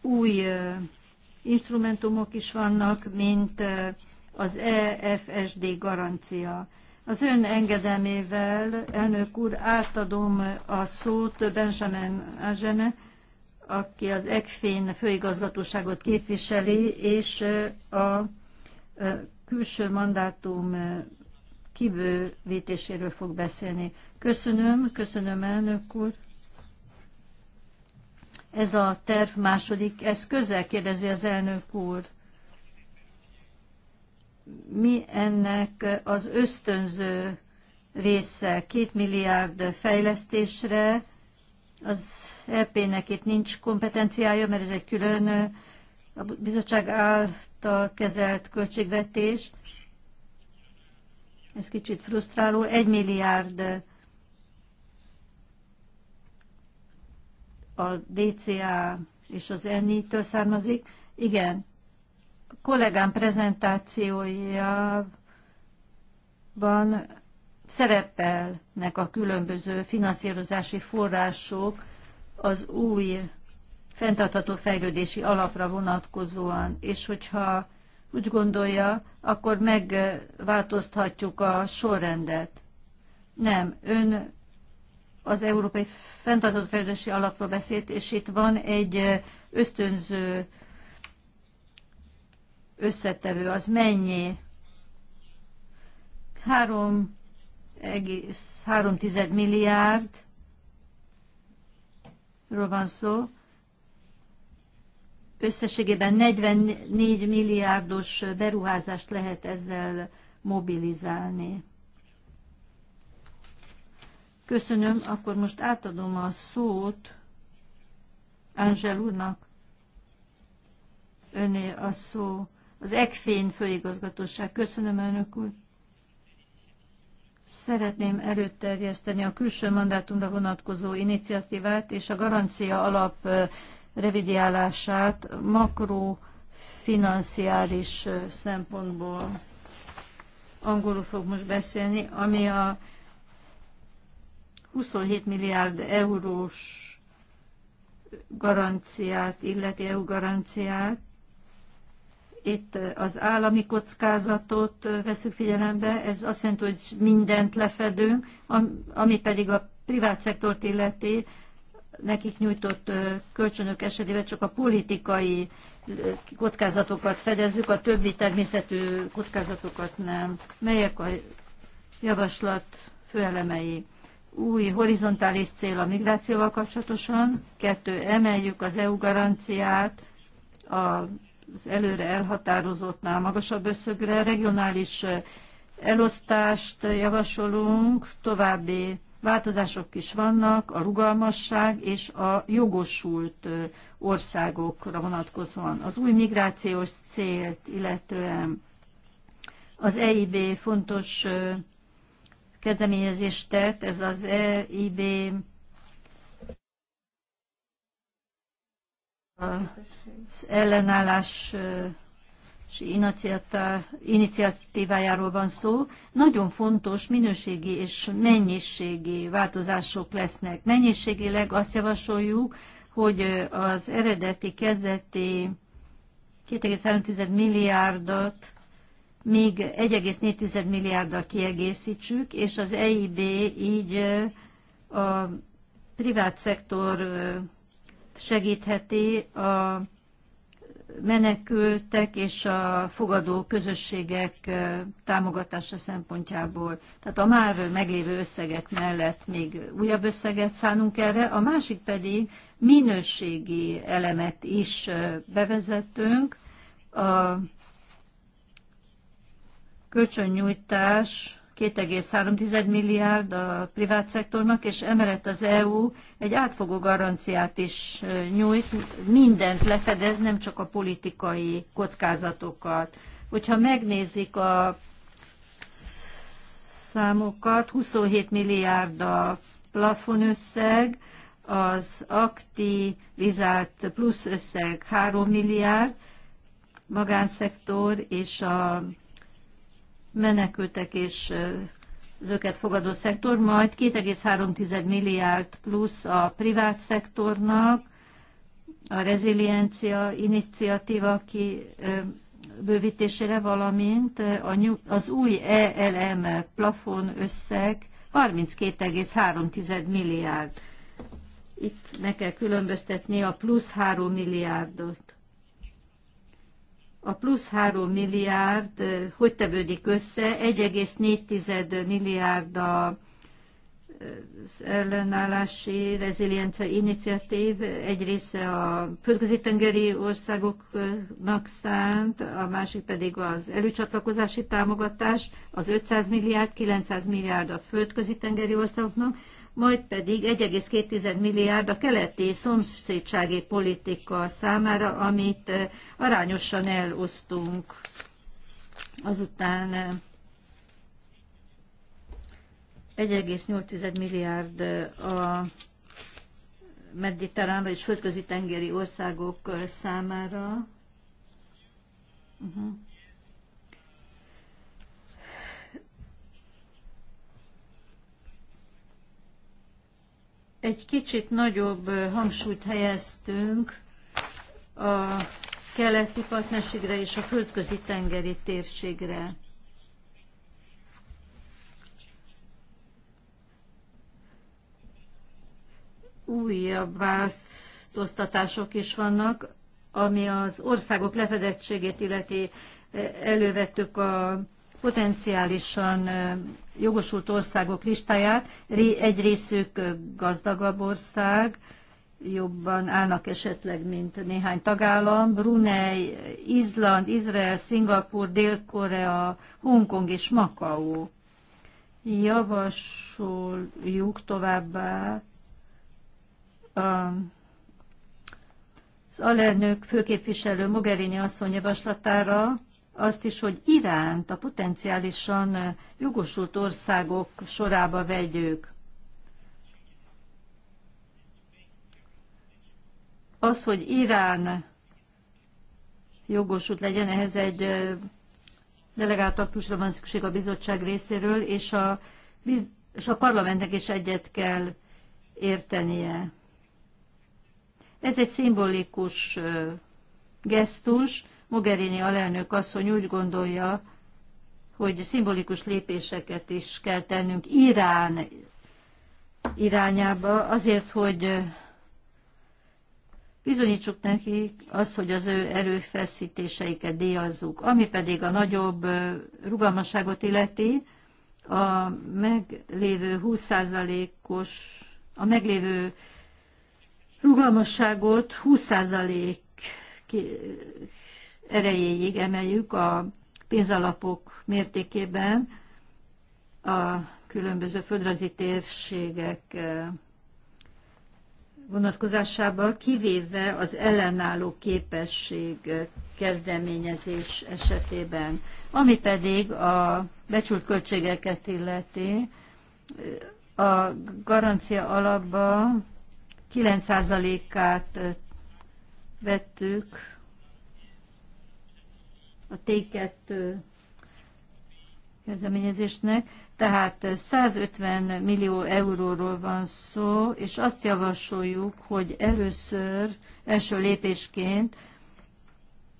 új instrumentumok is vannak, mint az EFSD garancia. Az ön engedelmével, elnök úr, átadom a szót Benjamin Azene, aki az ECFIN főigazgatóságot képviseli, és a külső mandátum kibővítéséről fog beszélni. Köszönöm, köszönöm elnök úr ez a terv második eszköze? kérdezi az elnök úr. Mi ennek az ösztönző része? Két milliárd fejlesztésre, az EP-nek itt nincs kompetenciája, mert ez egy külön a bizottság által kezelt költségvetés. Ez kicsit frusztráló. Egy milliárd a DCA és az ni től származik. Igen, a kollégám prezentációjában szerepelnek a különböző finanszírozási források az új fenntartható fejlődési alapra vonatkozóan, és hogyha úgy gondolja, akkor megváltoztatjuk a sorrendet. Nem, ön az Európai Fenntartható Fejlődési Alapról beszélt, és itt van egy ösztönző összetevő, az mennyi? 3,3 milliárd ról van szó. Összességében 44 milliárdos beruházást lehet ezzel mobilizálni. Köszönöm, akkor most átadom a szót Ángel úrnak. Öné a szó. Az ECFÉN főigazgatóság. Köszönöm, önök úr. Szeretném előterjeszteni a külső mandátumra vonatkozó iniciatívát és a garancia alap revidiálását makrofinanciális szempontból. Angolul fog most beszélni, ami a 27 milliárd eurós garanciát, illeti EU garanciát, itt az állami kockázatot veszük figyelembe, ez azt jelenti, hogy mindent lefedünk, ami pedig a privát szektort illeti, nekik nyújtott kölcsönök esetében csak a politikai kockázatokat fedezzük, a többi természetű kockázatokat nem. Melyek a javaslat főelemei? új horizontális cél a migrációval kapcsolatosan, kettő, emeljük az EU garanciát az előre elhatározottnál magasabb összögre, regionális elosztást javasolunk, további változások is vannak, a rugalmasság és a jogosult országokra vonatkozóan. Az új migrációs célt illetően az EIB fontos kezdeményezést tett, ez az EIB az ellenállás iniciatívájáról van szó, nagyon fontos minőségi és mennyiségi változások lesznek. Mennyiségileg azt javasoljuk, hogy az eredeti kezdeti 2,3 milliárdot még 1,4 milliárddal kiegészítsük, és az EIB így a privát szektor segítheti a menekültek és a fogadó közösségek támogatása szempontjából. Tehát a már meglévő összegek mellett még újabb összeget szánunk erre, a másik pedig minőségi elemet is bevezetünk. A kölcsönnyújtás 2,3 milliárd a privát szektornak, és emellett az EU egy átfogó garanciát is nyújt, mindent lefedez, nem csak a politikai kockázatokat. Hogyha megnézik a számokat, 27 milliárd a plafonösszeg, az aktivizált plusz összeg 3 milliárd, magánszektor és a menekültek és az őket fogadó szektor, majd 2,3 milliárd plusz a privát szektornak, a reziliencia iniciatíva ki bővítésére, valamint az új ELM plafon összeg 32,3 milliárd. Itt meg kell különböztetni a plusz 3 milliárdot a plusz 3 milliárd hogy tevődik össze, 1,4 milliárd az ellenállási reziliencia iniciatív, egy része a földközi-tengeri országoknak szánt, a másik pedig az előcsatlakozási támogatás, az 500 milliárd, 900 milliárd a földközi-tengeri országoknak, majd pedig 1,2 milliárd a keleti szomszédsági politika számára, amit arányosan elosztunk. Azután 1,8 milliárd a mediterrán és földközi tengeri országok számára. Uh-huh. egy kicsit nagyobb hangsúlyt helyeztünk a keleti partnerségre és a földközi tengeri térségre. Újabb változtatások is vannak, ami az országok lefedettségét illeti elővettük a potenciálisan jogosult országok listáját. Egy részük gazdagabb ország, jobban állnak esetleg, mint néhány tagállam. Brunei, Izland, Izrael, Szingapur, Dél-Korea, Hongkong és Makau. Javasoljuk továbbá um, az alelnök főképviselő Mogherini asszony javaslatára, azt is, hogy Iránt a potenciálisan jogosult országok sorába vegyük. Az, hogy Irán jogosult legyen, ehhez egy delegált aktusra van szükség a bizottság részéről, és a, és a parlamentnek is egyet kell értenie. Ez egy szimbolikus gesztus, Mogherini alelnök asszony úgy gondolja, hogy szimbolikus lépéseket is kell tennünk Irán irányába, azért, hogy bizonyítsuk nekik azt, hogy az ő erőfeszítéseiket díjazzuk. Ami pedig a nagyobb rugalmasságot illeti, a meglévő 20%-os, a meglévő rugalmasságot 20% erejéig emeljük a pénzalapok mértékében a különböző földrajzi térségek eh, vonatkozásában, kivéve az ellenálló képesség eh, kezdeményezés esetében. Ami pedig a becsült költségeket illeti, eh, a garancia alapba 9%-át vettük a T2 kezdeményezésnek. Tehát 150 millió euróról van szó, és azt javasoljuk, hogy először, első lépésként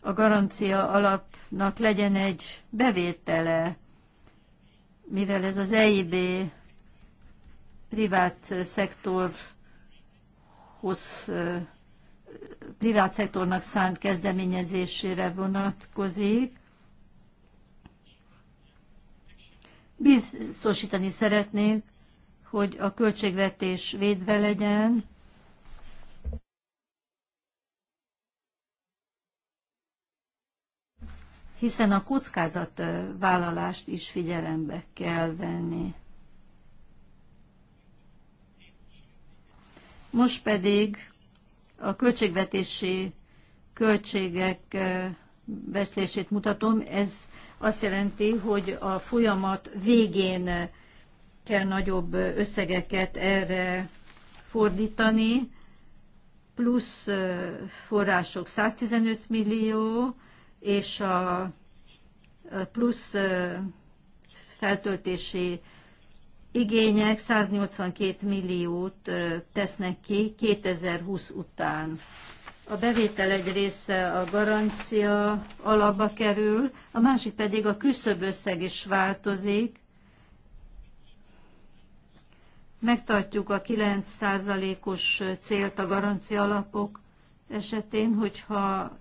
a garancia alapnak legyen egy bevétele, mivel ez az EIB privát szektorhoz privát szektornak szánt kezdeményezésére vonatkozik. Biztosítani szeretnénk, hogy a költségvetés védve legyen, hiszen a kockázatvállalást is figyelembe kell venni. Most pedig a költségvetési költségek beszélését mutatom. Ez azt jelenti, hogy a folyamat végén kell nagyobb összegeket erre fordítani, plusz források 115 millió, és a plusz feltöltési igények 182 milliót tesznek ki 2020 után. A bevétel egy része a garancia alapba kerül, a másik pedig a küszöbösszeg is változik. Megtartjuk a 9%-os célt a garancia alapok esetén, hogyha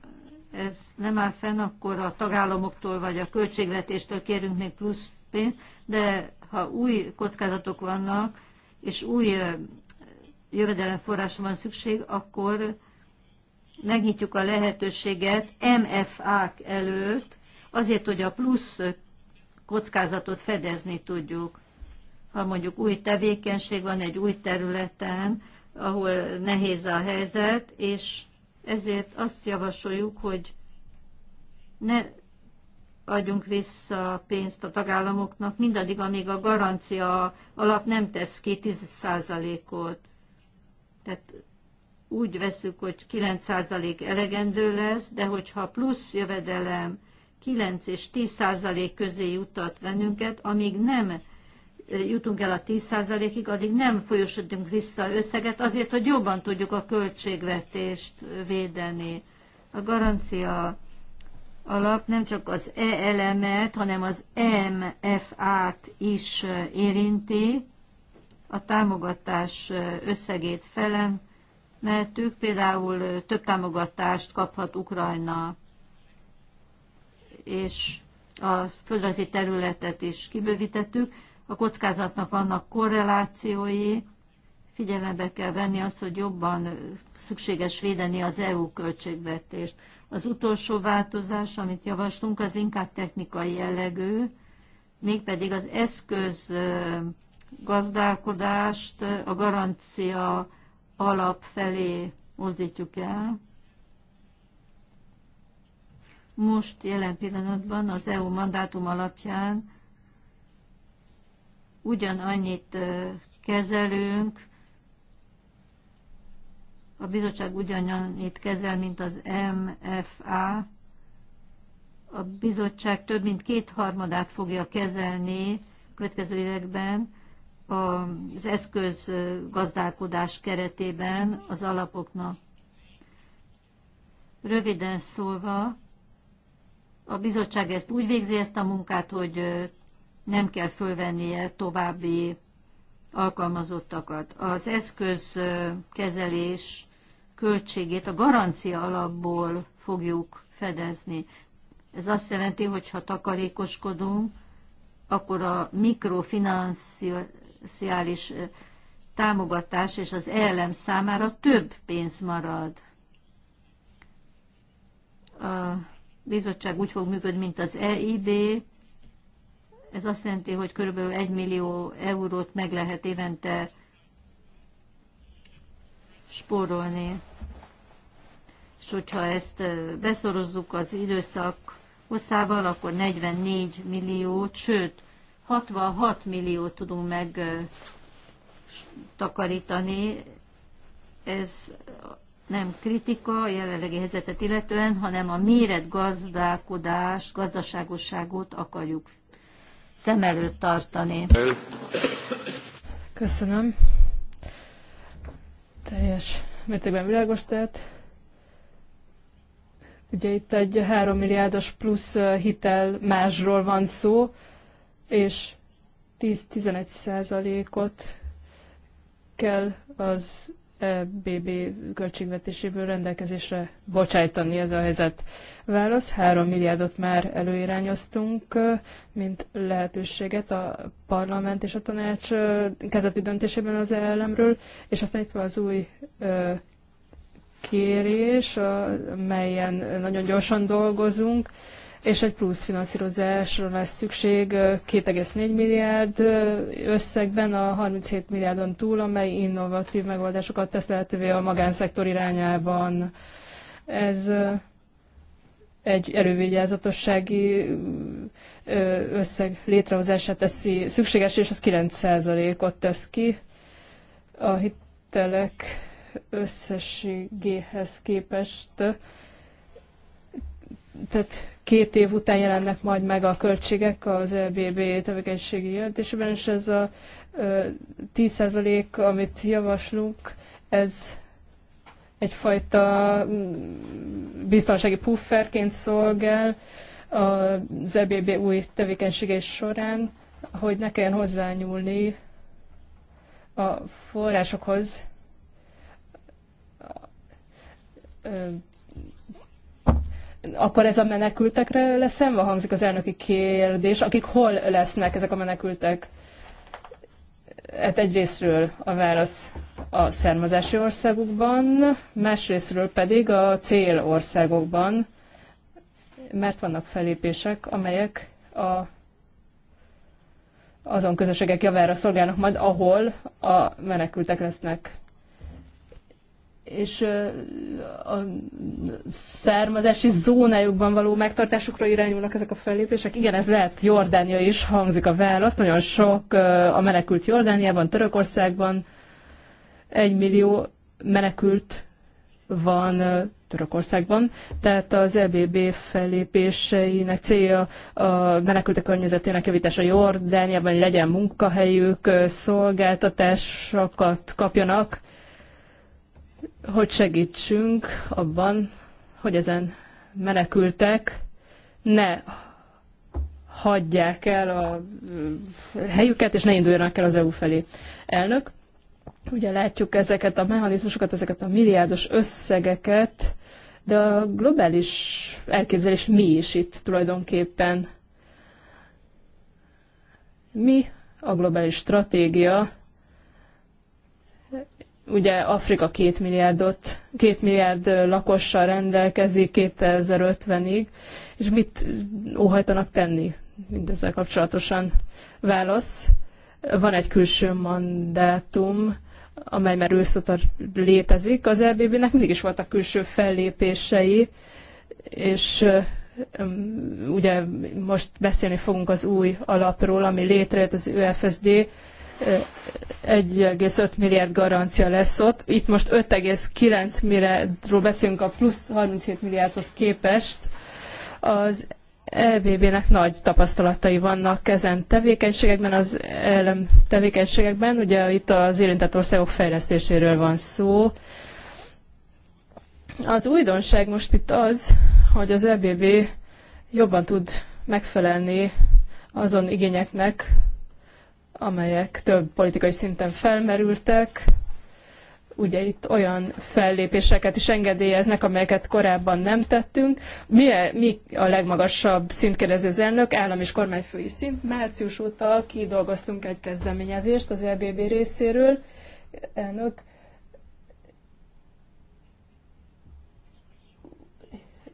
ez nem áll fenn, akkor a tagállamoktól vagy a költségvetéstől kérünk még plusz pénzt, de ha új kockázatok vannak, és új jövedelemforrásra van szükség, akkor megnyitjuk a lehetőséget MFA-k előtt, azért, hogy a plusz kockázatot fedezni tudjuk. Ha mondjuk új tevékenység van egy új területen, ahol nehéz a helyzet, és ezért azt javasoljuk, hogy ne adjunk vissza pénzt a tagállamoknak, mindaddig, amíg a garancia alap nem tesz ki 10%-ot. Tehát úgy veszük, hogy 9% elegendő lesz, de hogyha plusz jövedelem 9 és 10% közé jutat bennünket, amíg nem jutunk el a 10%-ig, addig nem folyosodjunk vissza összeget azért, hogy jobban tudjuk a költségvetést védeni. A garancia alap nem csak az E elemet, hanem az MFA-t is érinti. A támogatás összegét felem ők például több támogatást kaphat Ukrajna, és a földrajzi területet is kibővítettük. A kockázatnak vannak korrelációi, figyelembe kell venni azt, hogy jobban szükséges védeni az EU költségvetést. Az utolsó változás, amit javaslunk, az inkább technikai jellegű, mégpedig az eszköz gazdálkodást a garancia alap felé mozdítjuk el. Most jelen pillanatban az EU mandátum alapján ugyanannyit kezelünk, a bizottság ugyanannyit kezel, mint az MFA. A bizottság több mint kétharmadát fogja kezelni következő években az eszköz gazdálkodás keretében az alapoknak. Röviden szólva, a bizottság ezt úgy végzi ezt a munkát, hogy nem kell fölvennie további alkalmazottakat. Az eszközkezelés költségét a garancia alapból fogjuk fedezni. Ez azt jelenti, hogy ha takarékoskodunk, akkor a mikrofinanciális támogatás és az elem számára több pénz marad. A bizottság úgy fog működni, mint az EIB. Ez azt jelenti, hogy körülbelül 1 millió eurót meg lehet évente spórolni és hogyha ezt beszorozzuk az időszak hosszával, akkor 44 millió, sőt, 66 milliót tudunk megtakarítani. Ez nem kritika a jelenlegi helyzetet illetően, hanem a méret gazdálkodás, gazdaságosságot akarjuk szem előtt tartani. Köszönöm. Teljes mértékben világos, tett. Ugye itt egy 3 milliárdos plusz hitel másról van szó, és 10-11 százalékot kell az BB e költségvetéséből rendelkezésre bocsájtani ez a helyzet. Válasz, 3 milliárdot már előirányoztunk, mint lehetőséget a parlament és a tanács kezeti döntésében az elemről, és aztán itt van az új kérés, melyen nagyon gyorsan dolgozunk, és egy plusz finanszírozásra lesz szükség 2,4 milliárd összegben a 37 milliárdon túl, amely innovatív megoldásokat tesz lehetővé a magánszektor irányában. Ez egy elővigyázatossági összeg létrehozását teszi szükséges, és az 9%-ot tesz ki a hitelek összességéhez képest, tehát két év után jelennek majd meg a költségek az EBB tevékenységi jelentésében, és ez a 10% amit javaslunk, ez egyfajta mm, biztonsági pufferként szolgál az EBB új tevékenységei során, hogy ne kelljen hozzányúlni a forrásokhoz, akkor ez a menekültekre lesz szemve, hangzik az elnöki kérdés, akik hol lesznek ezek a menekültek? Hát egyrésztről a válasz a származási országokban, másrésztről pedig a cél országokban, mert vannak felépések, amelyek a, azon közösségek javára szolgálnak majd, ahol a menekültek lesznek és a származási zónájukban való megtartásukra irányulnak ezek a fellépések. Igen, ez lehet Jordánia is, hangzik a válasz. Nagyon sok a menekült Jordániában, Törökországban. Egy millió menekült van Törökországban, tehát az EBB fellépéseinek célja a menekültek környezetének javítása Jordániában, hogy legyen munkahelyük, szolgáltatásokat kapjanak, hogy segítsünk abban, hogy ezen menekültek ne hagyják el a helyüket, és ne induljanak el az EU felé. Elnök, ugye látjuk ezeket a mechanizmusokat, ezeket a milliárdos összegeket, de a globális elképzelés mi is itt tulajdonképpen? Mi a globális stratégia Ugye Afrika két milliárdot, két milliárd lakossal rendelkezik 2050-ig, és mit óhajtanak tenni mindezzel kapcsolatosan? Válasz. Van egy külső mandátum, amely már őszóta létezik. Az LBB-nek mindig is voltak külső fellépései, és ugye most beszélni fogunk az új alapról, ami létrejött az ÖFSD, 1,5 milliárd garancia lesz ott. Itt most 5,9 milliárdról beszélünk a plusz 37 milliárdhoz képest. Az EBB-nek nagy tapasztalatai vannak ezen tevékenységekben, az elem tevékenységekben. Ugye itt az érintett országok fejlesztéséről van szó. Az újdonság most itt az, hogy az EBB jobban tud megfelelni azon igényeknek, amelyek több politikai szinten felmerültek. Ugye itt olyan fellépéseket is engedélyeznek, amelyeket korábban nem tettünk. Mi, e, mi a legmagasabb szint kérdezi az elnök, állam és kormányfői szint. Március óta kidolgoztunk egy kezdeményezést az EBB részéről. Elnök,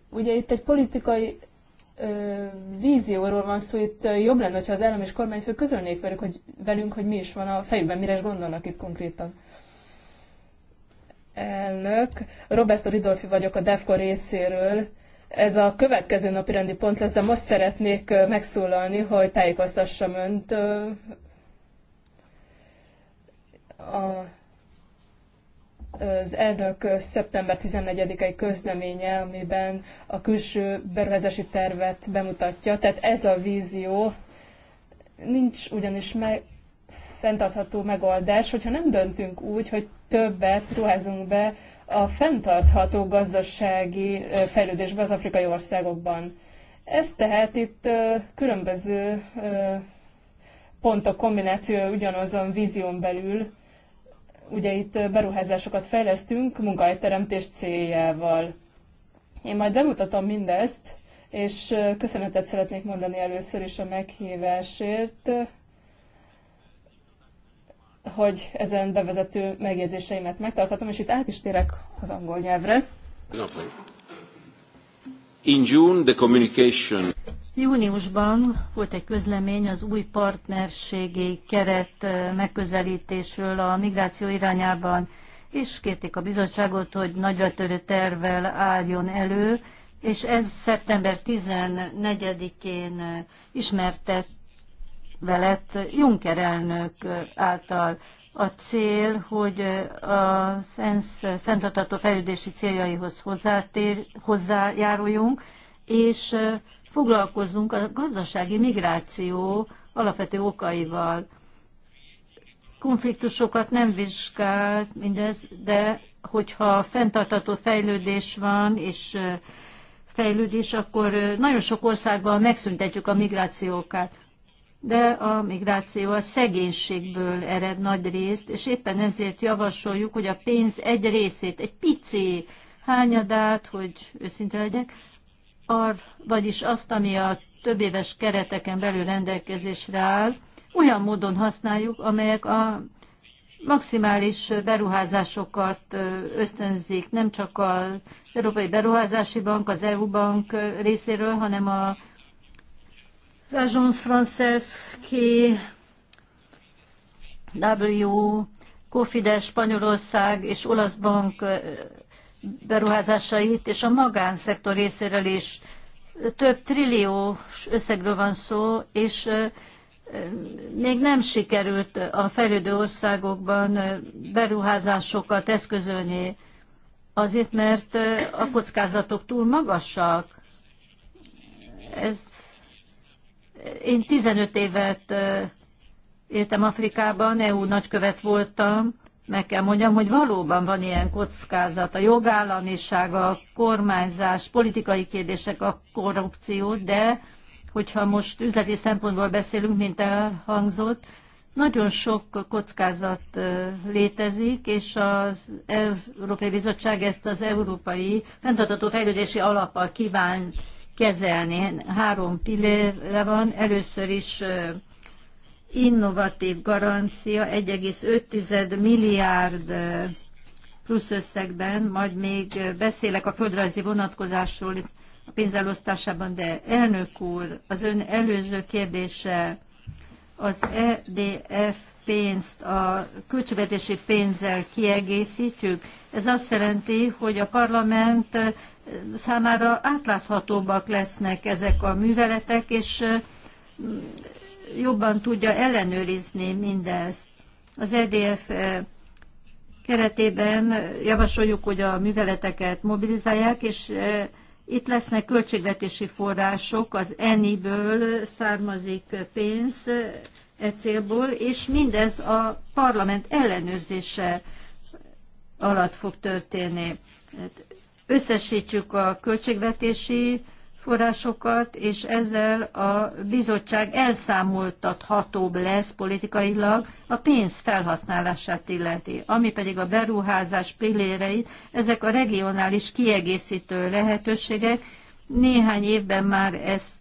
ugye itt egy politikai vízióról van szó, itt jobb lenne, ha az állam és kormányfő közölnék velük, hogy, velünk, hogy mi is van a fejükben, mire is gondolnak itt konkrétan. Elnök, Roberto Ridolfi vagyok a DEFCO részéről. Ez a következő napi rendi pont lesz, de most szeretnék megszólalni, hogy tájékoztassam önt a az elnök szeptember 14-i közleménye, amiben a külső beruházási tervet bemutatja. Tehát ez a vízió nincs ugyanis meg, fenntartható megoldás, hogyha nem döntünk úgy, hogy többet ruházunk be a fenntartható gazdasági fejlődésbe az afrikai országokban. Ez tehát itt különböző pontok kombinációja ugyanazon vízión belül, Ugye itt beruházásokat fejlesztünk munkahelyteremtés céljával. Én majd bemutatom mindezt, és köszönetet szeretnék mondani először is a meghívásért, hogy ezen bevezető megjegyzéseimet megtartatom, és itt át is térek az angol nyelvre. In June, the communication Júniusban volt egy közlemény az új partnerségi keret megközelítésről a migráció irányában, és kérték a bizottságot, hogy nagyra törő tervvel álljon elő, és ez szeptember 14-én ismertett velet Juncker elnök által a cél, hogy a ENSZ fenntartató fejlődési céljaihoz hozzájáruljunk, és foglalkozzunk a gazdasági migráció alapvető okaival. Konfliktusokat nem vizsgál mindez, de hogyha fenntartató fejlődés van, és fejlődés, akkor nagyon sok országban megszüntetjük a migrációkat. De a migráció a szegénységből ered nagy részt, és éppen ezért javasoljuk, hogy a pénz egy részét, egy pici hányadát, hogy őszinte legyek, ar, vagyis azt, ami a több éves kereteken belül rendelkezésre áll, olyan módon használjuk, amelyek a maximális beruházásokat ösztönzik, nem csak az Európai Beruházási Bank, az EU Bank részéről, hanem a Agence Française qui W, Cofides Spanyolország és Olasz Bank beruházásait, és a magánszektor részéről is több trilliós összegről van szó, és még nem sikerült a fejlődő országokban beruházásokat eszközölni, azért mert a kockázatok túl magasak. Ez, én 15 évet éltem Afrikában, EU nagykövet voltam, meg kell mondjam, hogy valóban van ilyen kockázat. A jogállamiság, a kormányzás, politikai kérdések, a korrupció, de hogyha most üzleti szempontból beszélünk, mint elhangzott, nagyon sok kockázat létezik, és az Európai Bizottság ezt az Európai Fentartató Fejlődési Alappal kíván kezelni. Három pillére van. Először is innovatív garancia 1,5 milliárd plusz összegben, majd még beszélek a földrajzi vonatkozásról a pénzelosztásában, de elnök úr, az ön előző kérdése az EDF pénzt a költségvetési pénzzel kiegészítjük. Ez azt jelenti, hogy a parlament számára átláthatóbbak lesznek ezek a műveletek, és jobban tudja ellenőrizni mindezt. Az EDF eh, keretében javasoljuk, hogy a műveleteket mobilizálják, és eh, itt lesznek költségvetési források, az ENI-ből származik pénz eh, e célból, és mindez a parlament ellenőrzése alatt fog történni. Hát összesítjük a költségvetési forrásokat, és ezzel a bizottság elszámoltathatóbb lesz politikailag a pénz felhasználását illeti. Ami pedig a beruházás pilléreit, ezek a regionális kiegészítő lehetőségek. Néhány évben már ezt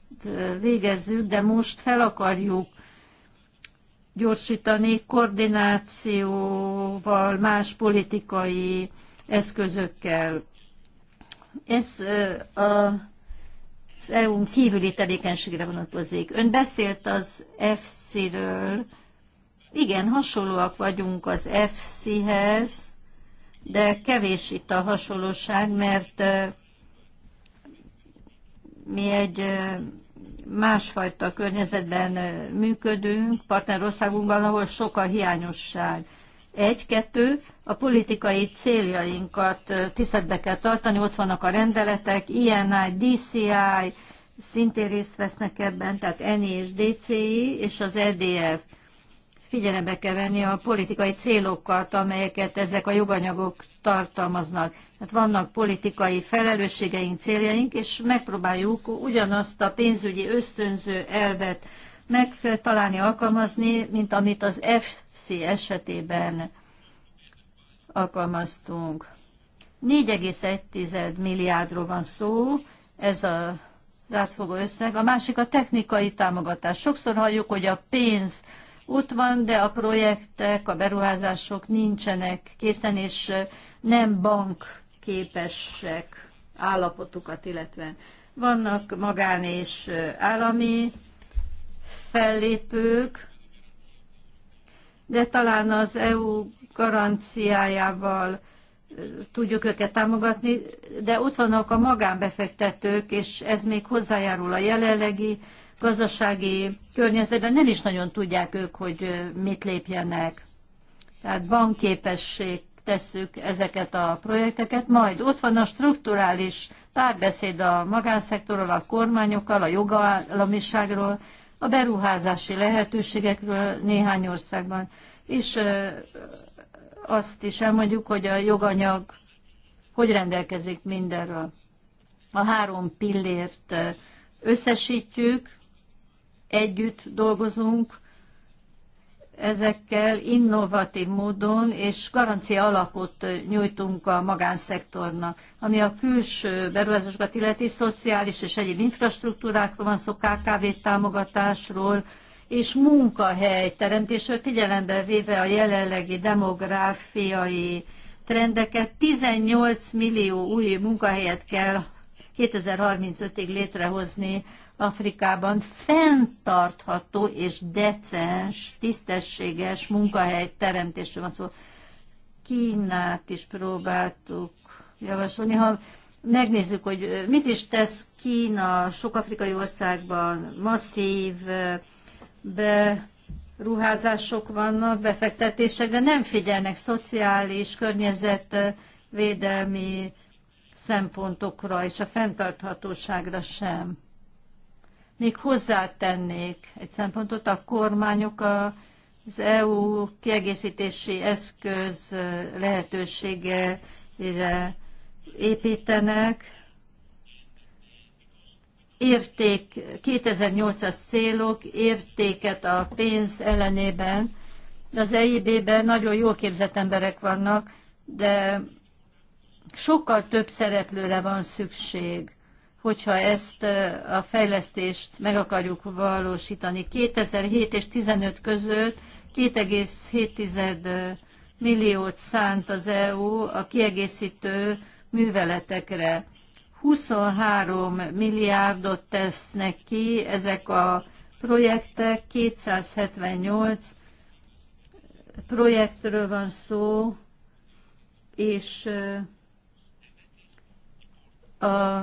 végezzük, de most fel akarjuk gyorsítani koordinációval, más politikai eszközökkel. Ez a az e kívüli tevékenységre vonatkozik. Ön beszélt az FC-ről. Igen, hasonlóak vagyunk az FC-hez, de kevés itt a hasonlóság, mert mi egy másfajta környezetben működünk, partnerországunkban, ahol sok a hiányosság. Egy, kettő, a politikai céljainkat tiszteletbe kell tartani, ott vannak a rendeletek, INI, DCI, szintén részt vesznek ebben, tehát ENI és DCI és az EDF. Figyelembe kell venni a politikai célokat, amelyeket ezek a joganyagok tartalmaznak. Hát vannak politikai felelősségeink, céljaink, és megpróbáljuk ugyanazt a pénzügyi ösztönző elvet megtalálni, alkalmazni, mint amit az F C esetében alkalmaztunk. 4,1 milliárdról van szó, ez a az átfogó összeg. A másik a technikai támogatás. Sokszor halljuk, hogy a pénz ott van, de a projektek, a beruházások nincsenek készen, és nem bank képesek állapotukat, illetve vannak magán és állami fellépők, de talán az EU garanciájával tudjuk őket támogatni, de ott vannak a magánbefektetők, és ez még hozzájárul a jelenlegi gazdasági környezetben. Nem is nagyon tudják ők, hogy mit lépjenek. Tehát banképesség tesszük ezeket a projekteket, majd ott van a strukturális párbeszéd a magánszektorral, a kormányokkal, a jogállamiságról, a beruházási lehetőségekről néhány országban. És azt is elmondjuk, hogy a joganyag hogy rendelkezik mindenről. A három pillért összesítjük, együtt dolgozunk, ezekkel innovatív módon és garancia alapot nyújtunk a magánszektornak. Ami a külső beruházásokat illeti, szociális és egyéb infrastruktúrákról van szó, KKV támogatásról, és munkahely teremtésről figyelembe véve a jelenlegi demográfiai trendeket, 18 millió új munkahelyet kell 2035-ig létrehozni Afrikában fenntartható és decens, tisztességes munkahely teremtésre van szó. Kínát is próbáltuk javasolni. Ha megnézzük, hogy mit is tesz Kína sok afrikai országban, masszív beruházások vannak, befektetések, de nem figyelnek szociális, környezetvédelmi szempontokra és a fenntarthatóságra sem még hozzátennék egy szempontot, a kormányok az EU kiegészítési eszköz lehetőségére építenek, érték, 2008-as célok, értéket a pénz ellenében, de az EIB-ben nagyon jól képzett emberek vannak, de sokkal több szereplőre van szükség hogyha ezt a fejlesztést meg akarjuk valósítani. 2007 és 15 között 2,7 milliót szánt az EU a kiegészítő műveletekre. 23 milliárdot tesznek ki ezek a projektek, 278 projektről van szó, és a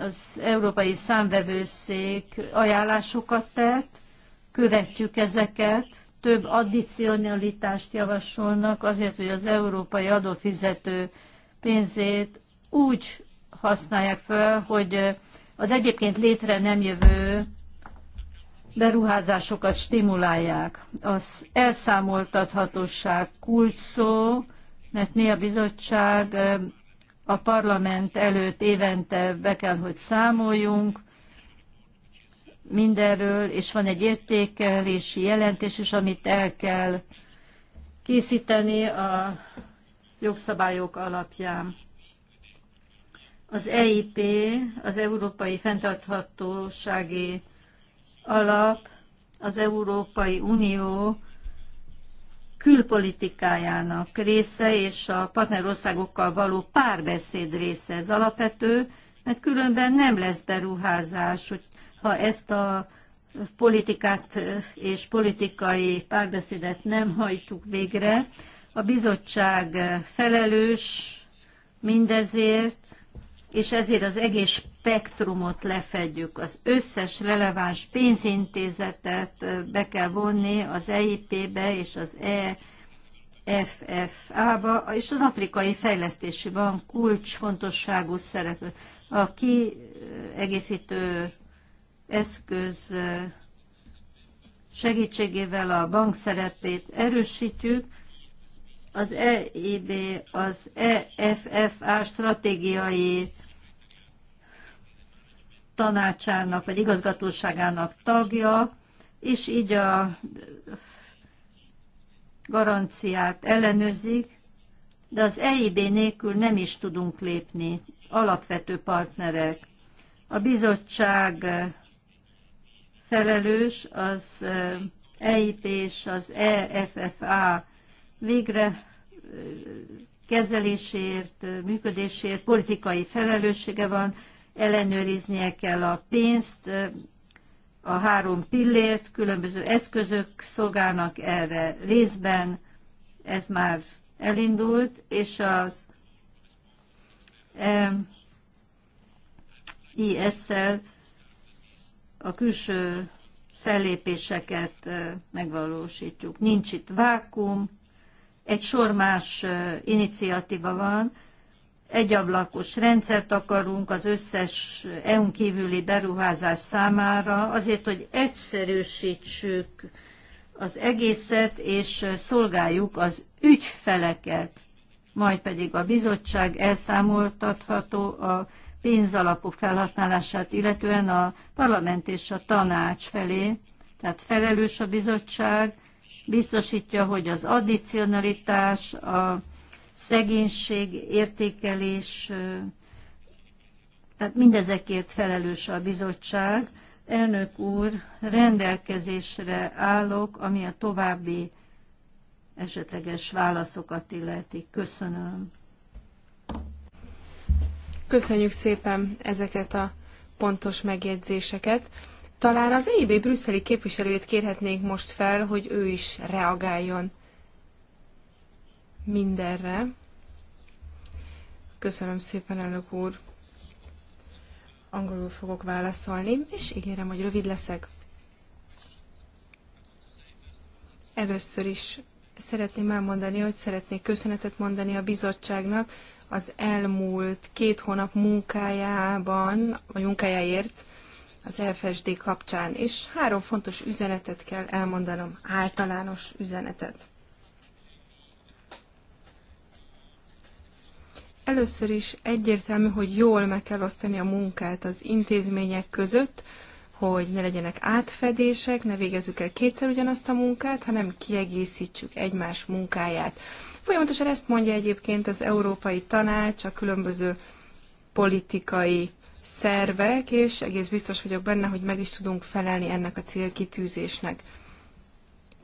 az Európai Számvevőszék ajánlásokat tett, követjük ezeket, több addicionalitást javasolnak azért, hogy az európai adófizető pénzét úgy használják fel, hogy az egyébként létre nem jövő beruházásokat stimulálják. Az elszámoltathatóság kulcs szó, mert mi a bizottság a parlament előtt évente be kell, hogy számoljunk mindenről, és van egy értékelési jelentés is, amit el kell készíteni a jogszabályok alapján. Az EIP, az Európai Fentarthatósági Alap, az Európai Unió külpolitikájának része és a partnerországokkal való párbeszéd része. Ez alapvető, mert különben nem lesz beruházás, hogy ha ezt a politikát és politikai párbeszédet nem hajtuk végre. A bizottság felelős mindezért, és ezért az egész spektrumot lefedjük. Az összes releváns pénzintézetet be kell vonni az EIP-be és az EFFA-ba, és az Afrikai Fejlesztési Bank kulcsfontosságú szereplő. A kiegészítő eszköz segítségével a bank szerepét erősítjük, az EIB, az EFFA stratégiai tanácsának vagy igazgatóságának tagja, és így a garanciát ellenőrzik, de az EIB nélkül nem is tudunk lépni, alapvető partnerek. A bizottság felelős az EIP és az EFFA végre kezelésért, működésért politikai felelőssége van, ellenőriznie kell a pénzt, a három pillért, különböző eszközök szolgálnak erre részben, ez már elindult, és az IS-szel a külső fellépéseket megvalósítjuk. Nincs itt vákum, egy sor más iniciatíva van, egyablakos rendszert akarunk az összes EU-n kívüli beruházás számára, azért, hogy egyszerűsítsük az egészet, és szolgáljuk az ügyfeleket. Majd pedig a bizottság elszámoltatható a pénzalapok felhasználását, illetően a parlament és a tanács felé, tehát felelős a bizottság, biztosítja, hogy az addicionalitás, a szegénység értékelés, tehát mindezekért felelős a bizottság. Elnök úr, rendelkezésre állok, ami a további esetleges válaszokat illeti. Köszönöm. Köszönjük szépen ezeket a pontos megjegyzéseket. Talán az EIB brüsszeli képviselőjét kérhetnénk most fel, hogy ő is reagáljon mindenre. Köszönöm szépen, elnök úr. Angolul fogok válaszolni, és ígérem, hogy rövid leszek. Először is szeretném elmondani, hogy szeretnék köszönetet mondani a bizottságnak az elmúlt két hónap munkájában, vagy munkájáért, az FSD kapcsán, és három fontos üzenetet kell elmondanom, általános üzenetet. Először is egyértelmű, hogy jól meg kell osztani a munkát az intézmények között, hogy ne legyenek átfedések, ne végezzük el kétszer ugyanazt a munkát, hanem kiegészítsük egymás munkáját. Folyamatosan ezt mondja egyébként az Európai Tanács a különböző politikai szervek, és egész biztos vagyok benne, hogy meg is tudunk felelni ennek a célkitűzésnek.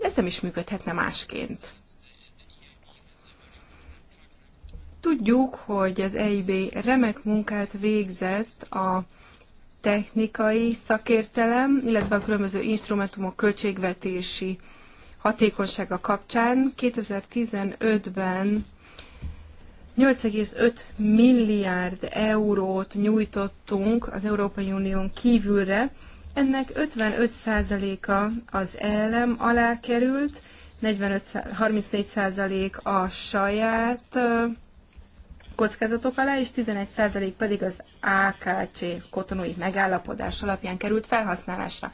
Ez nem is működhetne másként. Tudjuk, hogy az EIB remek munkát végzett a technikai szakértelem, illetve a különböző instrumentumok költségvetési hatékonysága kapcsán. 2015-ben 8,5 milliárd eurót nyújtottunk az Európai Unión kívülre, ennek 55%-a az elem alá került, 45, 34% a saját kockázatok alá, és 11% pedig az AKC kotonói megállapodás alapján került felhasználásra.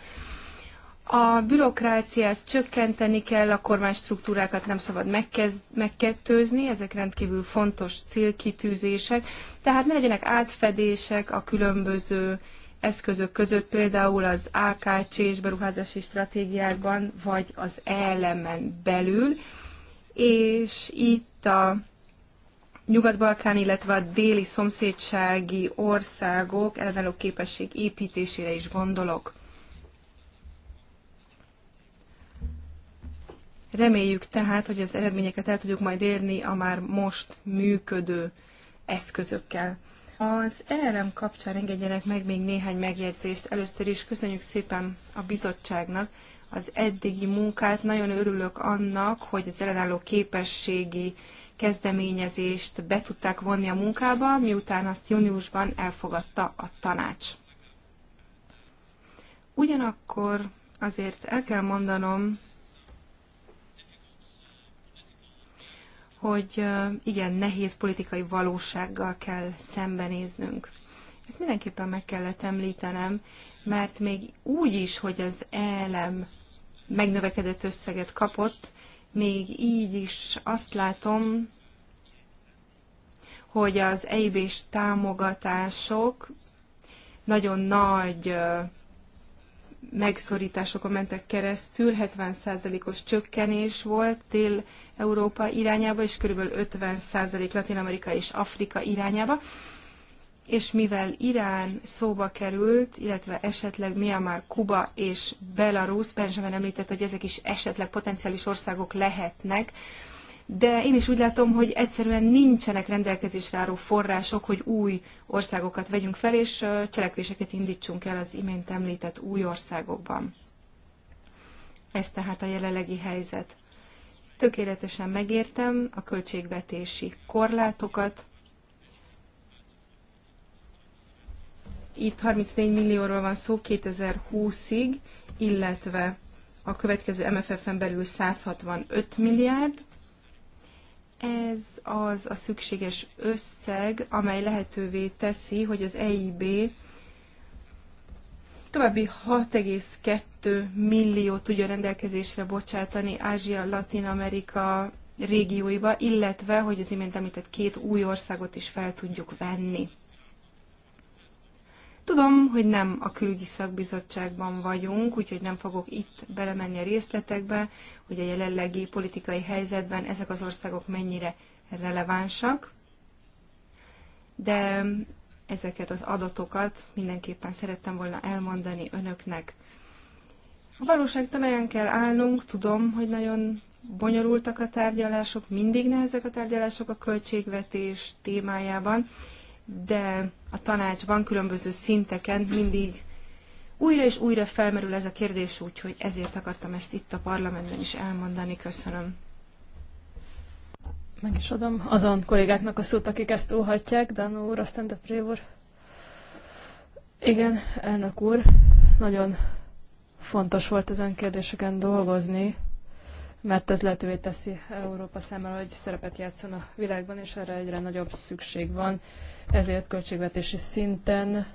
A bürokráciát csökkenteni kell, a kormánystruktúrákat nem szabad megkettőzni, ezek rendkívül fontos célkitűzések, tehát ne legyenek átfedések a különböző eszközök között, például az AKC és beruházási stratégiákban, vagy az elemen belül, és itt a Nyugat-Balkán, illetve a déli szomszédsági országok ellenálló képesség építésére is gondolok. Reméljük tehát, hogy az eredményeket el tudjuk majd érni a már most működő eszközökkel. Az ERM kapcsán engedjenek meg még néhány megjegyzést. Először is köszönjük szépen a bizottságnak az eddigi munkát. Nagyon örülök annak, hogy az ellenálló képességi kezdeményezést be tudták vonni a munkába, miután azt júniusban elfogadta a tanács. Ugyanakkor azért el kell mondanom, hogy igen, nehéz politikai valósággal kell szembenéznünk. Ezt mindenképpen meg kellett említenem, mert még úgy is, hogy az elem megnövekedett összeget kapott, még így is azt látom, hogy az EIB-s támogatások nagyon nagy megszorításokon mentek keresztül, 70%-os csökkenés volt Dél-Európa irányába, és kb. 50% Latin-Amerika és Afrika irányába. És mivel Irán szóba került, illetve esetleg Myanmar, Kuba és Belarus, Benjamin említett, hogy ezek is esetleg potenciális országok lehetnek, de én is úgy látom, hogy egyszerűen nincsenek rendelkezésre álló források, hogy új országokat vegyünk fel, és cselekvéseket indítsunk el az imént említett új országokban. Ez tehát a jelenlegi helyzet. Tökéletesen megértem a költségvetési korlátokat. Itt 34 millióról van szó 2020-ig, illetve a következő MFF-en belül 165 milliárd, ez az a szükséges összeg, amely lehetővé teszi, hogy az EIB további 6,2 millió tudja rendelkezésre bocsátani Ázsia, Latin Amerika régióiba, illetve, hogy az imént említett két új országot is fel tudjuk venni. Tudom, hogy nem a külügyi szakbizottságban vagyunk, úgyhogy nem fogok itt belemenni a részletekbe, hogy a jelenlegi politikai helyzetben ezek az országok mennyire relevánsak, de ezeket az adatokat mindenképpen szerettem volna elmondani önöknek. A valóság talaján kell állnunk, tudom, hogy nagyon bonyolultak a tárgyalások, mindig nehezek a tárgyalások a költségvetés témájában, de a tanácsban különböző szinteken mindig újra és újra felmerül ez a kérdés, úgyhogy ezért akartam ezt itt a parlamentben is elmondani. Köszönöm. Meg is adom azon kollégáknak a szót, akik ezt óhatják, Danó úr, aztán de úr. Igen, elnök úr, nagyon fontos volt ezen kérdéseken dolgozni mert ez lehetővé teszi Európa számára, hogy szerepet játszon a világban, és erre egyre nagyobb szükség van. Ezért költségvetési szinten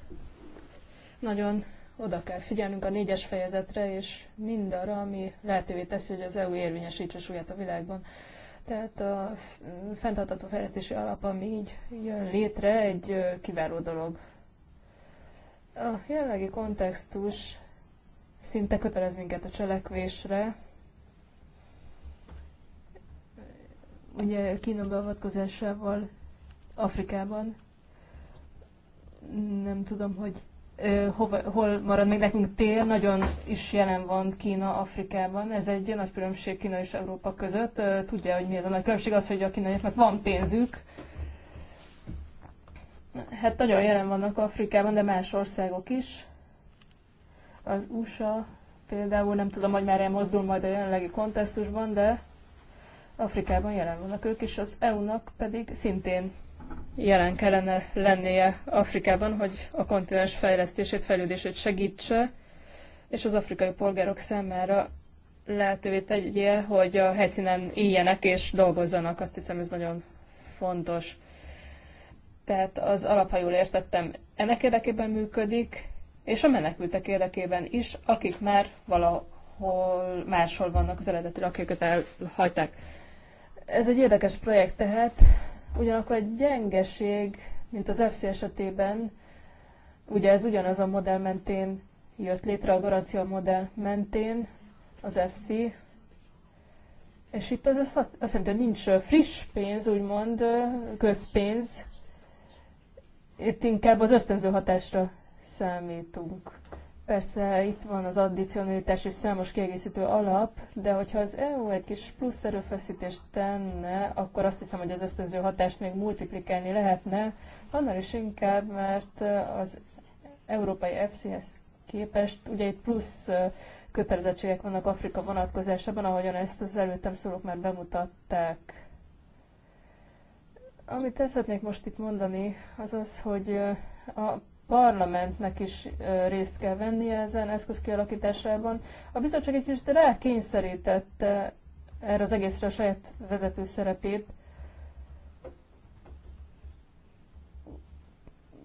nagyon oda kell figyelnünk a négyes fejezetre, és mindarra, ami lehetővé teszi, hogy az EU érvényesítse súlyát a világban. Tehát a fenntartható fejlesztési alap, ami így jön létre, egy kiváló dolog. A jelenlegi kontextus szinte kötelez minket a cselekvésre, ugye Kína beavatkozásával Afrikában. Nem tudom, hogy ö, hova, hol marad még nekünk tér, nagyon is jelen van Kína Afrikában. Ez egy nagy különbség Kína és Európa között. Ö, tudja, hogy mi ez a nagy különbség, az, hogy a kínaiaknak van pénzük, Hát nagyon jelen vannak Afrikában, de más országok is. Az USA például, nem tudom, hogy már elmozdul majd a jelenlegi kontesztusban, de Afrikában jelen vannak ők, és az EU-nak pedig szintén jelen kellene lennie Afrikában, hogy a kontinens fejlesztését, fejlődését segítse, és az afrikai polgárok számára lehetővé tegye, hogy a helyszínen éljenek és dolgozzanak. Azt hiszem, ez nagyon fontos. Tehát az alap, jól értettem, ennek érdekében működik, és a menekültek érdekében is, akik már valahol máshol vannak az eredeti lakókat elhagyták. Ez egy érdekes projekt tehát, ugyanakkor egy gyengeség, mint az FC esetében, ugye ez ugyanaz a modell mentén jött létre, a garancia modell mentén, az FC, és itt az azt, azt jelenti, hogy nincs friss pénz, úgymond közpénz, itt inkább az ösztönző hatásra számítunk. Persze itt van az addicionalitás és számos kiegészítő alap, de hogyha az EU egy kis plusz erőfeszítést tenne, akkor azt hiszem, hogy az ösztönző hatást még multiplikálni lehetne, annál is inkább, mert eh, az európai FCS képest ugye itt plusz eh, kötelezettségek vannak Afrika vonatkozásában, ahogyan ezt az előttem szólók már bemutatták. Amit szeretnék most itt mondani, az az, hogy eh, a parlamentnek is részt kell vennie ezen eszköz kialakításában. A bizottság egy kicsit rákényszerítette erre az egészre a saját vezető szerepét.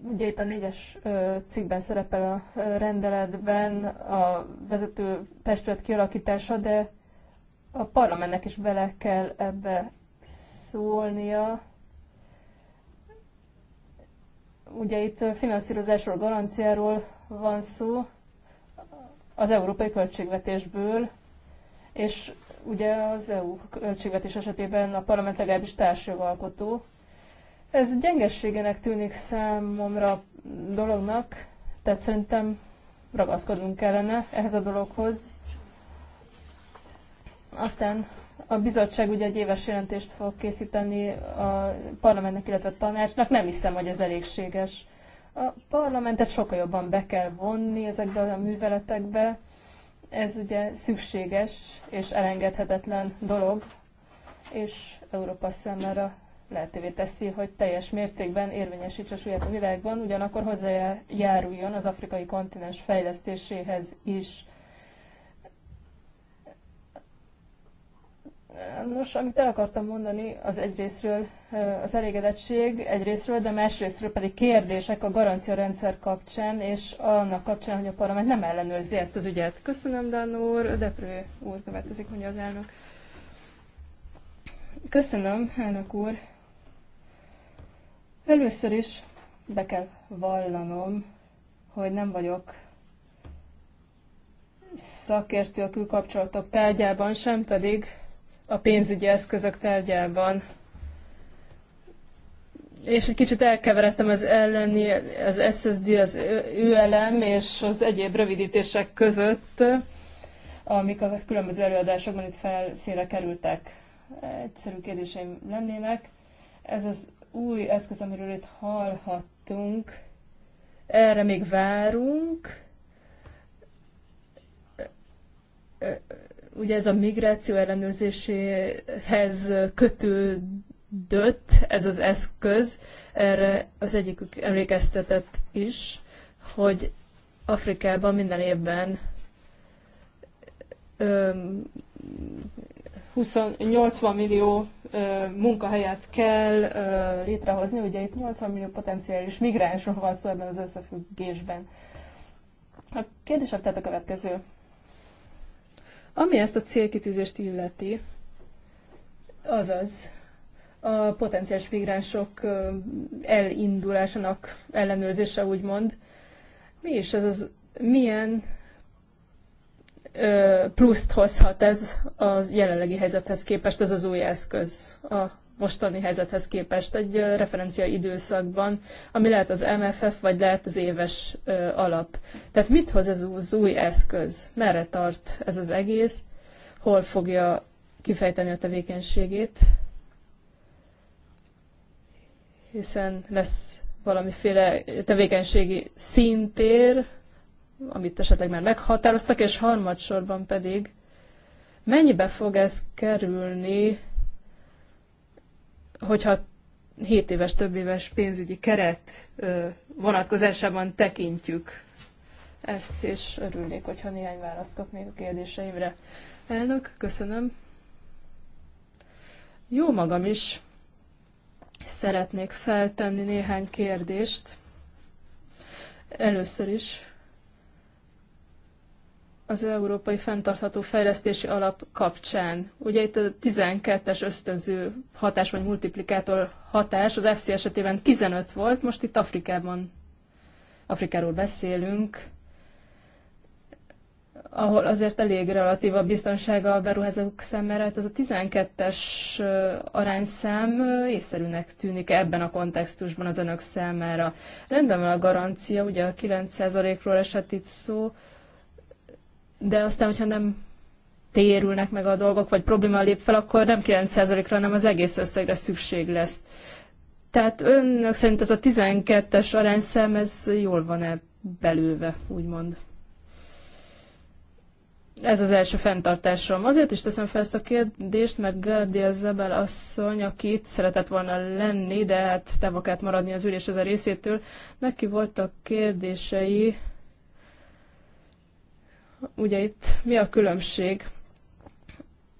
Ugye itt a négyes cikkben szerepel a rendeletben a vezető testület kialakítása, de a parlamentnek is bele kell ebbe szólnia, Ugye itt finanszírozásról, garanciáról van szó az európai költségvetésből, és ugye az EU költségvetés esetében a parlament legalábbis társjogalkotó. Ez gyengességenek tűnik számomra a dolognak, tehát szerintem ragaszkodnunk kellene ehhez a dologhoz. Aztán a bizottság ugye egy éves jelentést fog készíteni a parlamentnek, illetve a tanácsnak. Nem hiszem, hogy ez elégséges. A parlamentet sokkal jobban be kell vonni ezekbe a műveletekbe. Ez ugye szükséges és elengedhetetlen dolog, és Európa számára lehetővé teszi, hogy teljes mértékben érvényesítse súlyát a világban, ugyanakkor hozzájáruljon az afrikai kontinens fejlesztéséhez is. Nos, amit el akartam mondani, az egyrésztről az elégedettség egyrésztről, de másrésztről pedig kérdések a garancia rendszer kapcsán, és annak kapcsán, hogy a parlament nem ellenőrzi ezt az ügyet. Köszönöm, Dan úr. Deprő úr következik, mondja az elnök. Köszönöm, elnök úr. Először is be kell vallanom, hogy nem vagyok szakértő a külkapcsolatok tárgyában, sem pedig a pénzügyi eszközök tárgyában. És egy kicsit elkeveredtem az elleni, az SSD, az ÜLM és az egyéb rövidítések között, amik a különböző előadásokban itt felszínre kerültek. Egyszerű kérdéseim lennének. Ez az új eszköz, amiről itt hallhattunk, erre még várunk ugye ez a migráció ellenőrzéséhez kötődött ez az eszköz, erre az egyikük emlékeztetett is, hogy Afrikában minden évben 20, 80 millió ö, munkahelyet kell ö, létrehozni, ugye itt 80 millió potenciális migránsról van szó ebben az összefüggésben. A kérdésem tehát a következő. Ami ezt a célkitűzést illeti, azaz a potenciális migránsok elindulásának ellenőrzése, úgymond, mi is ez az, milyen pluszt hozhat ez a jelenlegi helyzethez képest, ez az új eszköz a mostani helyzethez képest egy referencia időszakban, ami lehet az MFF, vagy lehet az éves alap. Tehát mit hoz ez az új eszköz? Merre tart ez az egész? Hol fogja kifejteni a tevékenységét? Hiszen lesz valamiféle tevékenységi szintér, amit esetleg már meghatároztak, és harmadsorban pedig mennyibe fog ez kerülni hogyha 7 éves, több éves pénzügyi keret vonatkozásában tekintjük ezt, és örülnék, hogyha néhány választ kapnék a kérdéseimre. Elnök, köszönöm. Jó magam is szeretnék feltenni néhány kérdést. Először is az Európai Fenntartható Fejlesztési Alap kapcsán. Ugye itt a 12-es ösztönző hatás vagy multiplikátor hatás az FC esetében 15 volt, most itt Afrikában, Afrikáról beszélünk, ahol azért elég relatív a biztonsága a beruházók szemmel, hát ez a 12-es arányszám észszerűnek tűnik ebben a kontextusban az önök számára. Rendben van a garancia, ugye a 9%-ról esett itt szó, de aztán, hogyha nem térülnek meg a dolgok, vagy probléma lép fel, akkor nem 9%-ra, hanem az egész összegre szükség lesz. Tehát önök szerint ez a 12-es arányszám, ez jól van-e belőve, úgymond? Ez az első fenntartásom. Azért is teszem fel ezt a kérdést, mert Gerdi Zebel asszony, aki itt szeretett volna lenni, de hát te maradni az ülés ez a részétől, neki voltak kérdései Ugye itt mi a különbség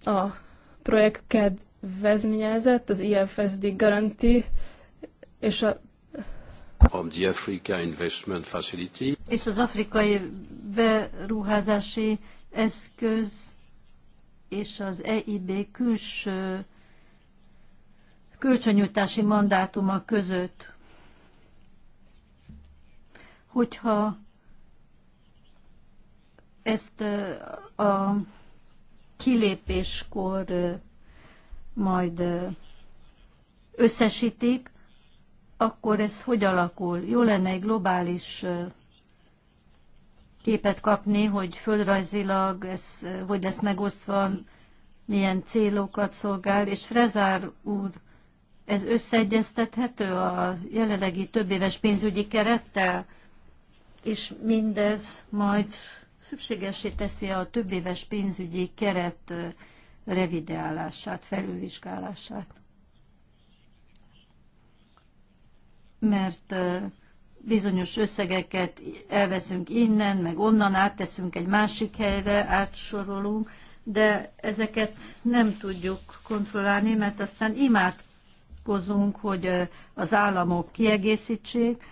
a projekt kedvezményezett, az IFSD garanti és a From the Africa Investment Facility. És az afrikai beruházási eszköz és az EIB külső kölcsönnyújtási mandátuma között, hogyha ezt a kilépéskor majd összesítik, akkor ez hogy alakul? Jó lenne egy globális képet kapni, hogy földrajzilag ez hogy lesz megosztva, milyen célokat szolgál, és Frezár úr, ez összeegyeztethető a jelenlegi több éves pénzügyi kerettel, és mindez majd szükségesé teszi a több éves pénzügyi keret revideálását, felülvizsgálását. Mert bizonyos összegeket elveszünk innen, meg onnan átteszünk egy másik helyre, átsorolunk, de ezeket nem tudjuk kontrollálni, mert aztán imádkozunk, hogy az államok kiegészítsék,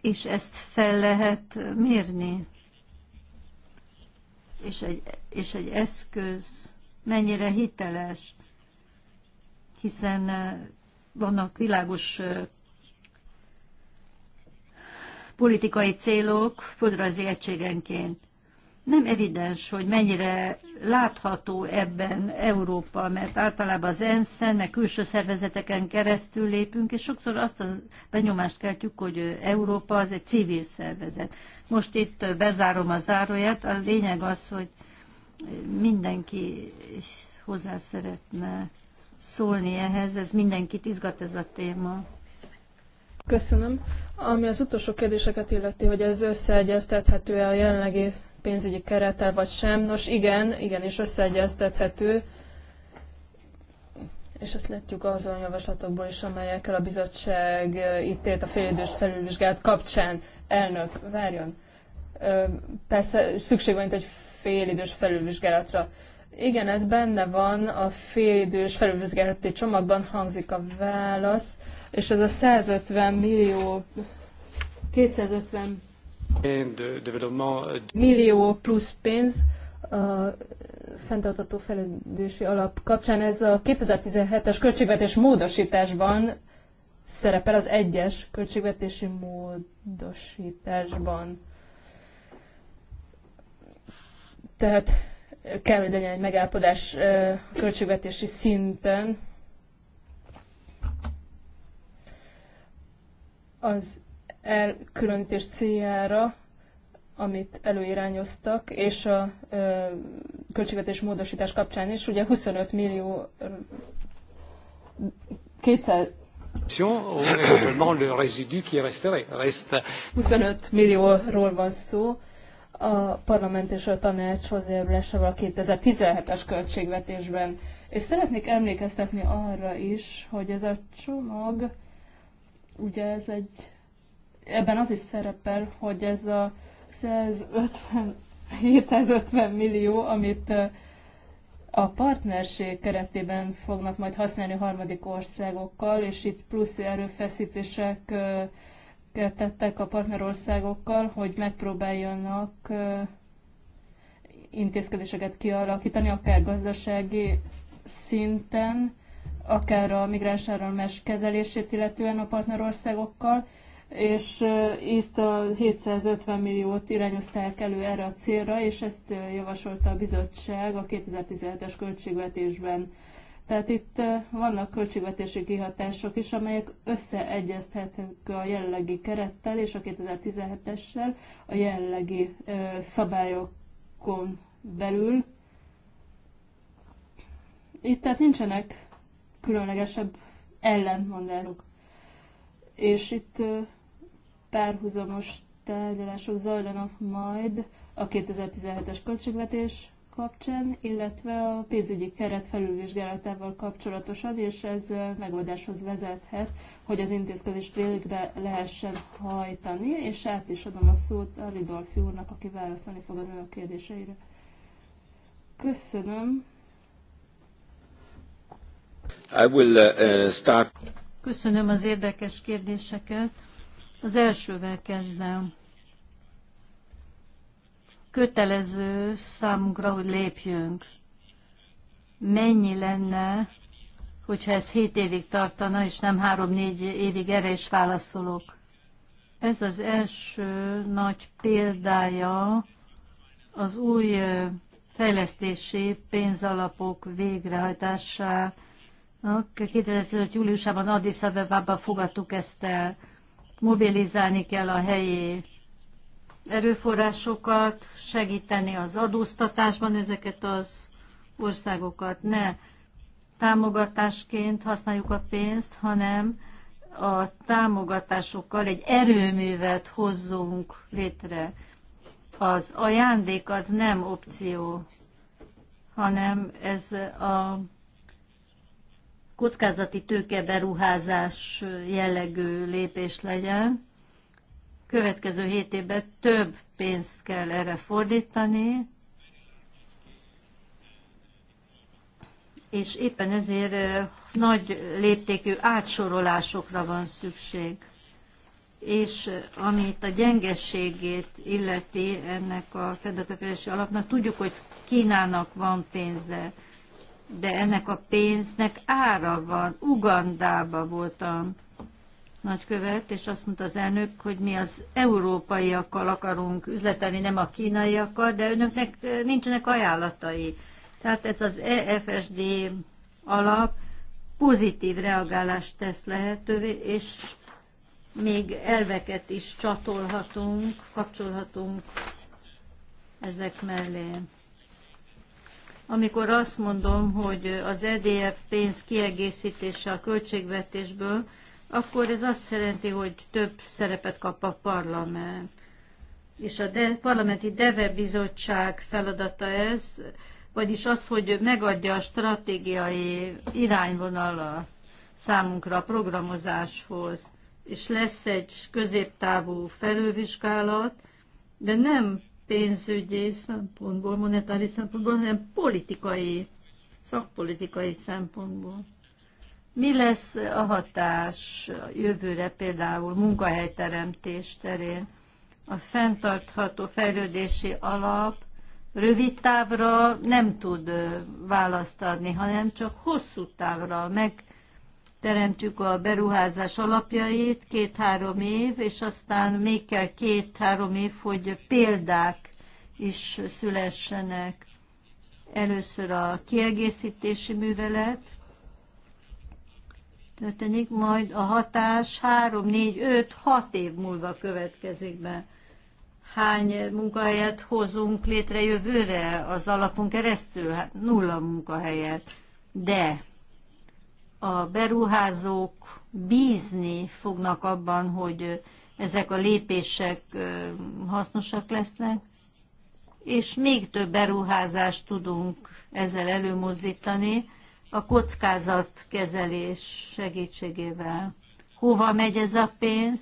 és ezt fel lehet mérni. És egy, és egy eszköz mennyire hiteles, hiszen vannak világos politikai célok földrajzi egységenként nem evidens, hogy mennyire látható ebben Európa, mert általában az ENSZ-en, meg külső szervezeteken keresztül lépünk, és sokszor azt a benyomást keltjük, hogy Európa az egy civil szervezet. Most itt bezárom a záróját, a lényeg az, hogy mindenki hozzá szeretne szólni ehhez, ez mindenkit izgat ez a téma. Köszönöm. Ami az utolsó kérdéseket illeti, hogy ez összeegyeztethető-e a jelenlegi pénzügyi kerettel vagy sem. Nos igen, igenis összeegyeztethető, és ezt látjuk azon javaslatokból is, amelyekkel a bizottság itt élt a félidős felülvizsgálat kapcsán. Elnök, várjon. Persze szükség van itt egy félidős felülvizsgálatra. Igen, ez benne van, a félidős felülvizsgálati csomagban hangzik a válasz, és ez a 150 millió, 250 Euh, millió plusz pénz a uh, fenntartató fejlődési alap kapcsán. Ez a 2017-es költségvetés módosításban szerepel az egyes költségvetési módosításban. Tehát kell, hogy legyen egy megállapodás uh, költségvetési szinten. Az elkülönítés céljára, amit előirányoztak, és a ö, költségvetés módosítás kapcsán is, ugye 25 millió 200 25 millióról van szó a parlament és a tanács hozzájárulásával a 2017-es költségvetésben. És szeretnék emlékeztetni arra is, hogy ez a csomag, ugye ez egy ebben az is szerepel, hogy ez a 150, 750 millió, amit a partnerség keretében fognak majd használni harmadik országokkal, és itt plusz erőfeszítések tettek a partnerországokkal, hogy megpróbáljanak intézkedéseket kialakítani, akár gazdasági szinten, akár a migráns áramlás kezelését illetően a partnerországokkal, és itt a 750 milliót irányozták elő erre a célra, és ezt javasolta a bizottság a 2017-es költségvetésben. Tehát itt vannak költségvetési kihatások is, amelyek összeegyezthetők a jelenlegi kerettel és a 2017-essel a jelenlegi szabályokon belül. Itt tehát nincsenek különlegesebb ellentmondások. És itt párhuzamos tárgyalások zajlanak majd a 2017-es költségvetés kapcsán, illetve a pénzügyi keret felülvizsgálatával kapcsolatosan, és ez megoldáshoz vezethet, hogy az intézkedést végre lehessen hajtani, és át is adom a szót a Ridolfi úrnak, aki válaszolni fog az önök kérdéseire. Köszönöm. I will, uh, uh, start. Köszönöm az érdekes kérdéseket. Az elsővel kezdem. Kötelező számunkra, hogy lépjünk. Mennyi lenne, hogyha ez 7 évig tartana, és nem három-négy évig erre is válaszolok. Ez az első nagy példája az új fejlesztési pénzalapok végrehajtásának. hogy júliusában Addis Abebában fogadtuk ezt el mobilizálni kell a helyi erőforrásokat, segíteni az adóztatásban ezeket az országokat. Ne támogatásként használjuk a pénzt, hanem a támogatásokkal egy erőművet hozzunk létre. Az ajándék az nem opció, hanem ez a kockázati tőkeberuházás jellegű lépés legyen. Következő hét évben több pénzt kell erre fordítani, és éppen ezért nagy léptékű átsorolásokra van szükség. És amit a gyengességét illeti ennek a fedetefélési alapnak, tudjuk, hogy Kínának van pénze, de ennek a pénznek ára van. Ugandába voltam nagykövet, és azt mondta az elnök, hogy mi az európaiakkal akarunk üzletelni, nem a kínaiakkal, de önöknek eh, nincsenek ajánlatai. Tehát ez az EFSD alap pozitív reagálást tesz lehetővé, és még elveket is csatolhatunk, kapcsolhatunk ezek mellé amikor azt mondom, hogy az EDF pénz kiegészítése a költségvetésből, akkor ez azt jelenti, hogy több szerepet kap a parlament. És a de, parlamenti DEVE bizottság feladata ez, vagyis az, hogy megadja a stratégiai irányvonala számunkra a programozáshoz, és lesz egy középtávú felülvizsgálat, de nem pénzügyi szempontból, monetáris szempontból, hanem politikai, szakpolitikai szempontból. Mi lesz a hatás a jövőre például munkahelyteremtés terén? A fenntartható fejlődési alap rövid távra nem tud választ adni, hanem csak hosszú távra meg teremtjük a beruházás alapjait, két-három év, és aztán még kell két-három év, hogy példák is szülessenek. Először a kiegészítési művelet történik, majd a hatás három, négy, öt, hat év múlva következik be. Hány munkahelyet hozunk létre jövőre az alapon keresztül? Hát nulla munkahelyet. De a beruházók bízni fognak abban, hogy ezek a lépések hasznosak lesznek, és még több beruházást tudunk ezzel előmozdítani a kockázatkezelés segítségével. Hova megy ez a pénz?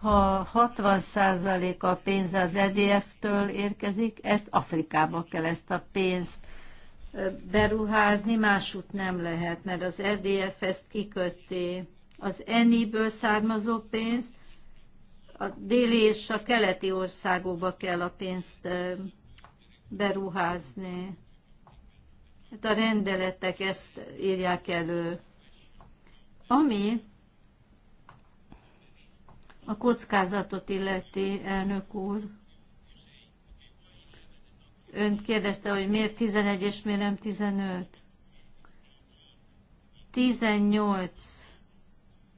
Ha 60% a pénz az EDF-től érkezik, ezt Afrikába kell ezt a pénzt beruházni, másút nem lehet, mert az EDF ezt kikötti. Az ENI-ből származó pénzt a déli és a keleti országokba kell a pénzt beruházni. Hát a rendeletek ezt írják elő. Ami a kockázatot illeti, elnök úr, Ön kérdezte, hogy miért 11 és miért nem 15. 18,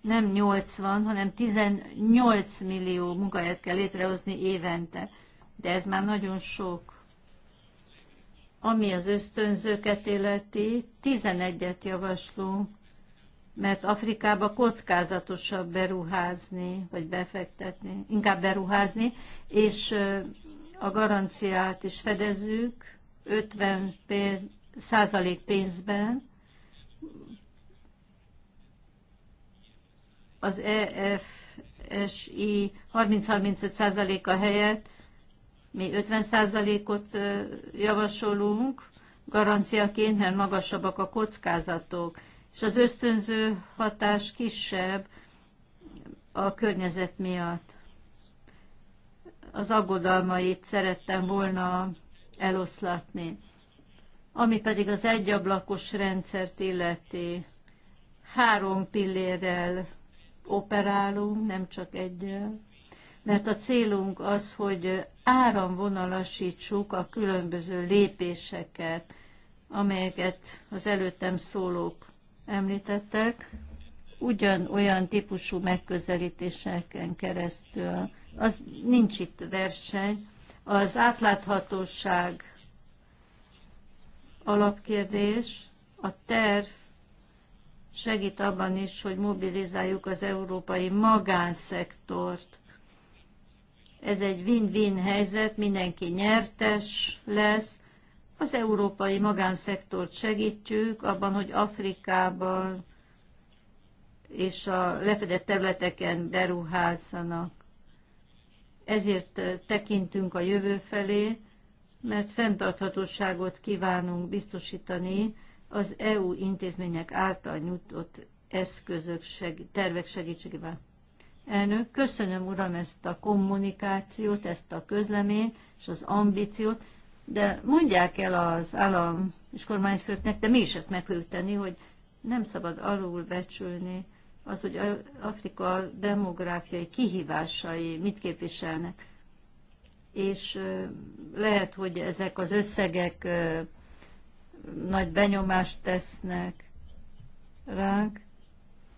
nem 80, hanem 18 millió munkahelyet kell létrehozni évente. De ez már nagyon sok. Ami az ösztönzőket illeti, 11-et javaslunk, mert Afrikába kockázatosabb beruházni, vagy befektetni, inkább beruházni, és a garanciát is fedezzük 50 százalék pénzben, az EFSI 30-35%-a helyett mi 50 százalékot javasolunk garanciaként, mert magasabbak a kockázatok, és az ösztönző hatás kisebb a környezet miatt az aggodalmait szerettem volna eloszlatni. Ami pedig az egyablakos rendszert illeti, három pillérrel operálunk, nem csak egyel, mert a célunk az, hogy áramvonalasítsuk a különböző lépéseket, amelyeket az előttem szólók említettek, ugyanolyan típusú megközelítéseken keresztül az nincs itt verseny. Az átláthatóság alapkérdés, a terv segít abban is, hogy mobilizáljuk az európai magánszektort. Ez egy win-win helyzet, mindenki nyertes lesz. Az európai magánszektort segítjük abban, hogy Afrikában és a lefedett területeken beruházzanak ezért eh, tekintünk a jövő felé, mert fenntarthatóságot kívánunk biztosítani az EU intézmények által nyújtott eszközök, seg- tervek segítségével. Elnök, köszönöm uram ezt a kommunikációt, ezt a közleményt és az ambíciót, de mondják el az állam és kormányfőknek, de mi is ezt meg fogjuk tenni, hogy nem szabad alul becsülni az, hogy Afrika demográfiai kihívásai mit képviselnek. És lehet, hogy ezek az összegek nagy benyomást tesznek ránk,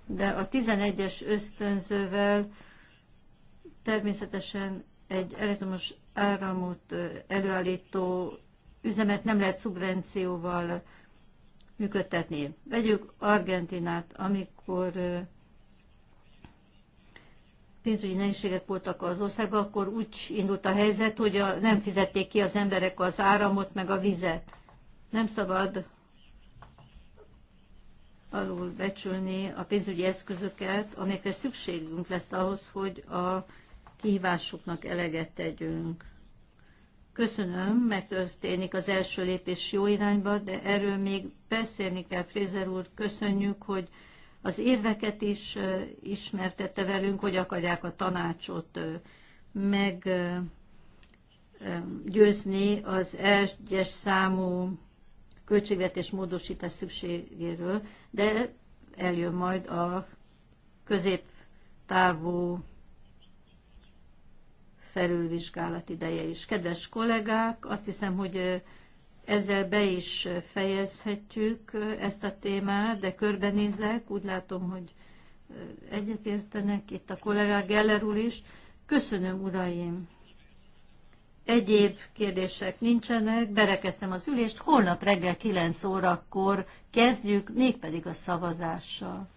de a 11-es ösztönzővel természetesen egy elektromos áramot előállító üzemet nem lehet szubvencióval működtetni. Vegyük Argentinát, amikor pénzügyi nehézségek voltak az országban, akkor úgy indult a helyzet, hogy a, nem fizették ki az emberek az áramot, meg a vizet. Nem szabad alul becsülni a pénzügyi eszközöket, amikre szükségünk lesz ahhoz, hogy a kihívásoknak eleget tegyünk. Köszönöm, mert történik az első lépés jó irányba, de erről még beszélni kell, Frézer úr, köszönjük, hogy az érveket is ismertette velünk, hogy akarják a tanácsot meggyőzni az egyes számú költségvetés módosítás szükségéről, de eljön majd a középtávú felülvizsgálat ideje is. Kedves kollégák, azt hiszem, hogy ezzel be is fejezhetjük ezt a témát, de körbenézek, úgy látom, hogy egyetértenek itt a kollégák Geller úr is. Köszönöm, uraim! Egyéb kérdések nincsenek, berekeztem az ülést, holnap reggel 9 órakor kezdjük, mégpedig a szavazással.